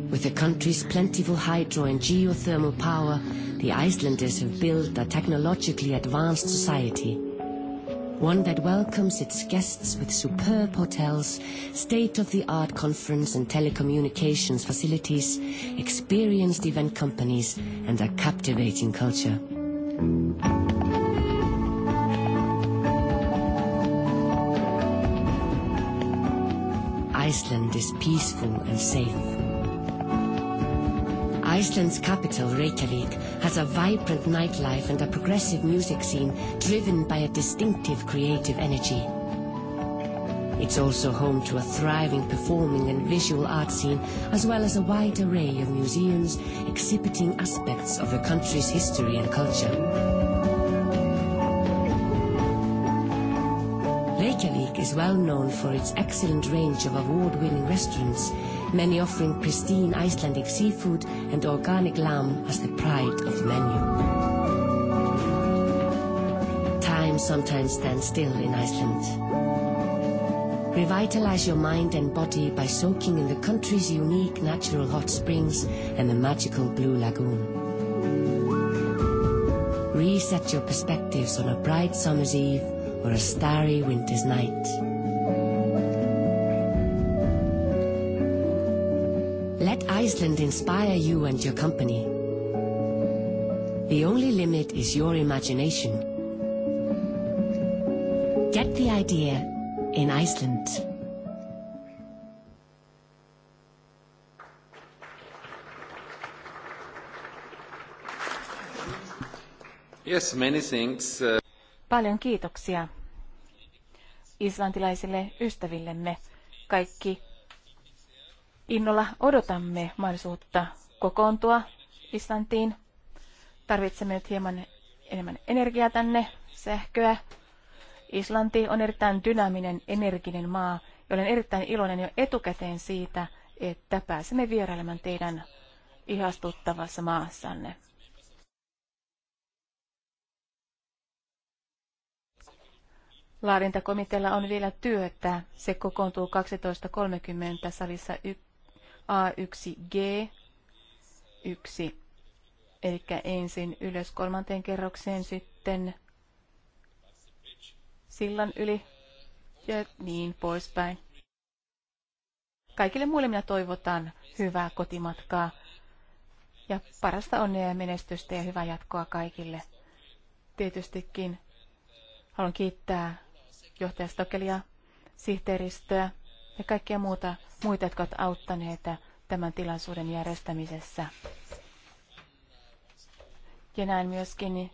With the country's plentiful hydro and geothermal power, the Icelanders have built a technologically advanced society one that welcomes its guests with superb hotels, state-of-the-art conference and telecommunications facilities, experienced event companies, and a captivating culture. Iceland is peaceful and safe. Iceland's capital, Reykjavik, has a vibrant nightlife and a progressive music scene driven by a distinctive creative energy. It's also home to a thriving performing and visual art scene, as well as a wide array of museums exhibiting aspects of the country's history and culture. Reykjavik is well known for its excellent range of award-winning restaurants many offering pristine Icelandic seafood and organic lamb as the pride of the menu. Time sometimes stands still in Iceland. Revitalize your mind and body by soaking in the country's unique natural hot springs and the magical blue lagoon. Reset your perspectives on a bright summer's eve or a starry winter's night assist and inspire you and your company. The only limit is your imagination. Get the idea in Iceland. Yes, many things. Uh, Paljon kiitoksia islantilaisille ystävillemme. Kaikki innolla odotamme mahdollisuutta kokoontua Islantiin. Tarvitsemme nyt hieman enemmän energiaa tänne, sähköä. Islanti on erittäin dynaaminen, energinen maa, olen erittäin iloinen jo etukäteen siitä, että pääsemme vierailemaan teidän ihastuttavassa maassanne. Laadintakomitealla on vielä työtä. Se kokoontuu 12.30 salissa A1G 1. Eli ensin ylös kolmanteen kerrokseen, sitten sillan yli ja niin poispäin. Kaikille muille minä toivotan hyvää kotimatkaa ja parasta onnea ja menestystä ja hyvää jatkoa kaikille. Tietystikin haluan kiittää johtajastokelia, sihteeristöä ja kaikkia muuta muita, jotka ovat auttaneet tämän tilaisuuden järjestämisessä. Ja näin myöskin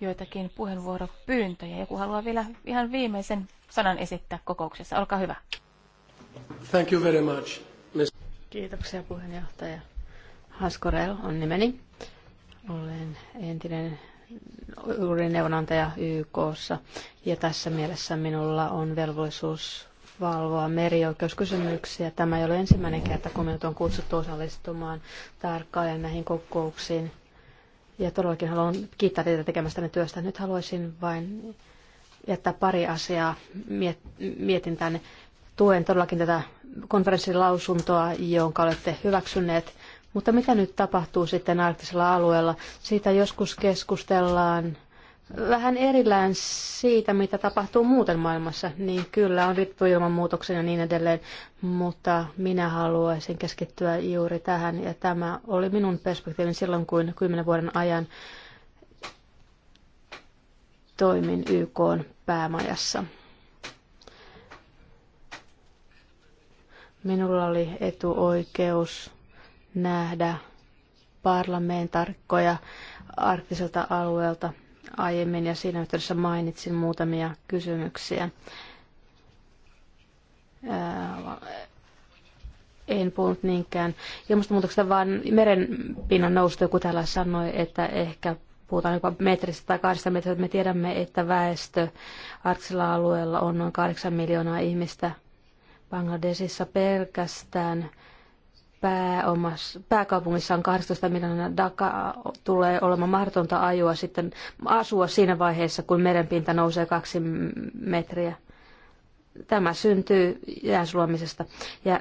joitakin puheenvuoropyyntöjä. Joku haluaa vielä ihan viimeisen sanan esittää kokouksessa. Olkaa hyvä. Thank you very much. Miss... Kiitoksia puheenjohtaja. Haskorel on nimeni. Olen entinen juuri neuvonantaja YKssa ja tässä mielessä minulla on velvollisuus valvoa merioikeuskysymyksiä. Tämä ei ole ensimmäinen kerta, kun minut on kutsuttu osallistumaan tarkkailijan näihin kokouksiin. Ja todellakin haluan kiittää teitä tekemästänne työstä. Nyt haluaisin vain jättää pari asiaa mietintään. Tuen todellakin tätä konferenssin lausuntoa, jonka olette hyväksyneet. Mutta mitä nyt tapahtuu sitten arktisella alueella? Siitä joskus keskustellaan vähän erillään siitä, mitä tapahtuu muuten maailmassa, niin kyllä on ilmanmuutoksen ja niin edelleen, mutta minä haluaisin keskittyä juuri tähän ja tämä oli minun perspektiivin silloin, kun kymmenen vuoden ajan toimin YK päämajassa. Minulla oli etuoikeus nähdä parlamentarkkoja arktiselta alueelta – aiemmin ja siinä yhteydessä mainitsin muutamia kysymyksiä. En puhunut niinkään ilmastonmuutoksesta, vaan merenpinnan noususta joku täällä sanoi, että ehkä puhutaan jopa metristä tai kahdesta metristä. Me tiedämme, että väestö arktisella alueella on noin kahdeksan miljoonaa ihmistä. Bangladesissa pelkästään pääomassa, pääkaupungissa on 18 miljoonaa Daka tulee olemaan mahdotonta ajua sitten asua siinä vaiheessa, kun merenpinta nousee kaksi metriä. Tämä syntyy jääsulomisesta ja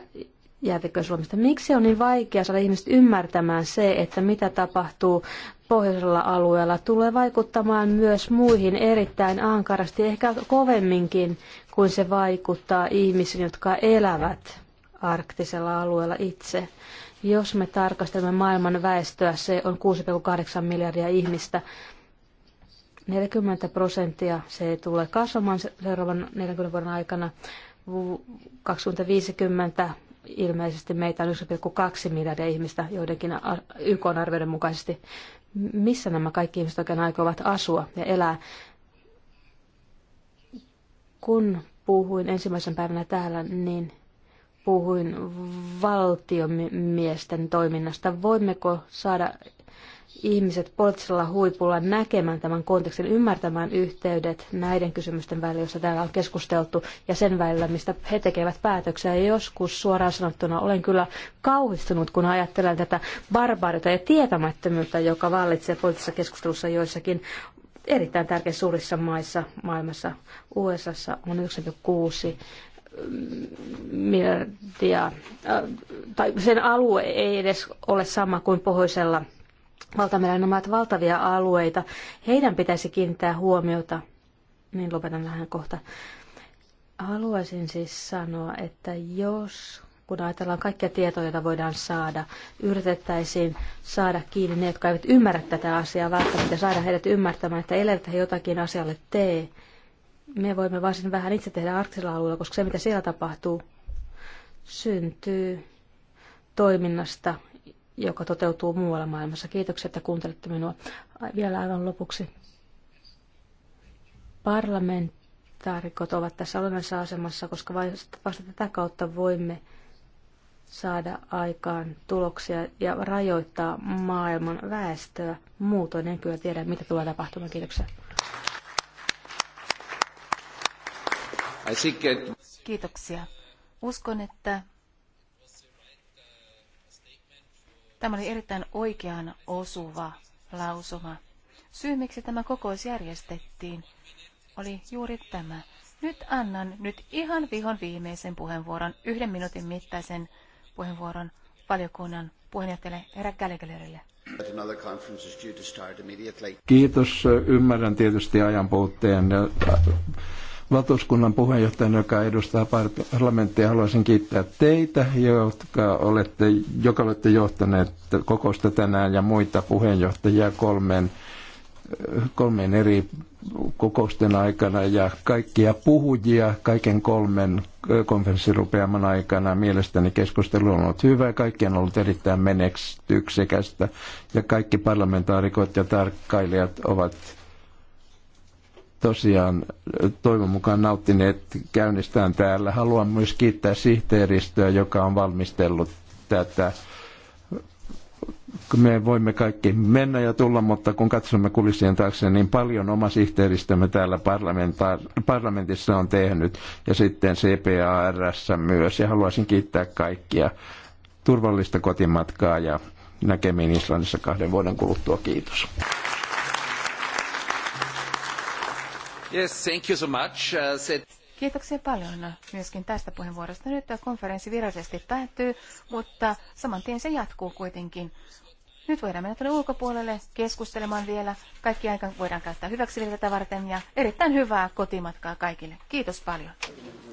jäätikösuomista. Miksi on niin vaikea saada ihmiset ymmärtämään se, että mitä tapahtuu pohjoisella alueella, tulee vaikuttamaan myös muihin erittäin ankarasti, ehkä kovemminkin kuin se vaikuttaa ihmisiin, jotka elävät arktisella alueella itse. Jos me tarkastelemme maailman väestöä, se on 6,8 miljardia ihmistä. 40 prosenttia se tulee kasvamaan seuraavan 40 vuoden aikana. 2050 ilmeisesti meitä on 1,2 miljardia ihmistä joidenkin YK-arvioiden mukaisesti. Missä nämä kaikki ihmiset oikein aikovat asua ja elää? Kun puhuin ensimmäisen päivänä täällä, niin puhuin valtiomiesten toiminnasta. Voimmeko saada ihmiset poliittisella huipulla näkemään tämän kontekstin, ymmärtämään yhteydet näiden kysymysten välillä, joissa täällä on keskusteltu, ja sen välillä, mistä he tekevät päätöksiä. Ja joskus suoraan sanottuna olen kyllä kauhistunut, kun ajattelen tätä barbaarita ja tietämättömyyttä, joka vallitsee poliittisessa keskustelussa joissakin erittäin tärkeissä suurissa maissa maailmassa. USAssa on miljardia, tai sen alue ei edes ole sama kuin pohjoisella valtamerellä. Nämä ovat valtavia alueita. Heidän pitäisi kiinnittää huomiota, niin lopetan vähän kohta. Haluaisin siis sanoa, että jos kun ajatellaan kaikkia tietoja, joita voidaan saada, yritettäisiin saada kiinni ne, jotka eivät ymmärrä tätä asiaa, välttämättä saada heidät ymmärtämään, että elleivät he jotakin asialle tee, me voimme varsin vähän itse tehdä arktisella alueella, koska se mitä siellä tapahtuu, syntyy toiminnasta, joka toteutuu muualla maailmassa. Kiitoksia, että kuuntelitte minua. Vielä aivan lopuksi. Parlamentaarikot ovat tässä olennaisessa asemassa, koska vasta tätä kautta voimme saada aikaan tuloksia ja rajoittaa maailman väestöä. Muutoin en kyllä tiedä, mitä tulee tapahtumaan. Kiitoksia. Kiitoksia. Uskon, että tämä oli erittäin oikeaan osuva lausuma. Syy, miksi tämä kokous järjestettiin, oli juuri tämä. Nyt annan nyt ihan vihon viimeisen puheenvuoron, yhden minuutin mittaisen puheenvuoron valiokunnan puheenjohtajalle herra Gallagherille. Kiitos. Ymmärrän tietysti ajan puutteen valtuuskunnan puheenjohtajana, joka edustaa parlamenttia, haluaisin kiittää teitä, jotka olette, joka olette johtaneet kokousta tänään ja muita puheenjohtajia kolmen, kolmen eri kokousten aikana ja kaikkia puhujia kaiken kolmen konferenssirupeaman aikana. Mielestäni keskustelu on ollut hyvä, ja kaikki on ollut erittäin menestyksekästä ja kaikki parlamentaarikot ja tarkkailijat ovat tosiaan toivon mukaan nauttineet käynnistään täällä. Haluan myös kiittää sihteeristöä, joka on valmistellut tätä. Me voimme kaikki mennä ja tulla, mutta kun katsomme kulissien taakse, niin paljon oma sihteeristömme täällä parlamentissa on tehnyt ja sitten CPARS myös. Ja haluaisin kiittää kaikkia turvallista kotimatkaa ja näkemiin Islannissa kahden vuoden kuluttua. Kiitos. Yes, thank you so much. Uh, Kiitoksia paljon myöskin tästä puheenvuorosta. Nyt konferenssi virallisesti päättyy, mutta saman tien se jatkuu kuitenkin. Nyt voidaan mennä tuonne ulkopuolelle keskustelemaan vielä. Kaikki aika voidaan käyttää hyväksi tätä varten ja erittäin hyvää kotimatkaa kaikille. Kiitos paljon.